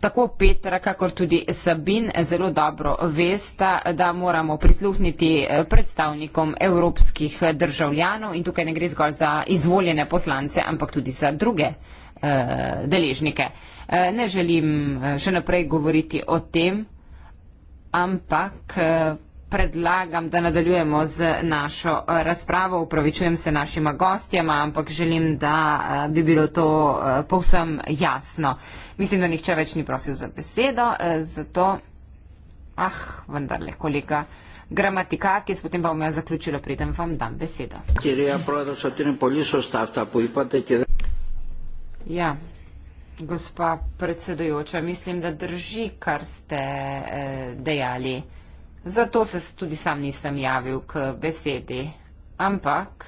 tako Petra, kakor tudi Sabin zelo dobro vesta, da moramo prisluhniti eh, predstavnikom evropskih eh, državljanov in tukaj ne gre zgolj za izvoljene poslance, ampak tudi za druge eh, deležnike. Eh, ne želim eh, še naprej govoriti o tem, ampak. Eh, predlagam, da nadaljujemo z našo eh, razpravo. Upravičujem se našima gostjama, ampak želim, da eh, bi bilo to eh, povsem jasno. Mislim, da nihče več ni prosil za besedo, zato, ah, vendarle, kolega. Gramatika, ki se potem pa vam je zaključila, pridem vam dam besedo. Ja, gospa predsedujoča, mislim, da drži, kar ste eh, dejali. Zato se tudi sam nisem javil k besedi. Ampak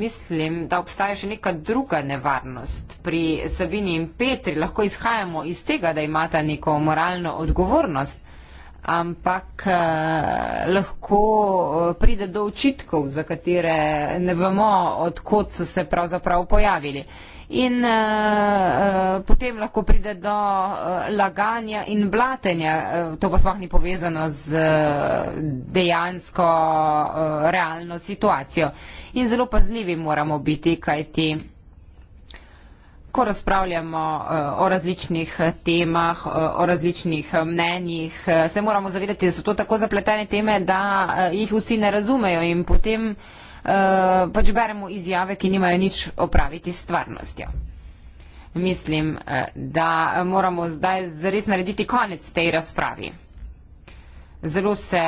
mislim, da obstaja še neka druga nevarnost. Pri Sabini in Petri lahko izhajamo iz tega, da imata neko moralno odgovornost, ampak eh, lahko eh, pride do očitkov, za katere ne vemo, odkot so se pravzaprav pojavili in uh, potem lahko pride do uh, laganja in blatenja. Uh, to pa sploh ni povezano z uh, dejansko uh, realno situacijo. In zelo pazljivi moramo biti, kajti lahko razpravljamo eh, o različnih temah, eh, o različnih eh, mnenjih. Se moramo zavedati, da so to tako zapletene teme, da jih vsi ne razumejo in potem pač beremo izjave, ki nimajo nič opraviti s stvarnostjo. Mislim, da moramo zdaj zares narediti konec tej razpravi. Zelo se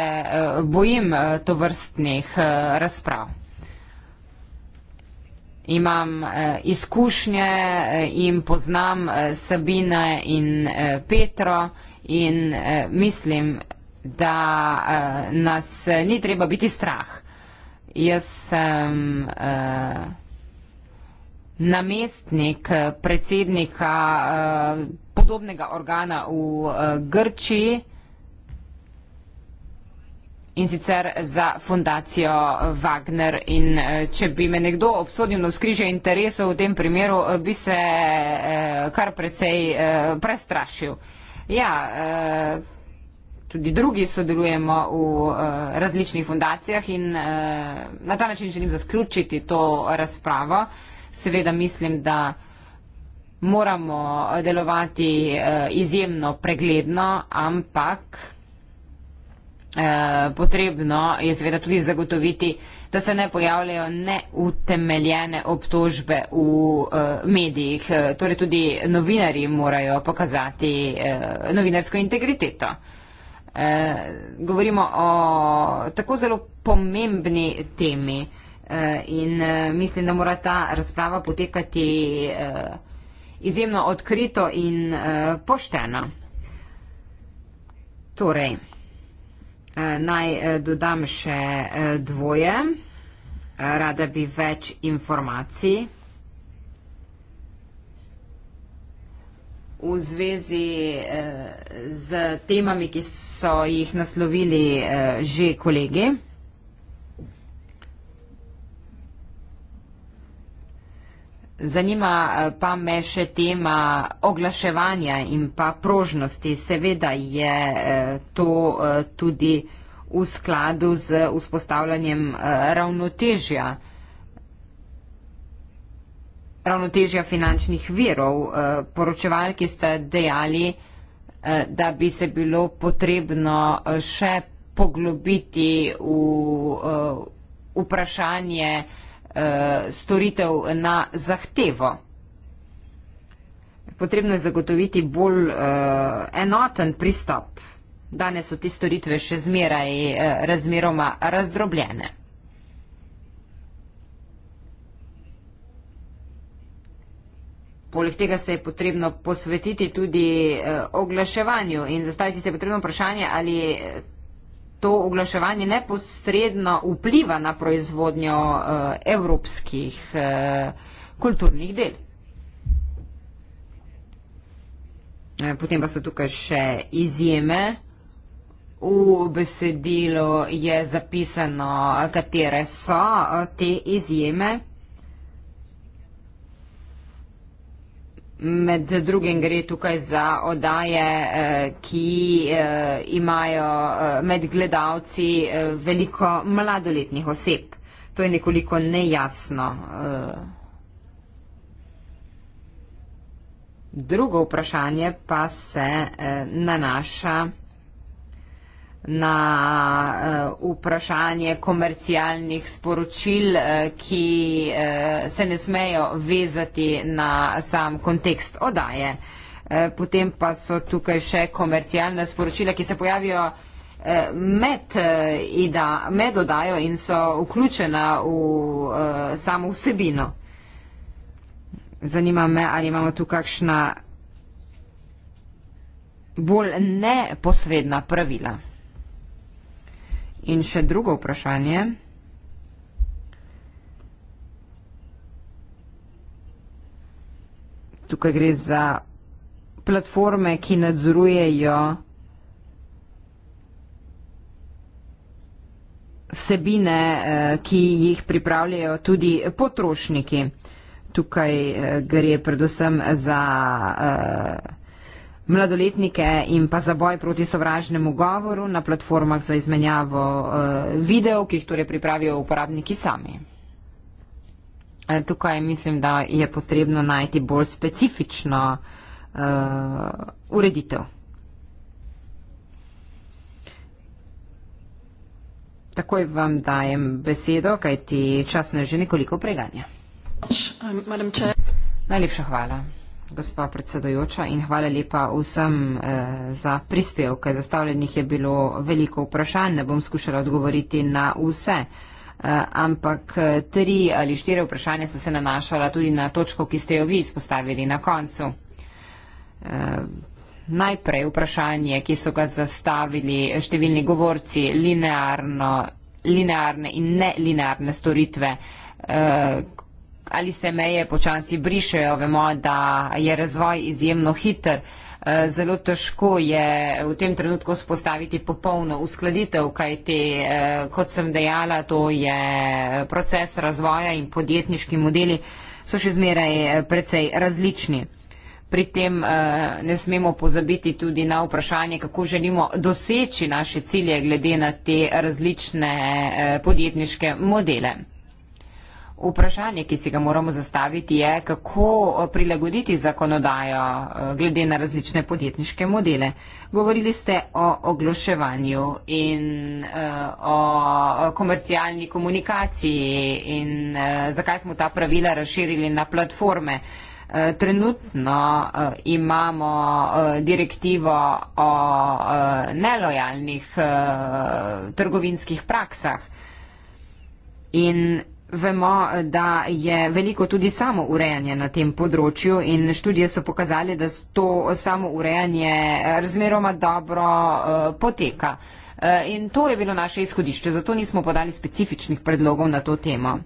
bojim to vrstnih razprav imam eh, izkušnje eh, in poznam eh, Sabine in Petro in mislim, da nas ni treba biti strah. Jaz sem namestnik predsednika podobnega organa v Grčiji, in sicer za fundacijo Wagner. In eh, če bi me nekdo obsodil na skrižje interesov v tem primeru, eh, bi se eh, kar precej prestrašil. Ja, tudi drugi sodelujemo v različnih fundacijah in na ta način želim zasključiti to razpravo. Seveda mislim, da moramo delovati izjemno pregledno, ampak Eh, potrebno je seveda tudi zagotoviti, da se ne pojavljajo neutemeljene obtožbe v eh, medijih. Eh, torej tudi novinari morajo pokazati novinarsko integriteto. Govorimo o tako zelo pomembni temi in mislim, da mora ta razprava potekati izjemno odkrito in pošteno. Torej, Eh, naj eh, dodam še eh, dvoje. Rada bi več informacij v zvezi z temami, ki so jih naslovili že kolegi. Zanima eh, pa me še tema oglaševanja in pa prožnosti. Seveda je eh, to eh, tudi v skladu z vzpostavljanjem ravnotežja, ravnotežja finančnih virov. Poročevalki ste dejali, da bi se bilo potrebno še poglobiti v vprašanje, uh, storitev na zahtevo. Potrebno je zagotoviti bolj uh, enoten pristop. Danes so ti storitve še zmeraj uh, razmeroma razdrobljene. Poleg tega se je potrebno posvetiti tudi uh, oglaševanju in zastaviti se je potrebno vprašanje, ali to oglaševanje neposredno vpliva na proizvodnjo eh, evropskih eh, kulturnih del. Eh, potem pa so tukaj še izjeme. V besedilu je zapisano, katere so te izjeme. Med drugim gre tukaj za odaje, eh, ki eh, imajo eh, med gledalci veliko mladoletnih oseb. To je nekoliko nejasno. Drugo vprašanje pa se nanaša na na eh, vprašanje komercialnih sporočil, eh, ki eh, se ne smejo vezati na sam kontekst odaje. Potem pa so tukaj še komercialne sporočila, ki se pojavijo med, ida, med odajo in so vključena v samo vsebino. Zanima me, ali imamo tu kakšna bolj neposredna pravila. In še drugo vprašanje. Tukaj gre za platforme, ki nadzorujejo vsebine, eh, ki jih pripravljajo tudi potrošniki. Tukaj eh, gre predvsem za. Uh, mladoletnike in pa za boj proti sovražnemu govoru na platformah za izmenjavo eh, videov, ki jih torej pripravijo uporabniki sami. Eh, tukaj mislim, da je potrebno najti bolj specifično eh, ureditev. Takoj vam dajem besedo, kaj ti čas ne že nekoliko preganja. Najlepša hvala gospa predsedojoča in hvala lepa vsem eh, za prispevke. Zastavljenih je bilo veliko vprašanj, ne bom skušala odgovoriti na vse. Uh, ampak eh, tri ali štiri vprašanja so se nanašala tudi na točko, ki ste jo vi izpostavili na koncu. Uh, najprej vprašanje, ki so ga zastavili številni govorci, linearno, linearne in nelinearne storitve. Uh, ali se meje počasi brišejo. Vemo, da je razvoj izjemno hiter. E, zelo težko je v tem trenutku spostaviti popolno uskladitev, kajti, e, kot sem dejala, to je proces razvoja in podjetniški modeli so še zmeraj e, precej različni. Pri tem ne smemo pozabiti tudi na vprašanje, kako želimo doseči naše cilje glede na te različne podjetniške modele. Vprašanje, ki si ga moramo zastaviti, je, kako eh, prilagoditi zakonodajo eh, glede na različne podjetniške modele. Govorili ste o oglaševanju in eh, o komercialni komunikaciji in zakaj smo ta pravila razširili na platforme. Trenutno imamo direktivo o nelojalnih trgovinskih praksah. In Vemo, da je veliko tudi samo urejanje na tem področju in študije so pokazali, da to samo urejanje razmeroma dobro eh, poteka. Eh, in to je bilo naše izhodišče, zato nismo podali specifičnih predlogov na to temo.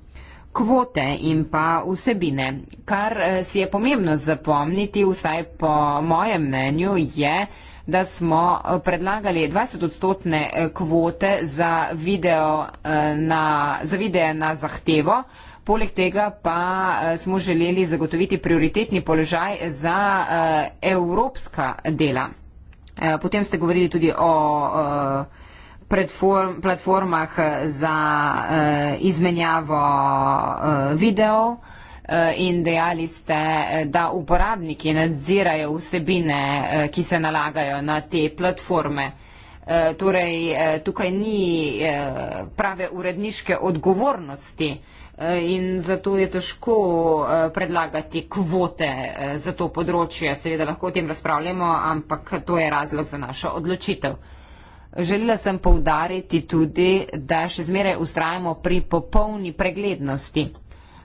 Kvote in pa vsebine. Kar eh, si je pomembno zapomniti, vsaj po mojem mnenju, je, da smo eh, predlagali 20 odstotne eh, kvote za video eh, na, za videe na zahtevo. Poleg tega pa smo želeli zagotoviti prioritetni položaj za evropska dela. Potem ste govorili tudi o predform, platformah za izmenjavo videov. Eh, in dejali ste, eh, da uporabniki nadzirajo vsebine, eh, ki se nalagajo na te platforme. Torej, tukaj ni prave uredniške odgovornosti in zato je težko predlagati kvote za to področje. Seveda lahko o tem razpravljamo, ampak to je razlog za našo odločitev. Želela sem poudariti tudi, da še zmeraj ustrajamo pri popolni preglednosti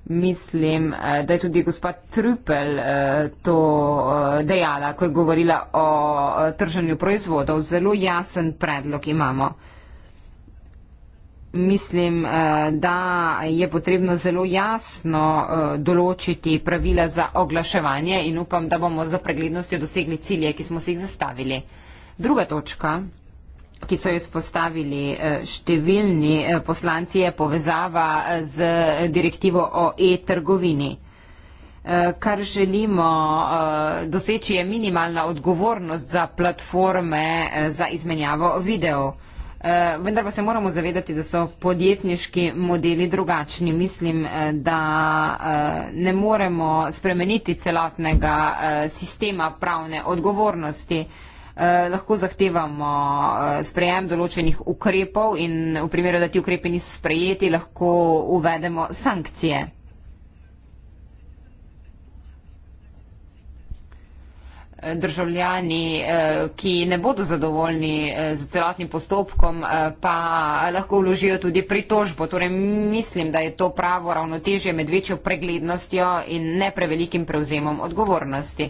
mislim, eh, da je tudi gospa Trupel eh, to eh, dejala, ko je govorila o trženju proizvodov. Zelo jasen predlog imamo. Mislim, da je potrebno zelo jasno določiti pravila za oglaševanje in upam, da bomo za preglednostjo dosegli cilje, ki smo si jih zastavili. Druga točka ki so jo spostavili eh, številni eh, poslanci, je povezava eh, z direktivo o e-trgovini. Kar želimo doseči je minimalna odgovornost za platforme za izmenjavo videov. Vendar pa se moramo zavedati, da so podjetniški modeli drugačni. Mislim, da ne moremo spremeniti celotnega sistema pravne odgovornosti eh, lahko zahtevamo eh, sprejem določenih ukrepov in v primeru, da ti ukrepi niso sprejeti, lahko uvedemo sankcije. Eh, državljani, eh, ki ne bodo zadovoljni z eh, celotnim postopkom, pa lahko vložijo tudi pritožbo. Torej, mislim, da je to pravo ravnotežje med večjo preglednostjo in ne prevelikim prevzemom odgovornosti.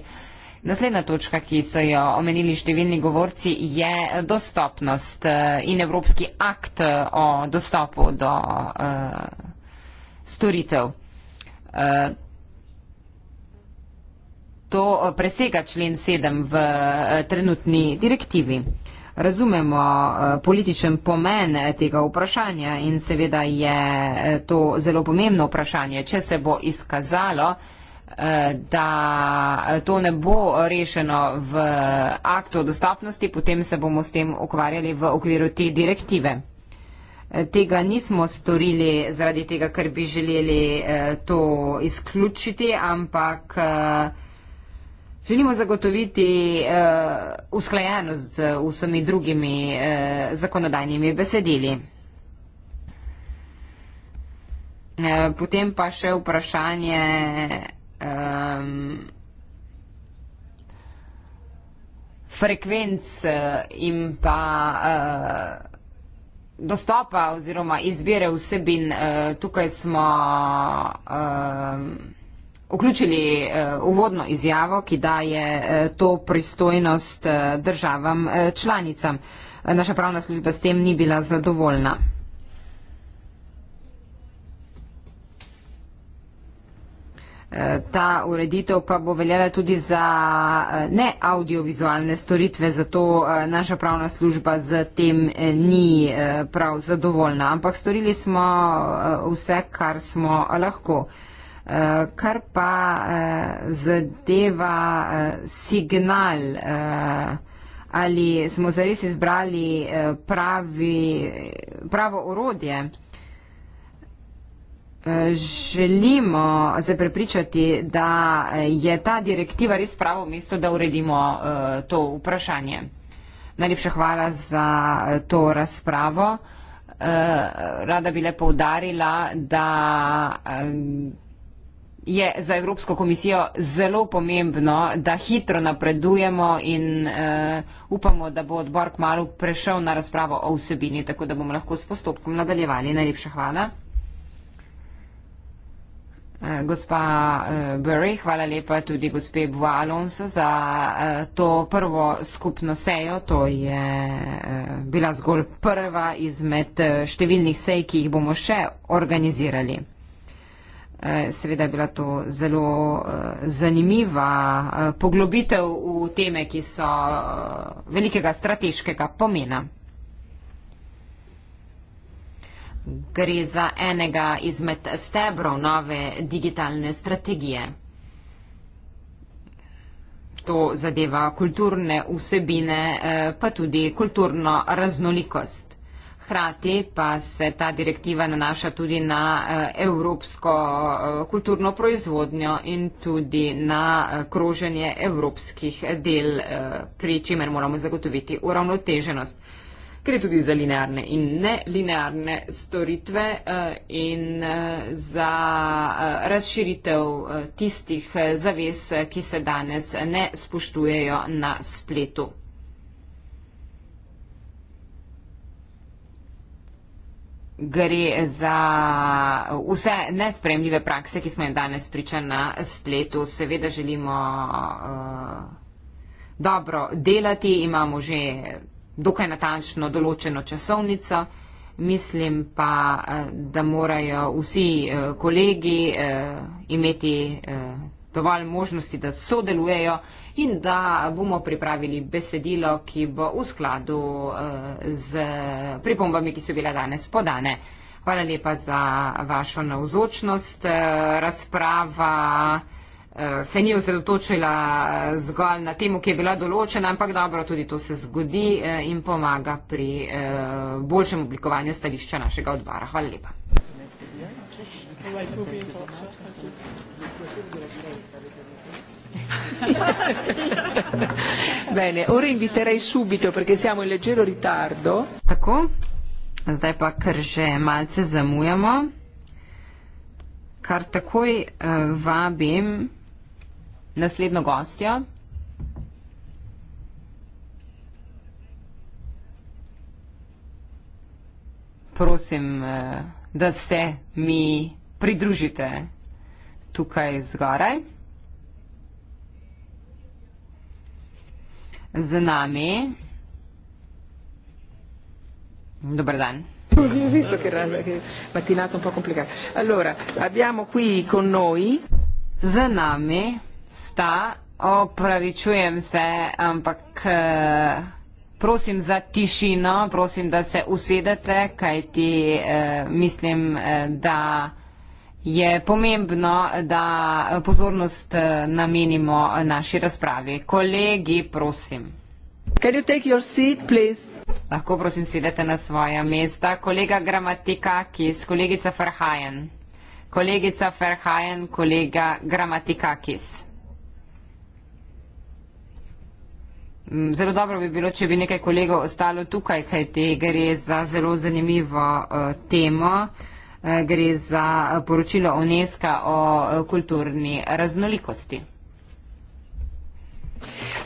Naslednja točka, ki so jo omenili številni govorci, je dostopnost eh, in evropski akt eh, o dostopu do eh, storitev. To presega člen 7 v trenutni direktivi. Razumemo političen pomen tega vprašanja in seveda je to zelo pomembno vprašanje, če se bo izkazalo, da to ne bo rešeno v aktu dostopnosti, potem se bomo s tem ukvarjali v okviru te direktive. Tega nismo storili zaradi tega, ker bi želeli eh, to izključiti, ampak eh, želimo zagotoviti eh, usklajenost z vsemi drugimi zakonodajnimi besedili. Potem pa še vprašanje um, frekvenc eh, in pa uh, dostopa oziroma izbire vsebin. Uh, tukaj smo uh, vključili uh, uvodno izjavo, ki daje uh, to pristojnost uh, državam uh, članicam. Naša pravna služba s tem ni bila zadovoljna. Eh, ta ureditev pa bo veljala tudi za eh, ne audiovizualne storitve, zato eh, naša pravna služba z tem ni prav zadovoljna, ampak storili smo vse, kar smo lahko. Kar pa zadeva signal, ali smo zares izbrali pravi, pravo orodje. Eh, želimo se prepričati, da je ta direktiva res pravo mesto, da uredimo eh, to vprašanje. Najlepša hvala za eh, to razpravo. Rada bi le poudarila, da je za Evropsko komisijo zelo pomembno, da hitro napredujemo in upamo, da bo odbor k malu prešel na razpravo o vsebini, tako da bomo lahko s postopkom nadaljevali. Najlepša hvala. Eh, gospa eh, Burry, hvala lepa tudi gospe Bualons za eh, to prvo skupno sejo. To je bila zgolj prva izmed številnih sej, ki jih bomo še organizirali. Seveda je bila to zelo zanimiva poglobitev v teme, ki so velikega strateškega pomena. gre za enega izmed stebrov nove digitalne strategije. To zadeva kulturne vsebine, eh, pa tudi kulturno raznolikost. Hrati pa se ta direktiva nanaša tudi na eh, evropsko eh, kulturno proizvodnjo in tudi na kroženje evropskih del, pri čemer moramo zagotoviti uravnoteženost gre tudi za linearne in nelinearne storitve eh, in eh, za eh, razširitev tistih zaves, ki se danes ne spoštujejo na spletu. Gre za vse nespremljive prakse, ki smo jim danes priča na spletu. Seveda želimo uh, dobro delati, imamo že dokaj natančno določeno časovnico. Mislim pa, eh, da morajo vsi eh, kolegi eh, imeti dovolj možnosti, da sodelujejo in da bomo pripravili besedilo, ki bo v skladu z pripombami, ki so bile danes podane. Hvala lepa za vašo navzočnost. Razprava. Eh, se ni osredotočila eh, zgolj na temu, ki je bila določena, ampak dobro, tudi to se zgodi eh, in pomaga pri boljšem oblikovanju stališča našega odbora. Hvala lepa. Bene, ora inviterei subito, perché siamo in leggero ritardo. Tako, zdaj pa kar že malce zamujamo, kar takoj uh, vabim. Naslednjo gostjo. Prosim, eh, da se mi pridružite tukaj zgoraj. Z nami. Dober dan. Scusi, ho visto che, che mattinata un po' complicata. Allora, abbiamo qui con noi. Z nami sta, opravičujem se, ampak eh, prosim za tišino, prosim, da se usedete, kaj ti eh, mislim, eh, da je pomembno, da pozornost namenimo naši razpravi. Kolegi, prosim. Can you take your seat, please? Lahko prosim sedete na svoja mesta. Kolega Gramatikakis, kolegica Ferhajen. Kolegica Ferhajen, kolega Gramatikakis. Mm, zelo dobro bi bilo, če bi nekaj kolegov ostalo tukaj, kaj te gre za zelo zanimivo uh, temo. Uh, gre za eh, poročilo UNESCO o uh, kulturni raznolikosti.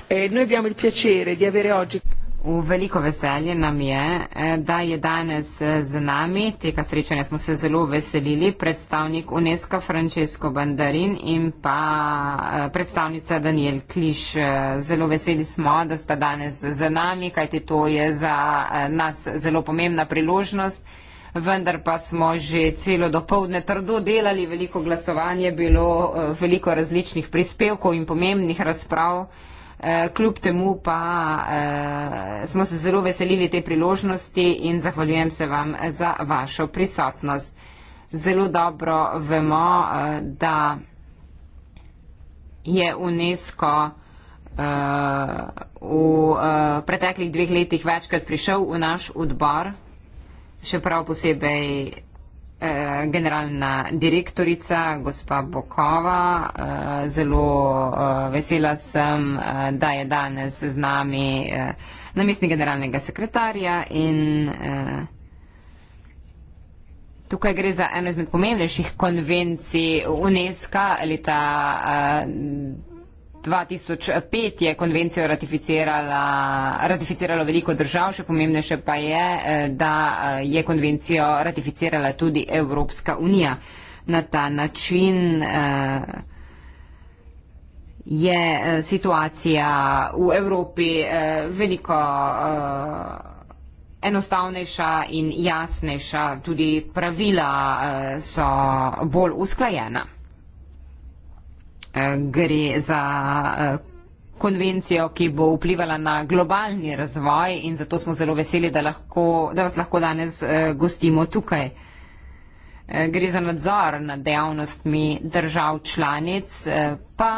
Eh, V veliko veselje nam je, eh, da je danes eh, z nami, tega srečanja smo se zelo veselili, predstavnik UNESCO Francesco Bandarin in pa eh, predstavnica Daniel Kliš. Zelo veseli smo, da sta danes z nami, kajti to je za nas zelo pomembna priložnost. Vendar pa smo že celo dopoledne trdo delali, veliko glasovanje je bilo, veliko različnih prispevkov in pomembnih razprav. Eh, kljub temu pa eh, smo se zelo veselili te priložnosti in zahvaljujem se vam za vašo prisotnost. Zelo dobro vemo, eh, da je UNESCO eh, v eh, preteklih dveh letih večkrat prišel v naš odbor, še prav posebej Eh, generalna direktorica, gospa Bokova. Eh, zelo eh, vesela sem, da je danes z nami namestnik generalnega sekretarja in tukaj gre za eno izmed pomembnejših konvencij UNESCO leta 2020. 2005 je konvencijo ratificiralo veliko držav, še pomembnejše pa je, eh, da eh, je konvencijo ratificirala tudi Evropska unija. Na ta način eh, je situacija v Evropi veliko enostavnejša in jasnejša, tudi pravila so bolj usklajena. Eh, gre za eh, konvencijo, ki bo vplivala na globalni razvoj in zato smo zelo veseli, da, lahko, da vas lahko danes eh, gostimo tukaj. Gre za nadzor nad dejavnostmi držav članic, pa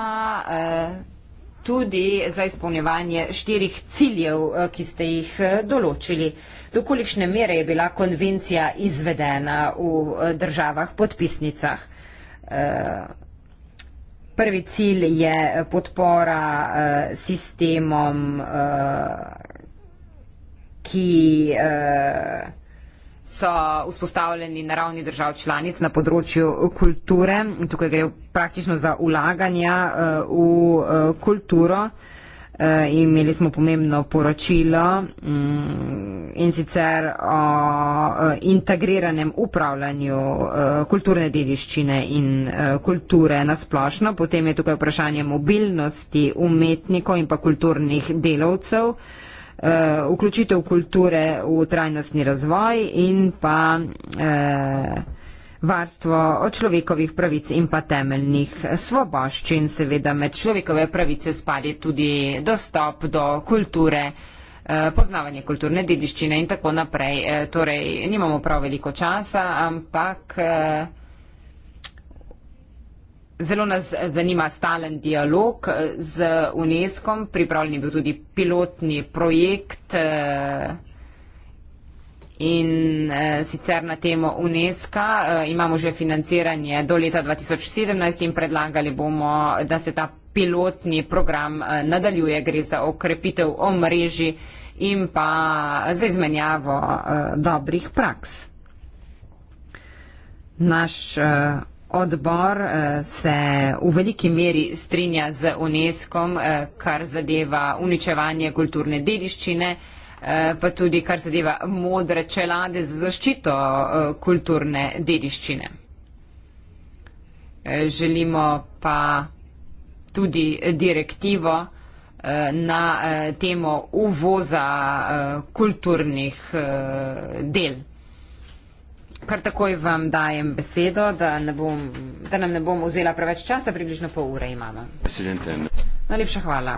tudi za izpolnjevanje štirih ciljev, ki ste jih določili. Dokolikšne mere je bila konvencija izvedena v državah podpisnicah? Prvi cilj je podpora uh, sistemom, uh, ki uh, so vzpostavljeni na ravni držav članic na področju kulture. Tukaj gre praktično za ulaganja uh, v uh, kulturo. Uh, uh, imeli smo pomembno poročilo um, in sicer o uh, integriranem upravljanju uh, kulturne dediščine in uh, kulture nasplošno. Potem je tukaj vprašanje mobilnosti umetnikov in pa kulturnih delavcev. Uh, vključitev kulture v trajnostni razvoj in pa uh, varstvo človekovih pravic in pa temeljnih svoboščin. Seveda med človekove pravice spadi tudi dostop do kulture, eh, poznavanje kulturne dediščine in tako naprej. Eh, torej, nimamo prav veliko časa, ampak. Eh, zelo nas zanima stalen dialog z UNESCO, pripravljen je bil tudi pilotni projekt. Eh, in uh, sicer na temo UNESCO. Uh, eh, imamo že financiranje do leta 2017 in predlagali bomo, da se ta pilotni program uh, nadaljuje. Gre za okrepitev omrežji in pa za izmenjavo uh, dobrih praks. Naš uh, odbor uh, se v veliki meri strinja z UNESCO, uh, kar zadeva uničevanje kulturne dediščine, uh, Eh, pa tudi kar zadeva modre čelade za zaščito eh, kulturne dediščine. Eh, želimo pa tudi direktivo na temo uvoza kulturnih del. Kar takoj vam dajem besedo, da, ne bom, da nam ne bom vzela preveč časa, približno pol ure imamo. Najlepša hvala.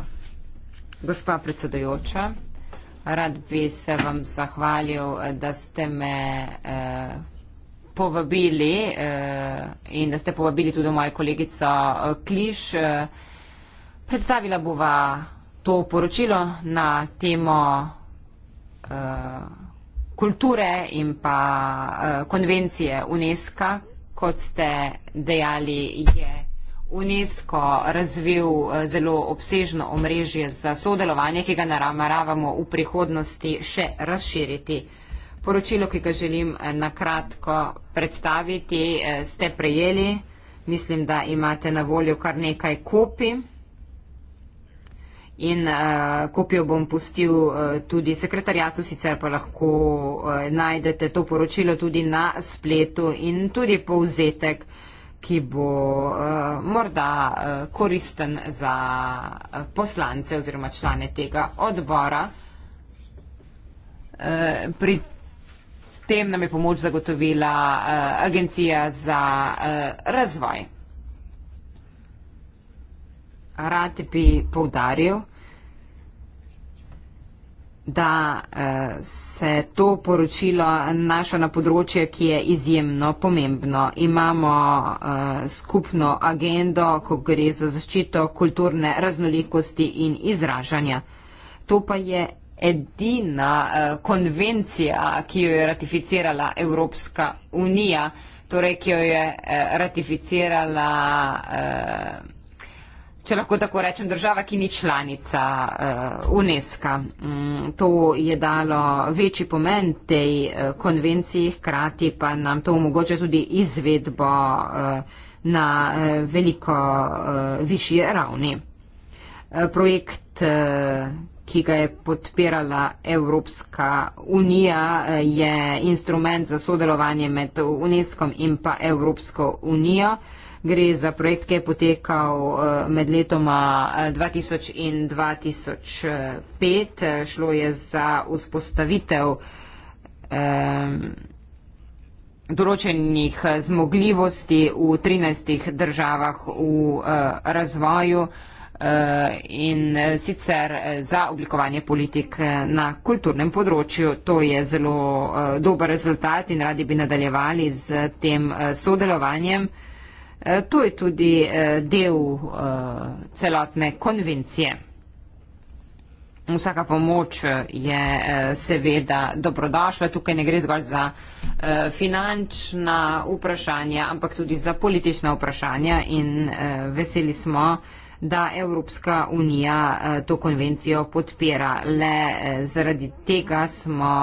Gospa predsedojoča, Rad bi se vam zahvalil, da ste me eh, povabili eh, in da ste povabili tudi mojo kolegico eh, Kliš. Predstavila bova to poročilo na temo kulture in pa konvencije UNESCO, kot ste dejali, je vse. UNESCO razvil eh, zelo obsežno omrežje za sodelovanje, ki ga naravamo v prihodnosti še razširiti. Poročilo, ki ga želim eh, na kratko predstaviti, eh, ste prejeli. Mislim, da imate na voljo kar nekaj kopij. In uh, kopijo bom pustil uh, tudi sekretarjatu, sicer pa lahko uh, najdete to poročilo tudi na spletu in tudi povzetek uh, ki bo uh, morda uh, koristen za uh, poslance oziroma člane tega odbora. Uh, pri tem nam je pomoč zagotovila uh, Agencija za uh, razvoj. Rad bi poudaril, da eh, se to poročilo naša na področje, ki je izjemno pomembno. Imamo eh, skupno agendo, ko gre za zaščito kulturne raznolikosti in izražanja. To pa je edina eh, konvencija, ki jo je ratificirala Evropska unija, torej ki jo je ratificirala če lahko tako rečem, država, ki ni članica uh, eh, UNESCO. Um, mm, to je dalo večji pomen tej uh, konvenciji, hkrati pa nam to omogoča tudi izvedbo uh, na uh, veliko uh, višji ravni. Uh, projekt, uh, ki ga je podpirala Evropska unija, uh, je instrument za sodelovanje med UNESCO in pa Evropsko unijo. Uh, Gre za projekt, ki je potekal eh, med letoma 2000 eh, in 2005. Eh, šlo je za vzpostavitev določenih zmogljivosti v 13 državah v razvoju in sicer za oblikovanje politik na kulturnem področju. To je zelo dober rezultat in radi bi nadaljevali z tem sodelovanjem. Eh, to je tudi eh, del eh, celotne konvencije. Vsaka pomoč je seveda dobrodošla. Tukaj ne gre zgolj za finančna vprašanja, ampak tudi za politična vprašanja in veseli smo, da Evropska unija to konvencijo podpira. Le zaradi tega smo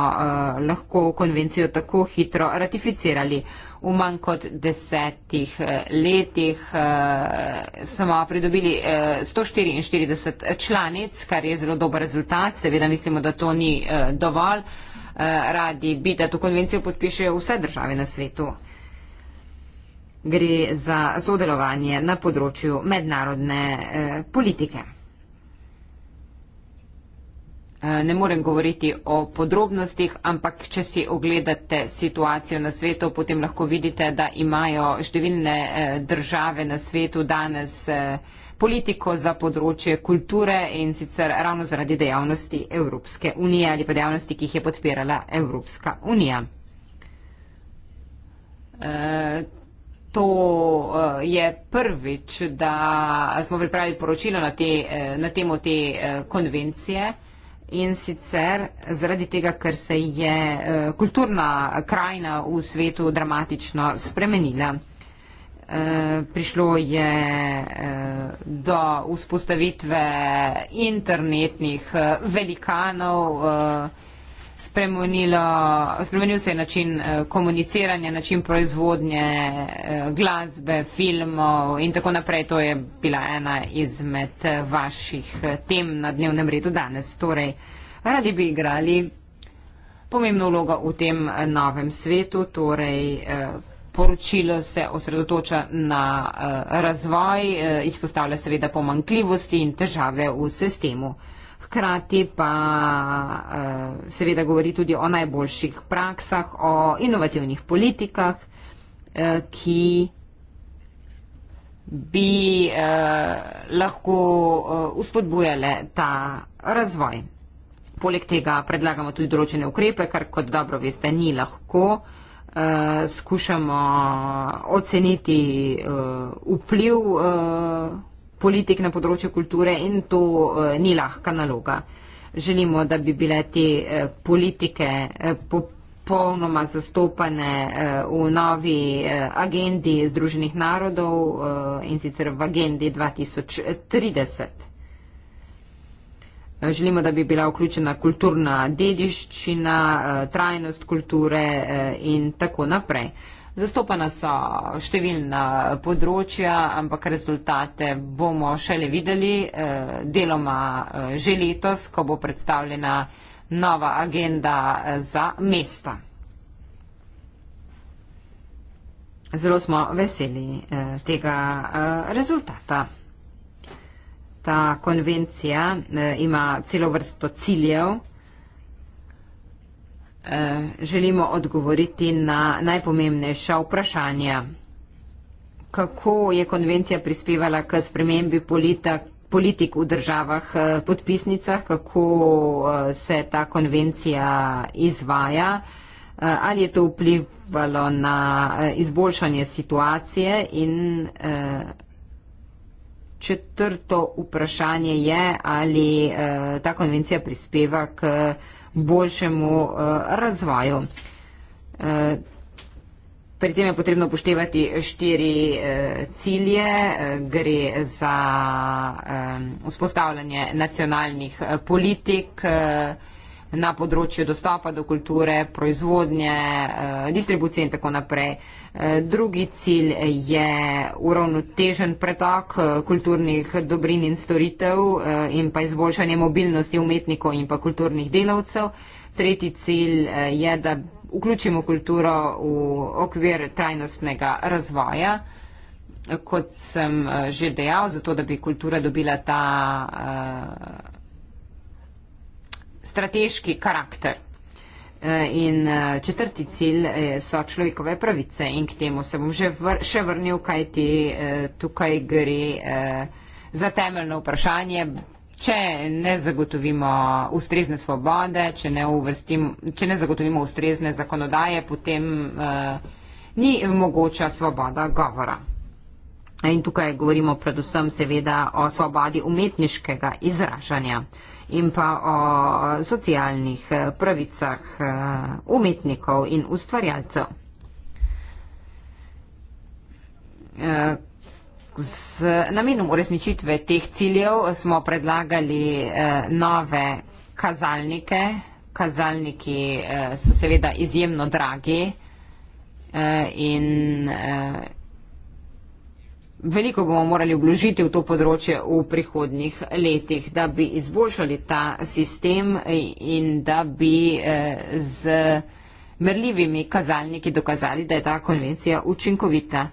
lahko konvencijo tako hitro ratificirali v manj kot desetih eh, letih eh, smo pridobili 144 eh, članic, kar je zelo dober rezultat. Seveda mislimo, da to ni dovolj. Radi bi, da to konvencijo podpišejo vse države na svetu. Gre za sodelovanje na področju mednarodne politike. Eh, ne morem govoriti o podrobnostih, ampak če si ogledate situacijo na svetu, potem lahko vidite, da imajo številne eh, države na svetu danes eh, politiko za področje kulture in sicer ravno zaradi dejavnosti Evropske unije ali pa dejavnosti, ki jih je podpirala Evropska unija. To je prvič, da smo pripravili poročilo na, te, na temo te konvencije in sicer zaradi tega, ker se je eh, kulturna krajina v svetu dramatično spremenila. Eh, prišlo je eh, do vzpostavitve internetnih velikanov, spremenil se je način eh, komuniciranja, način proizvodnje eh, glasbe, filmov in tako naprej. To je bila ena izmed eh, vaših tem na dnevnem redu danes. Torej, radi bi igrali pomembno vlogo v tem novem svetu, torej poročilo se osredotoča na razvoj, izpostavlja seveda pomankljivosti in težave v sistemu hkrati pa eh, seveda govori tudi o najboljših praksah, o inovativnih politikah, eh, ki bi eh, lahko uspodbujale ta razvoj. Poleg tega predlagamo tudi določene ukrepe, kar kot dobro veste ni lahko. Skušamo oceniti vpliv politik na področju kulture in to eh, ni lahka naloga. Želimo, da bi bile te eh, politike eh, popolnoma zastopane v novi agendi Združenih narodov in sicer v agendi 2030. Želimo, da bi bila vključena kulturna dediščina, trajnost kulture in tako naprej. Zastopana so številna področja, ampak rezultate bomo šele videli eh, deloma eh, že letos, ko bo predstavljena nova agenda eh, za mesta. Zelo smo veseli tega rezultata. Ta konvencija ima celo vrsto ciljev. Eh, želimo odgovoriti na najpomembnejša vprašanja. Kako je konvencija prispevala k spremembi politak, politik v državah eh, podpisnicah, kako eh, se ta konvencija izvaja, ali je to vplivalo na izboljšanje situacije in četrto vprašanje je, ali ta konvencija prispeva k boljšemu eh, razvoju. Eh, pri tem je potrebno upoštevati štiri eh, cilje. Gre za vzpostavljanje nacionalnih politik, na področju dostopa do kulture, proizvodnje, eh, distribucije in tako naprej. Eh, drugi cilj je uravnotežen pretok eh, kulturnih dobrin in storitev in pa izboljšanje mobilnosti umetnikov in pa kulturnih delavcev. Tretji cilj je, da vključimo kulturo v okvir trajnostnega razvoja, kot sem že dejal, zato da bi kultura dobila ta. Uh, strateški karakter. Eh, in eh, četrti cilj eh, so človekove pravice in k temu se bom že, vr še vrnil, kaj ti tukaj gre za temeljno vprašanje. Če ne zagotovimo ustrezne svobode, če ne, uvrstim, če ne zagotovimo ustrezne zakonodaje, potem uh, ni mogoča svoboda govora. In tukaj govorimo predvsem seveda o svobodi umetniškega izražanja. Uh, in pa o socialnih eh, pravicah eh, umetnikov in ustvarjalcev. Eh, z namenom uresničitve teh ciljev smo predlagali nove kazalnike. Kazalniki so seveda izjemno dragi in izjemno dragi Veliko bomo morali vložiti v to področje v prihodnjih letih, da bi izboljšali ta sistem in da bi eh, z merljivimi kazalniki dokazali, da je ta konvencija učinkovita.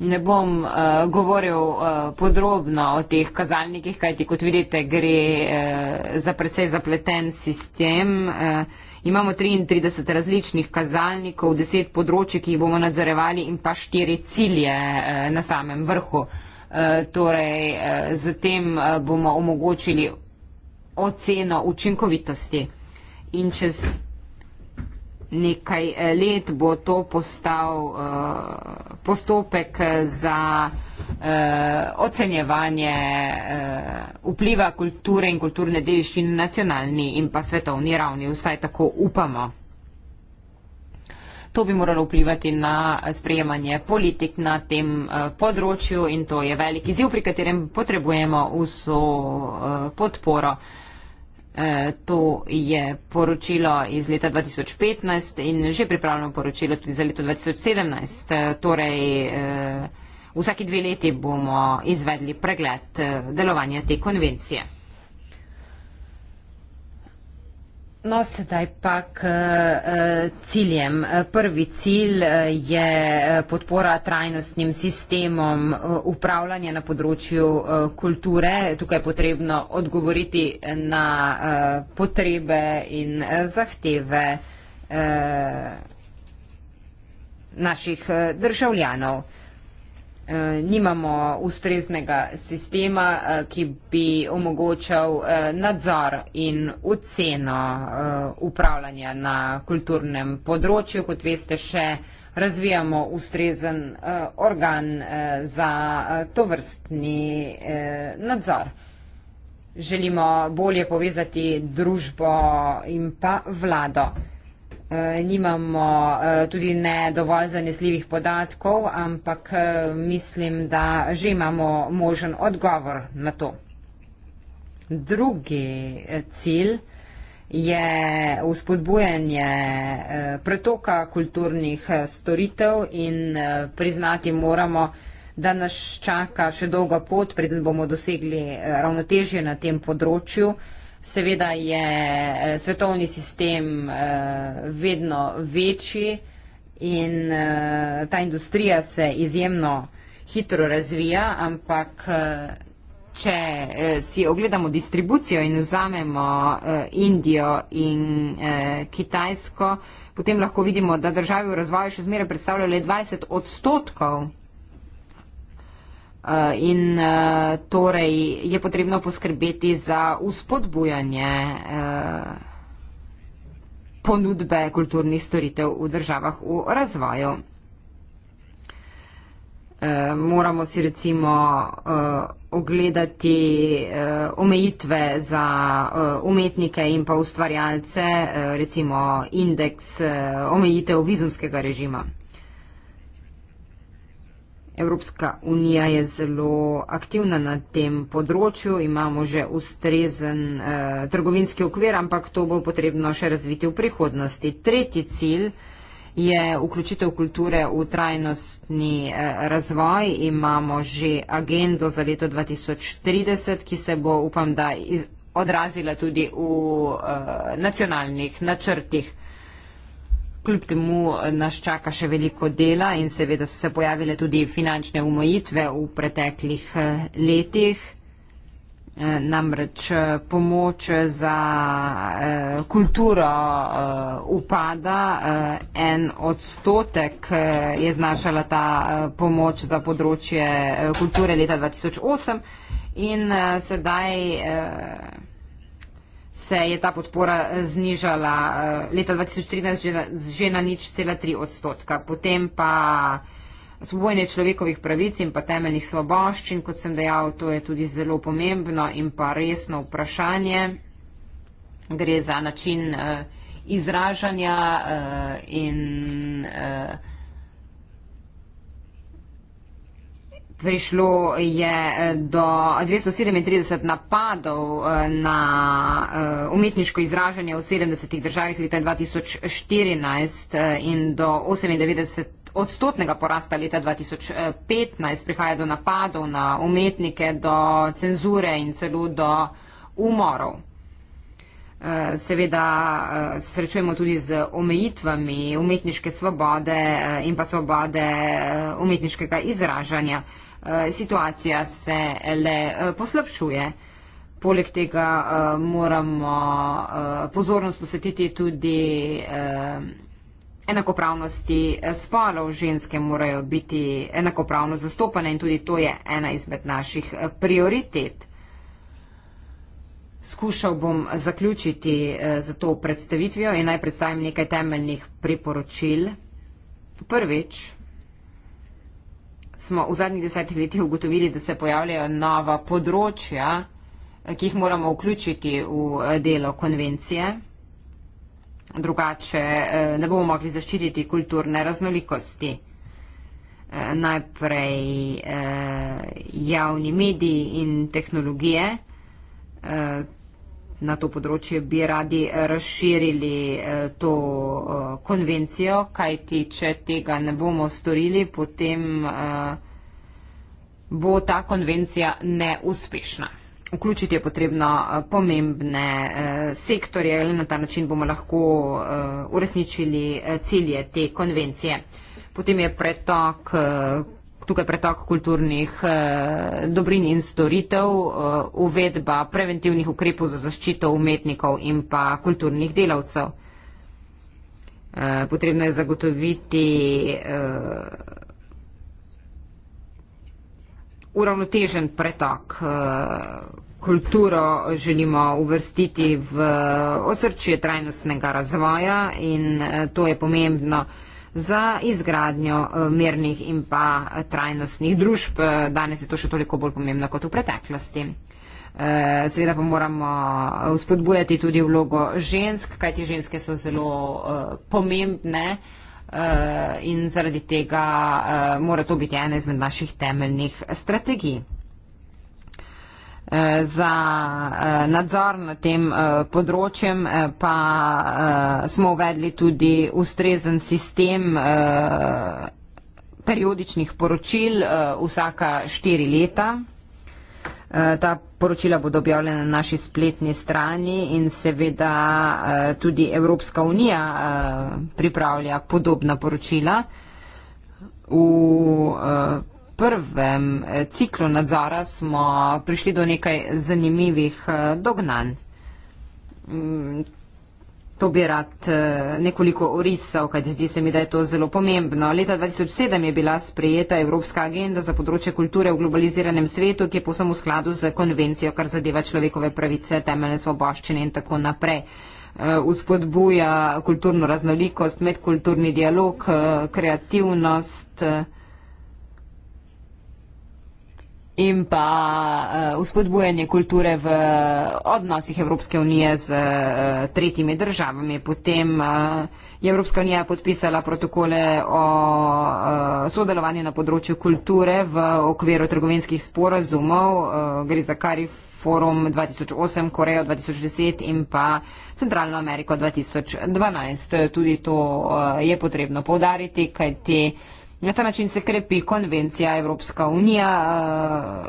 Ne bom uh, govoril uh, podrobno o teh kazalnikih, kajti kot vidite, gre uh, za precej zapleten sistem. Uh, Imamo 33 različnih kazalnikov, 10 področji, ki jih bomo nadzorevali in pa 4 cilje eh, na samem vrhu. Eh, torej, zatem eh, bomo omogočili oceno učinkovitosti in čez nekaj eh, let bo to postal uh, postopek za uh, ocenjevanje uh, vpliva kulture in kulturne dediščine na nacionalni in pa svetovni ravni, vsaj tako upamo. To bi moralo vplivati na sprejemanje politik na tem področju in to je velik izjiv, pri katerem potrebujemo vso podporo. E, to je poročilo iz leta 2015 in že pripravljeno poročilo tudi za leto 2017. E, torej, e, vsaki dve leti bomo izvedli pregled delovanja te konvencije. No, sedaj pa k eh, ciljem. Prvi cilj eh, je eh, podpora trajnostnim sistemom upravljanja na področju kulture. Tukaj je potrebno odgovoriti na potrebe in zahteve naših državljanov. Eh, nimamo ustreznega sistema, eh, ki bi omogočal eh, nadzor in oceno upravljanja na kulturnem področju. Kot veste, še razvijamo ustrezen organ za to vrstni nadzor. Želimo bolje povezati družbo in pa vlado. Eh, nimamo eh, tudi ne dovolj zanesljivih podatkov, ampak eh, mislim, da že imamo možen odgovor na to. Drugi cilj je uspodbujanje pretoka kulturnih storitev in priznati moramo, da nas čaka še dolga pot, preden bomo dosegli ravnotežje na tem področju. Seveda je eh, svetovni sistem eh, vedno večji in eh, ta industrija se izjemno hitro razvija, ampak če si ogledamo distribucijo in vzamemo Indijo in Kitajsko, potem lahko vidimo, da države v razvoju še zmeraj predstavljajo le 20 odstotkov Eh, in eh, torej je potrebno poskrbeti za uspodbujanje eh, ponudbe kulturnih storitev v državah v razvoju. Moramo si recimo ogledati omejitve za umetnike in pa ustvarjalce, recimo indeks omejitev vizumskega režima. Evropska unija je zelo aktivna na tem področju, imamo že ustrezen eh, trgovinski okvir, ampak to bo potrebno še razviti v prihodnosti. Tretji cilj je vključitev kulture v trajnostni eh, razvoj. Imamo že agendo za leto 2030, ki se bo, upam, da iz, odrazila tudi v eh, nacionalnih načrtih. Kljub temu eh, nas čaka še veliko dela in seveda so se pojavile tudi finančne umojitve v preteklih eh, letih. Eh, namreč pomoč za kulturo upada, en odstotek je znašala ta pomoč za področje kulture leta 2008 in sedaj se je ta podpora eh, znižala eh, leta 2013 že na, že na nič cela tri odstotka. Potem pa svobojne človekovih pravic in pa temeljnih svoboščin, kot sem dejal, to je tudi zelo pomembno in pa resno vprašanje. Gre za način eh, izražanja in prišlo je eh, do 237 napadov eh, na eh, umetniško izražanje v 70 državah leta 2014 in do 98 odstotnega porasta leta 2015 prihaja do napadov na umetnike, do cenzure in celo do umorov. Seveda srečujemo tudi z omejitvami umetniške svobode in pa svobode umetniškega izražanja. Eh, situacija se le eh, poslabšuje. Poleg tega eh, moramo pozornost posvetiti tudi enakopravnosti spolov. Ženske morajo biti enakopravno zastopane in tudi to je ena izmed naših prioritet. Skušal bom zaključiti za to predstavitvijo in naj predstavim nekaj temeljnih priporočil. Prvič, smo v zadnjih desetih letih ugotovili, da se pojavljajo nova področja, ki jih moramo vključiti v eh, delo konvencije. Drugače eh, ne bomo mogli zaščititi kulturne raznolikosti. Eh, najprej javni mediji in tehnologije na to področje bi radi eh, razširili eh, to eh, konvencijo, kajti če tega ne bomo storili, potem bo ta konvencija neuspešna. Vključiti je potrebno pomembne sektorje in na ta način bomo lahko uresničili cilje te konvencije. Potem je pretok tukaj pretok kulturnih eh, dobrin in storitev, eh, uvedba preventivnih ukrepov za zaščito umetnikov in pa kulturnih delavcev. Eh, potrebno je zagotoviti eh, uravnotežen pretok. Eh, Kulturo želimo uvrstiti v osrčje trajnostnega razvoja in eh, to je pomembno, za izgradnjo eh, mirnih in pa eh, trajnostnih družb. Eh, danes je to še toliko bolj pomembno kot v preteklosti. Seveda pa moramo spodbujati tudi vlogo žensk, kajti ženske so zelo pomembne in zaradi tega mora to biti ena izmed naših temeljnih strategij za eh, nadzor nad tem eh, področjem, eh, pa smo uvedli tudi ustrezen sistem periodičnih poročil vsaka štiri leta. Ta poročila bodo objavljena na naši spletni strani in seveda tudi Evropska unija pripravlja podobna poročila. V prvem eh, ciklu nadzora smo prišli do nekaj zanimivih eh, dognanj. Mm, to bi rad eh, nekoliko orisal, kajti zdi se mi, da je to zelo pomembno. Leta 2007 je bila sprejeta Evropska agenda za področje kulture v globaliziranem svetu, ki je posem v skladu z konvencijo, kar zadeva človekove pravice, temeljne svoboščine in tako naprej. Uspodbuja kulturno raznolikost, medkulturni dialog, kreativnost in pa eh, vzpodbujanje kulture v eh, odnosih Evropske unije z eh, tretjimi državami. Potem je Evropska unija podpisala protokole o sodelovanju na področju kulture v okviru trgovinskih sporazumov. Gre za Karif forum 2008, Korejo 2010 in pa Centralno Ameriko 2012. Tudi to je potrebno povdariti, kajti. Na ta način se krepi konvencija Evropska unija,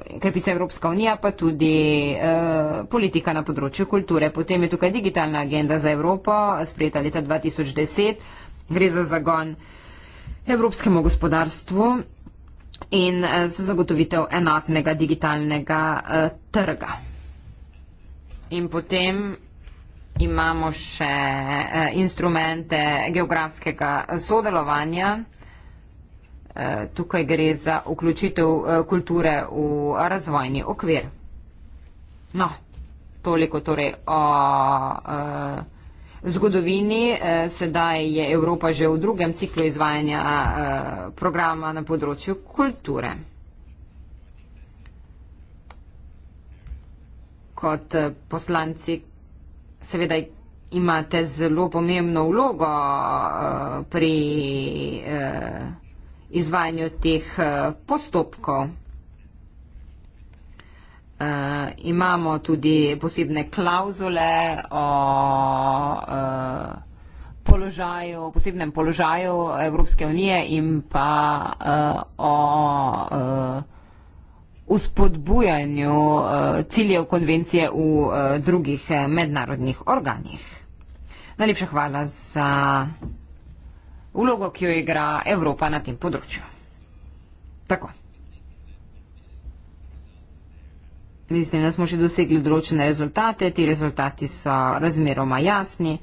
eh, krepi se Evropska unija, pa tudi eh, politika na področju kulture. Potem je tukaj digitalna agenda za Evropo, sprejeta leta 2010, gre za zagon evropskemu gospodarstvu in eh, za zagotovitev enotnega digitalnega trga. In potem imamo še instrumente geografskega sodelovanja. Eh, tukaj gre za vključitev eh, kulture v razvojni okvir. No, toliko torej o eh, zgodovini. Sedaj je Evropa že v drugem ciklu izvajanja programa na področju kulture. Kot poslanci seveda imate zelo pomembno vlogo pri izvajanju teh eh, postopkov. Uh, imamo tudi posebne klauzule o uh, položaju, posebnem položaju Evropske unije in pa uh, o uh, uspodbujanju uh, ciljev konvencije v uh, drugih mednarodnih organih. Najlepša hvala za vlogo, ki jo igra Evropa na tem področju. Tako. Mislim, da smo že dosegli določene rezultate. Ti rezultati so razmeroma jasni.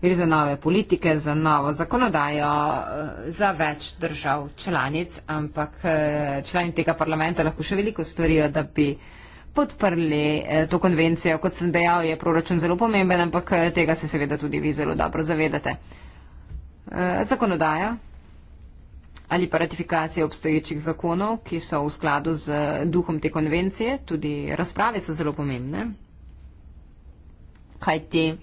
Gre za nove politike, za novo zakonodajo, eh, za več držav članic, ampak eh, člani tega parlamenta lahko še veliko storijo, da bi podprli eh, to konvencijo. Kot sem dejal, je proračun zelo pomemben, ampak tega se seveda tudi vi zelo dobro zavedate. Eh, zakonodaja ali pa ratifikacija obstoječih zakonov, ki so v skladu z eh, duhom te konvencije, tudi razprave so zelo pomembne, kaj ti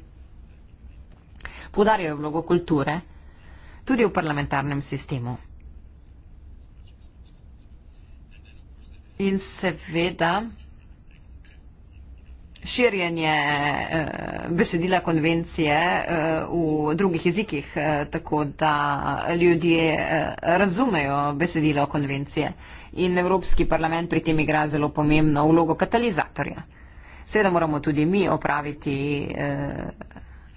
podarjajo vlogo kulture tudi v parlamentarnem sistemu. In seveda, širjenje eh, besedila konvencije eh, v drugih jezikih, eh, tako da ljudje razumejo besedilo konvencije. In Evropski parlament pri tem igra zelo pomembno vlogo katalizatorja. Seveda moramo tudi mi opraviti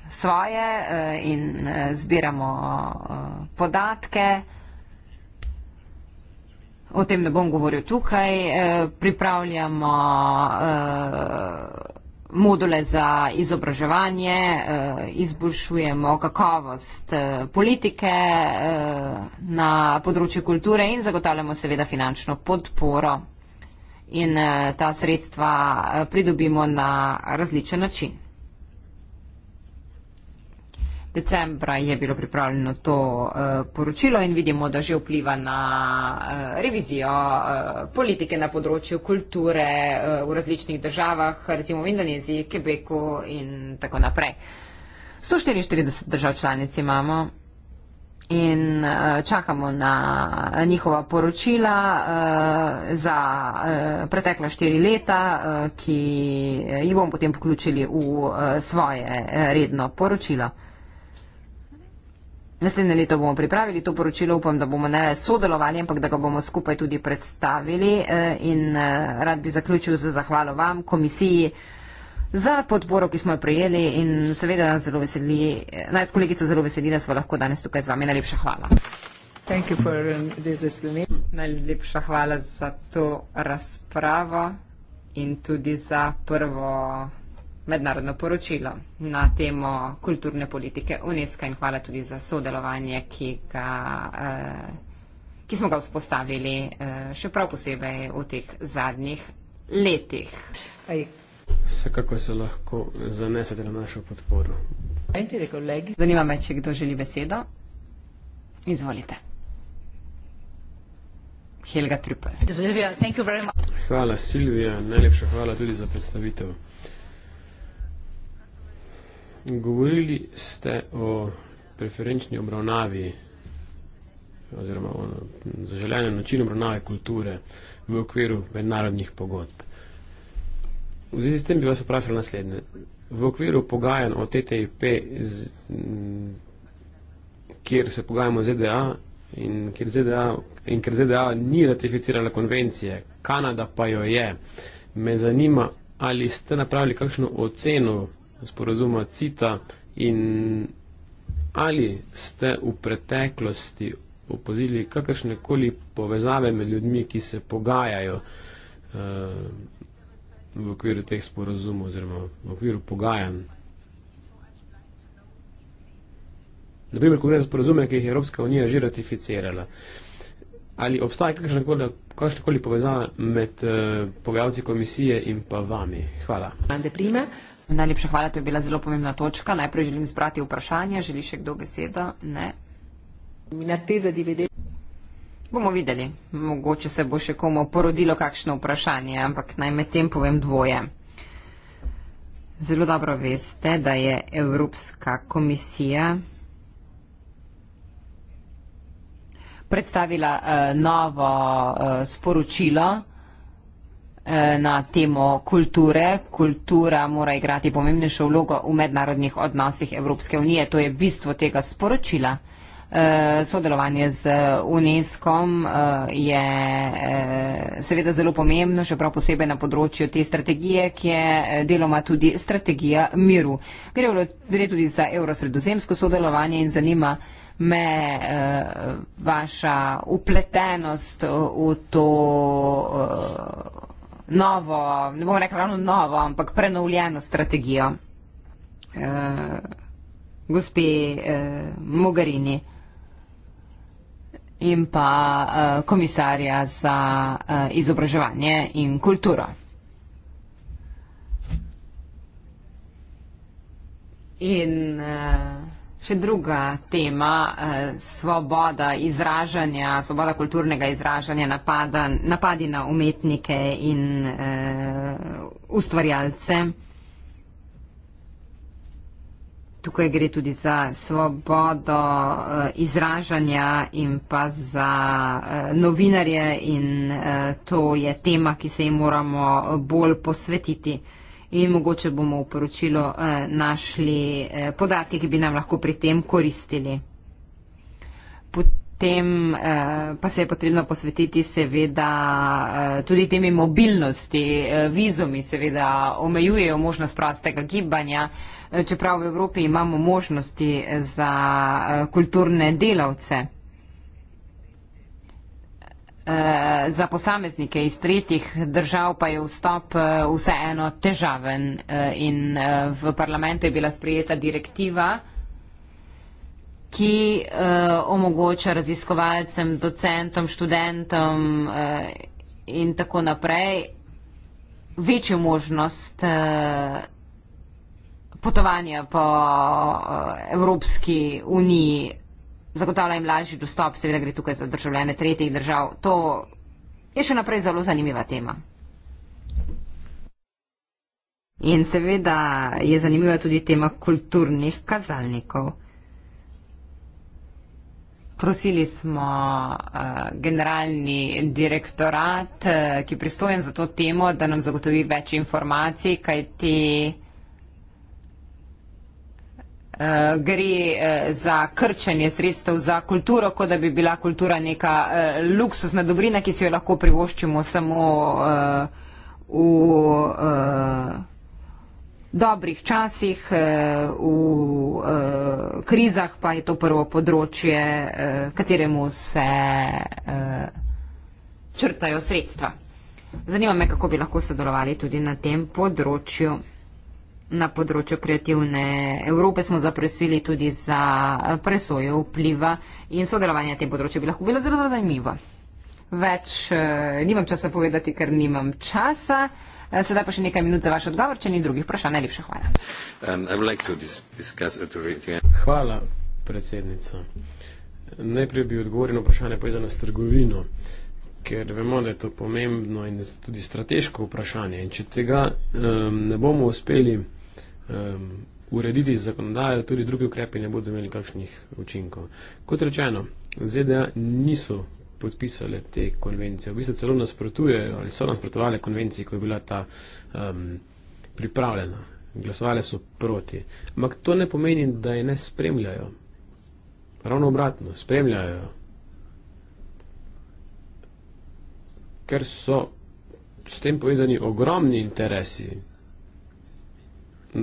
svoje in zbiramo podatke. O tem ne bom govoril tukaj. Pripravljamo module za izobraževanje, eh, izboljšujemo kakovost eh, politike eh, na področju kulture in zagotavljamo seveda finančno podporo in ta sredstva pridobimo na različen način. Decembra je bilo pripravljeno to eh, poročilo in vidimo, da že vpliva na eh, revizijo eh, politike na področju kulture v različnih državah, recimo v Indoneziji, Kebeku in tako naprej. 144 držav članic imamo in čakamo na njihova poročila za pretekla štiri leta, ki jih bomo potem vključili v svoje redno poročilo. Naslednje leto bomo pripravili to poročilo, upam, da bomo ne sodelovali, ampak da ga bomo skupaj tudi predstavili eh, in eh, rad bi zaključil z zahvalo vam, komisiji, za podporo, ki smo jo prijeli in seveda nas zelo veseli, eh, nas kolegico zelo veseli, da smo lahko danes tukaj z vami. Najlepša hvala. Najlepša hvala za to razpravo in tudi za prvo mednarodno poročilo na temo kulturne politike UNESCO in hvala tudi za sodelovanje, ki, ga, eh, ki smo ga vzpostavili eh, še prav posebej v teh zadnjih letih. Ej. Vsekako se lahko zanesete na našo podporo. Zanima me, če kdo želi besedo. Izvolite. Helga Trupel. Hvala, Silvija. Najlepša hvala tudi za predstavitev. Govorili ste o preferenčni obravnavi oziroma o zaželenem načinu obravnave kulture v okviru mednarodnih pogodb. V zvezi s tem bi vas vprašal naslednje. V okviru pogajanj o TTIP, z, kjer se pogajamo ZDA in, kjer ZDA in ker ZDA ni ratificirala konvencije, Kanada pa jo je, me zanima, ali ste napravili kakšno oceno sporazuma CITA in ali ste v preteklosti opozili kakršnekoli povezave med ljudmi, ki se pogajajo eh, v okviru teh sporazumov oziroma v okviru pogajanj. Naprimer, ko gre za sporazume, ki jih je Evropska unija že ratificirala. Ali obstaja kakšnakoli povezava med uh, pogajalci komisije in pa vami? Hvala. Andeprime. Najlepša hvala, to je bila zelo pomembna točka. Najprej želim zbrati vprašanje. Želi še kdo besedo? Ne. Na te zadeve delo. Bomo videli. Mogoče se bo še komu porodilo kakšno vprašanje, ampak naj med tem povem dvoje. Zelo dobro veste, da je Evropska komisija predstavila uh, novo uh, sporočilo. Eh, na temo kulture. Kultura mora igrati pomembnejšo vlogo v mednarodnih odnosih Evropske unije. To je bistvo tega sporočila. Eh, sodelovanje z eh, UNESCO je seveda zelo pomembno, še prav posebej na področju te strategije, ki je deloma tudi strategija miru. Gre, gre tudi za evrosredozemsko sodelovanje in zanima me vaša upletenost v to novo, ne bom rekla ravno novo, ampak prenovljeno strategijo uh, gospe uh, eh, Mogarini in pa uh, komisarja za uh, izobraževanje in kulturo. In uh, Še druga tema, eh, svoboda izražanja, svoboda kulturnega izražanja, napada, napadi na umetnike in uh, ustvarjalce. Tukaj gre tudi za svobodo uh, izražanja in pa za uh, novinarje in uh, to je tema, ki se jim moramo bolj posvetiti. Uh, in mogoče bomo v poročilu eh, našli eh, podatke, ki bi nam lahko pri tem koristili. Potem eh, pa se je potrebno posvetiti seveda eh, tudi temi mobilnosti. Eh, vizumi seveda omejujejo možnost prostega gibanja, eh, čeprav v Evropi imamo možnosti za eh, kulturne delavce. Eh, za posameznike iz tretjih držav pa je vstop eh, vseeno težaven eh, in v parlamentu je bila sprejeta direktiva, ki omogoča raziskovalcem, docentom, študentom in tako naprej večjo možnost potovanja po Evropski uniji zagotavlja jim lažji dostop, seveda gre tukaj za državljane tretjih držav. To je še naprej zelo zanimiva tema. In seveda je zanimiva tudi tema kulturnih kazalnikov. Prosili smo uh, generalni direktorat, uh, ki pristojen za to temo, da nam zagotovi več informacij, kaj ti. Te Eh, gre eh, za krčenje sredstev za kulturo, kot da bi bila kultura neka eh, luksusna dobrina, ki si jo lahko privoščimo samo v dobrih časih, v krizah pa je to prvo področje, kateremu se črtajo sredstva. Zanima me, kako bi lahko sodelovali tudi na tem področju. Na področju kreativne Evrope smo zaprosili tudi za presojo vpliva in sodelovanje na tem področju bi lahko bilo zelo, zelo zanimivo. Več eh, nimam časa povedati, ker nimam časa. Eh, sedaj pa še nekaj minut za vaš odgovor, če ni drugih vprašanj. Najlepša hvala. Um, uh, hvala, predsednica. Najprej bi odgovoril na vprašanje povezano s trgovino, ker vemo, da je to pomembno in tudi strateško vprašanje. In če tega um, ne bomo uspeli um, urediti zakonodajo, tudi drugi ukrepi ne bodo imeli kakšnih učinkov. Kot rečeno, ZDA niso podpisale te konvencije, v bistvu celo nasprotujejo ali so nasprotovali konvenciji, ko je bila ta um, pripravljena. Glasovali so proti. Ampak to ne pomeni, da je ne spremljajo. Ravno obratno, spremljajo. Ker so s tem povezani ogromni interesi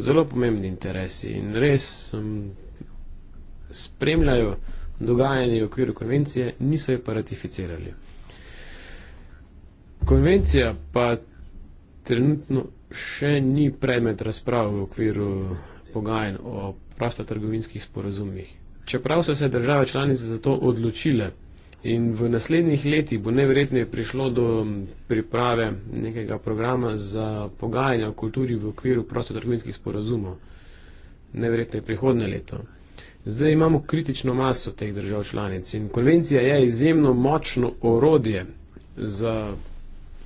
zelo pomembni interesi in res um, spremljajo dogajanje v okviru konvencije, niso jo pa ratificirali. Konvencija pa trenutno še ni predmet razprav v okviru pogajanj o prostotrgovinskih sporazumih. Čeprav so se države članice za to odločile, In v naslednjih letih bo nevrednije prišlo do priprave nekega programa za pogajanje o kulturi v okviru prostotrgovinskih sporazumov. Nevrednije prihodne leto. Zdaj imamo kritično maso teh držav članic in konvencija je izjemno močno orodje za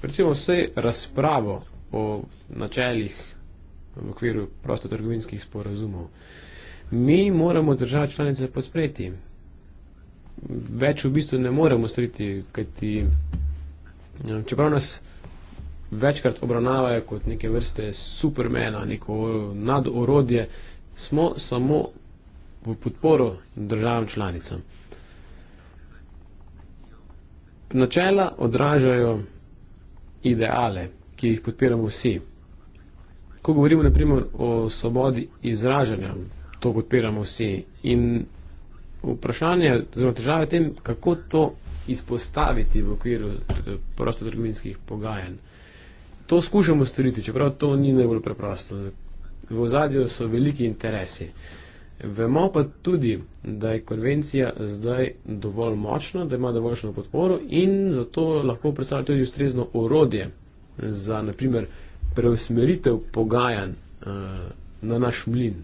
recimo vse razpravo o načeljih v okviru prostotrgovinskih sporazumov. Mi moramo države članice podpreti več v bistvu ne moremo storiti, kajti ja, čeprav nas večkrat obravnavajo kot neke vrste supermena, neko nadorodje, smo samo v podporo državam članicam. Načela odražajo ideale, ki jih podpiramo vsi. Ko govorimo naprimer o svobodi izražanja, to podpiramo vsi in vprašanje, zelo težave v tem, kako to izpostaviti v okviru eh, prostotrgovinskih pogajanj. To skušamo storiti, čeprav to ni najbolj preprosto. V ozadju so veliki interesi. Vemo pa tudi, da je konvencija zdaj dovolj močna, da ima dovoljšno podporo in zato lahko predstavlja tudi ustrezno orodje za, naprimer, preusmeritev pogajanj eh, na naš mlin,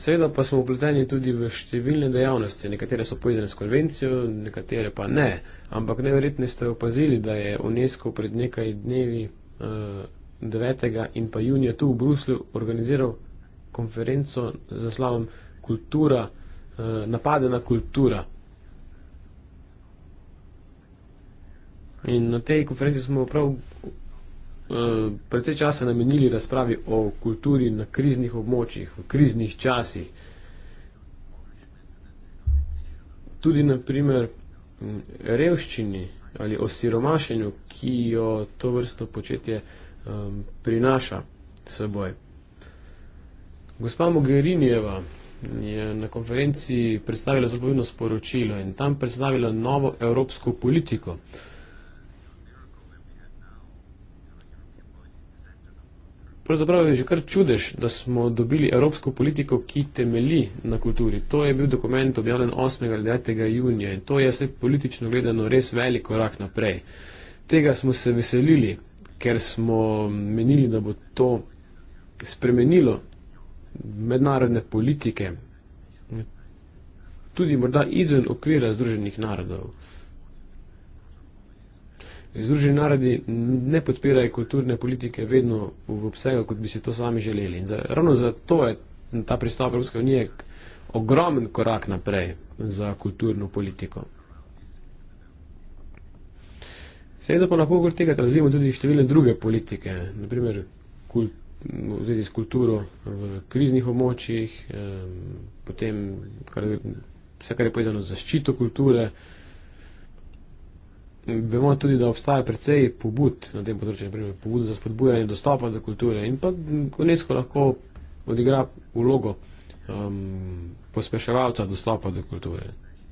Seveda pa smo upleteni tudi v številne dejavnosti, nekatere so povezane s konvencijo, nekatere pa ne, ampak najverjetne ste opazili, da je UNESCO pred nekaj dnevi 9. Eh, in pa junija tu v Bruslju organiziral konferenco z naslovom Kultura, eh, napadena kultura. In na tej konferenci smo prav Eh, precej časa namenili razpravi o kulturi na kriznih območjih, v kriznih časih. Tudi naprimer revščini ali osiromašenju, ki jo to vrsto početje um, prinaša seboj. Gospa Mogherinijeva je na konferenci predstavila zelo pomembno sporočilo in tam predstavila novo evropsko politiko. Uh, Pravzaprav je že kar čudež, da smo dobili evropsko politiko, ki temeli na kulturi. To je bil dokument objavljen 8. ali 9. junija in to je vse politično gledano res velik korak naprej. Tega smo se veselili, ker smo menili, da bo to spremenilo mednarodne politike, tudi morda izven okvira Združenih narodov. Združeni narodi ne podpirajo kulturne politike vedno v obsegu, kot bi si to sami želeli. In za, ravno zato je ta pristop Evropske unije ogromen korak naprej za kulturno politiko. Seveda pa lahko od tega razvijemo tudi številne druge politike, naprimer v zvezi s kulturo v kriznih območjih, eh, potem kar, vse, kar je povezano z zaščito kulture. Eh, Vemo tudi, da obstaja precej pobud na tem področju, naprimer pobud za spodbujanje dostopa do kulture in pa UNESCO lahko odigra vlogo um, pospeševalca dostopa do kulture.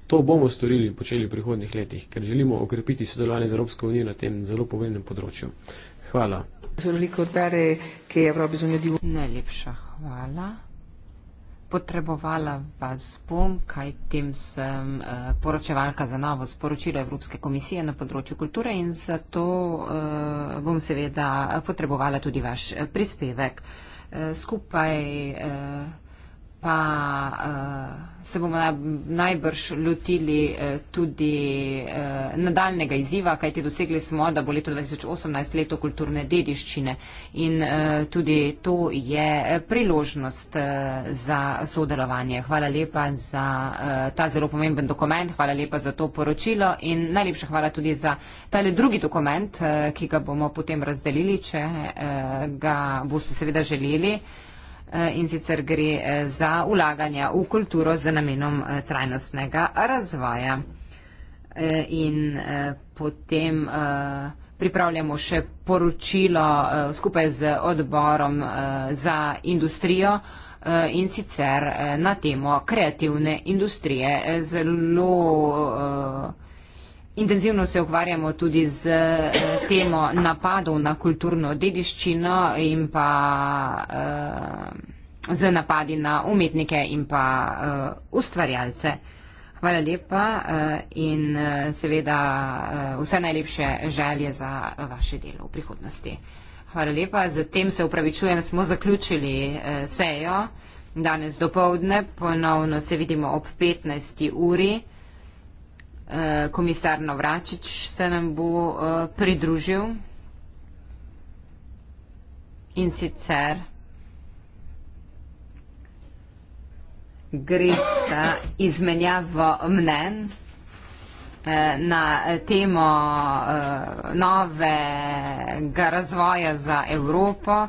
To bomo storili in počeli v prihodnih letih, ker želimo okrepiti sodelovanje z Evropsko unijo na tem zelo pomembnem področju. Hvala. Veliko odbere, ki je Evropi zanimivo. Najlepša hvala. Potrebovala vas bom, kaj tem sem eh, poročevalka za novo sporočilo Evropske komisije na področju kulture in zato eh, bom seveda potrebovala tudi vaš eh, prispevek. Skupaj pa uh, se bomo najbrž lotili uh, tudi uh, nadaljnega izziva, kajti dosegli smo, da bo leto 2018 leto kulturne dediščine in uh, tudi to je priložnost uh, za sodelovanje. Hvala lepa za uh, ta zelo pomemben dokument, hvala lepa za to poročilo in najlepša hvala tudi za tale drugi dokument, uh, ki ga bomo potem razdelili, če uh, ga boste seveda želeli. Uh, Eh, in sicer gre eh, za ulaganja v kulturo z namenom eh, trajnostnega razvoja. In potem pripravljamo še poročilo skupaj z odborom za industrijo in sicer na temo kreativne industrije. Zelo Intenzivno se ukvarjamo tudi z eh, temo napadov na kulturno dediščino in pa eh, z napadi na umetnike in pa eh, ustvarjalce. Hvala lepa in seveda vse najlepše želje za vaše delo v prihodnosti. Hvala lepa. Z tem se upravičujem, smo zaključili sejo. Danes do povdne, ponovno se vidimo ob 15. uri. Eh, komisar Navračič se nam bo eh, pridružil in sicer gre za izmenjavo mnen eh, na temo novega razvoja za Evropo.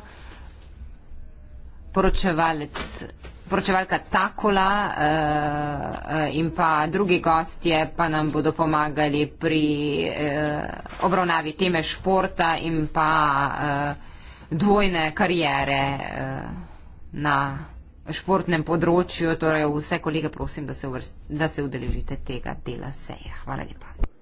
Poročevalec poročevalka Takola eh, in pa drugi gostje pa nam bodo pomagali pri eh, obravnavi teme športa in pa eh, dvojne karijere eh, na športnem področju. Torej vse kolege prosim, da se, uvrst, da se udeležite tega dela seje. Hvala lepa.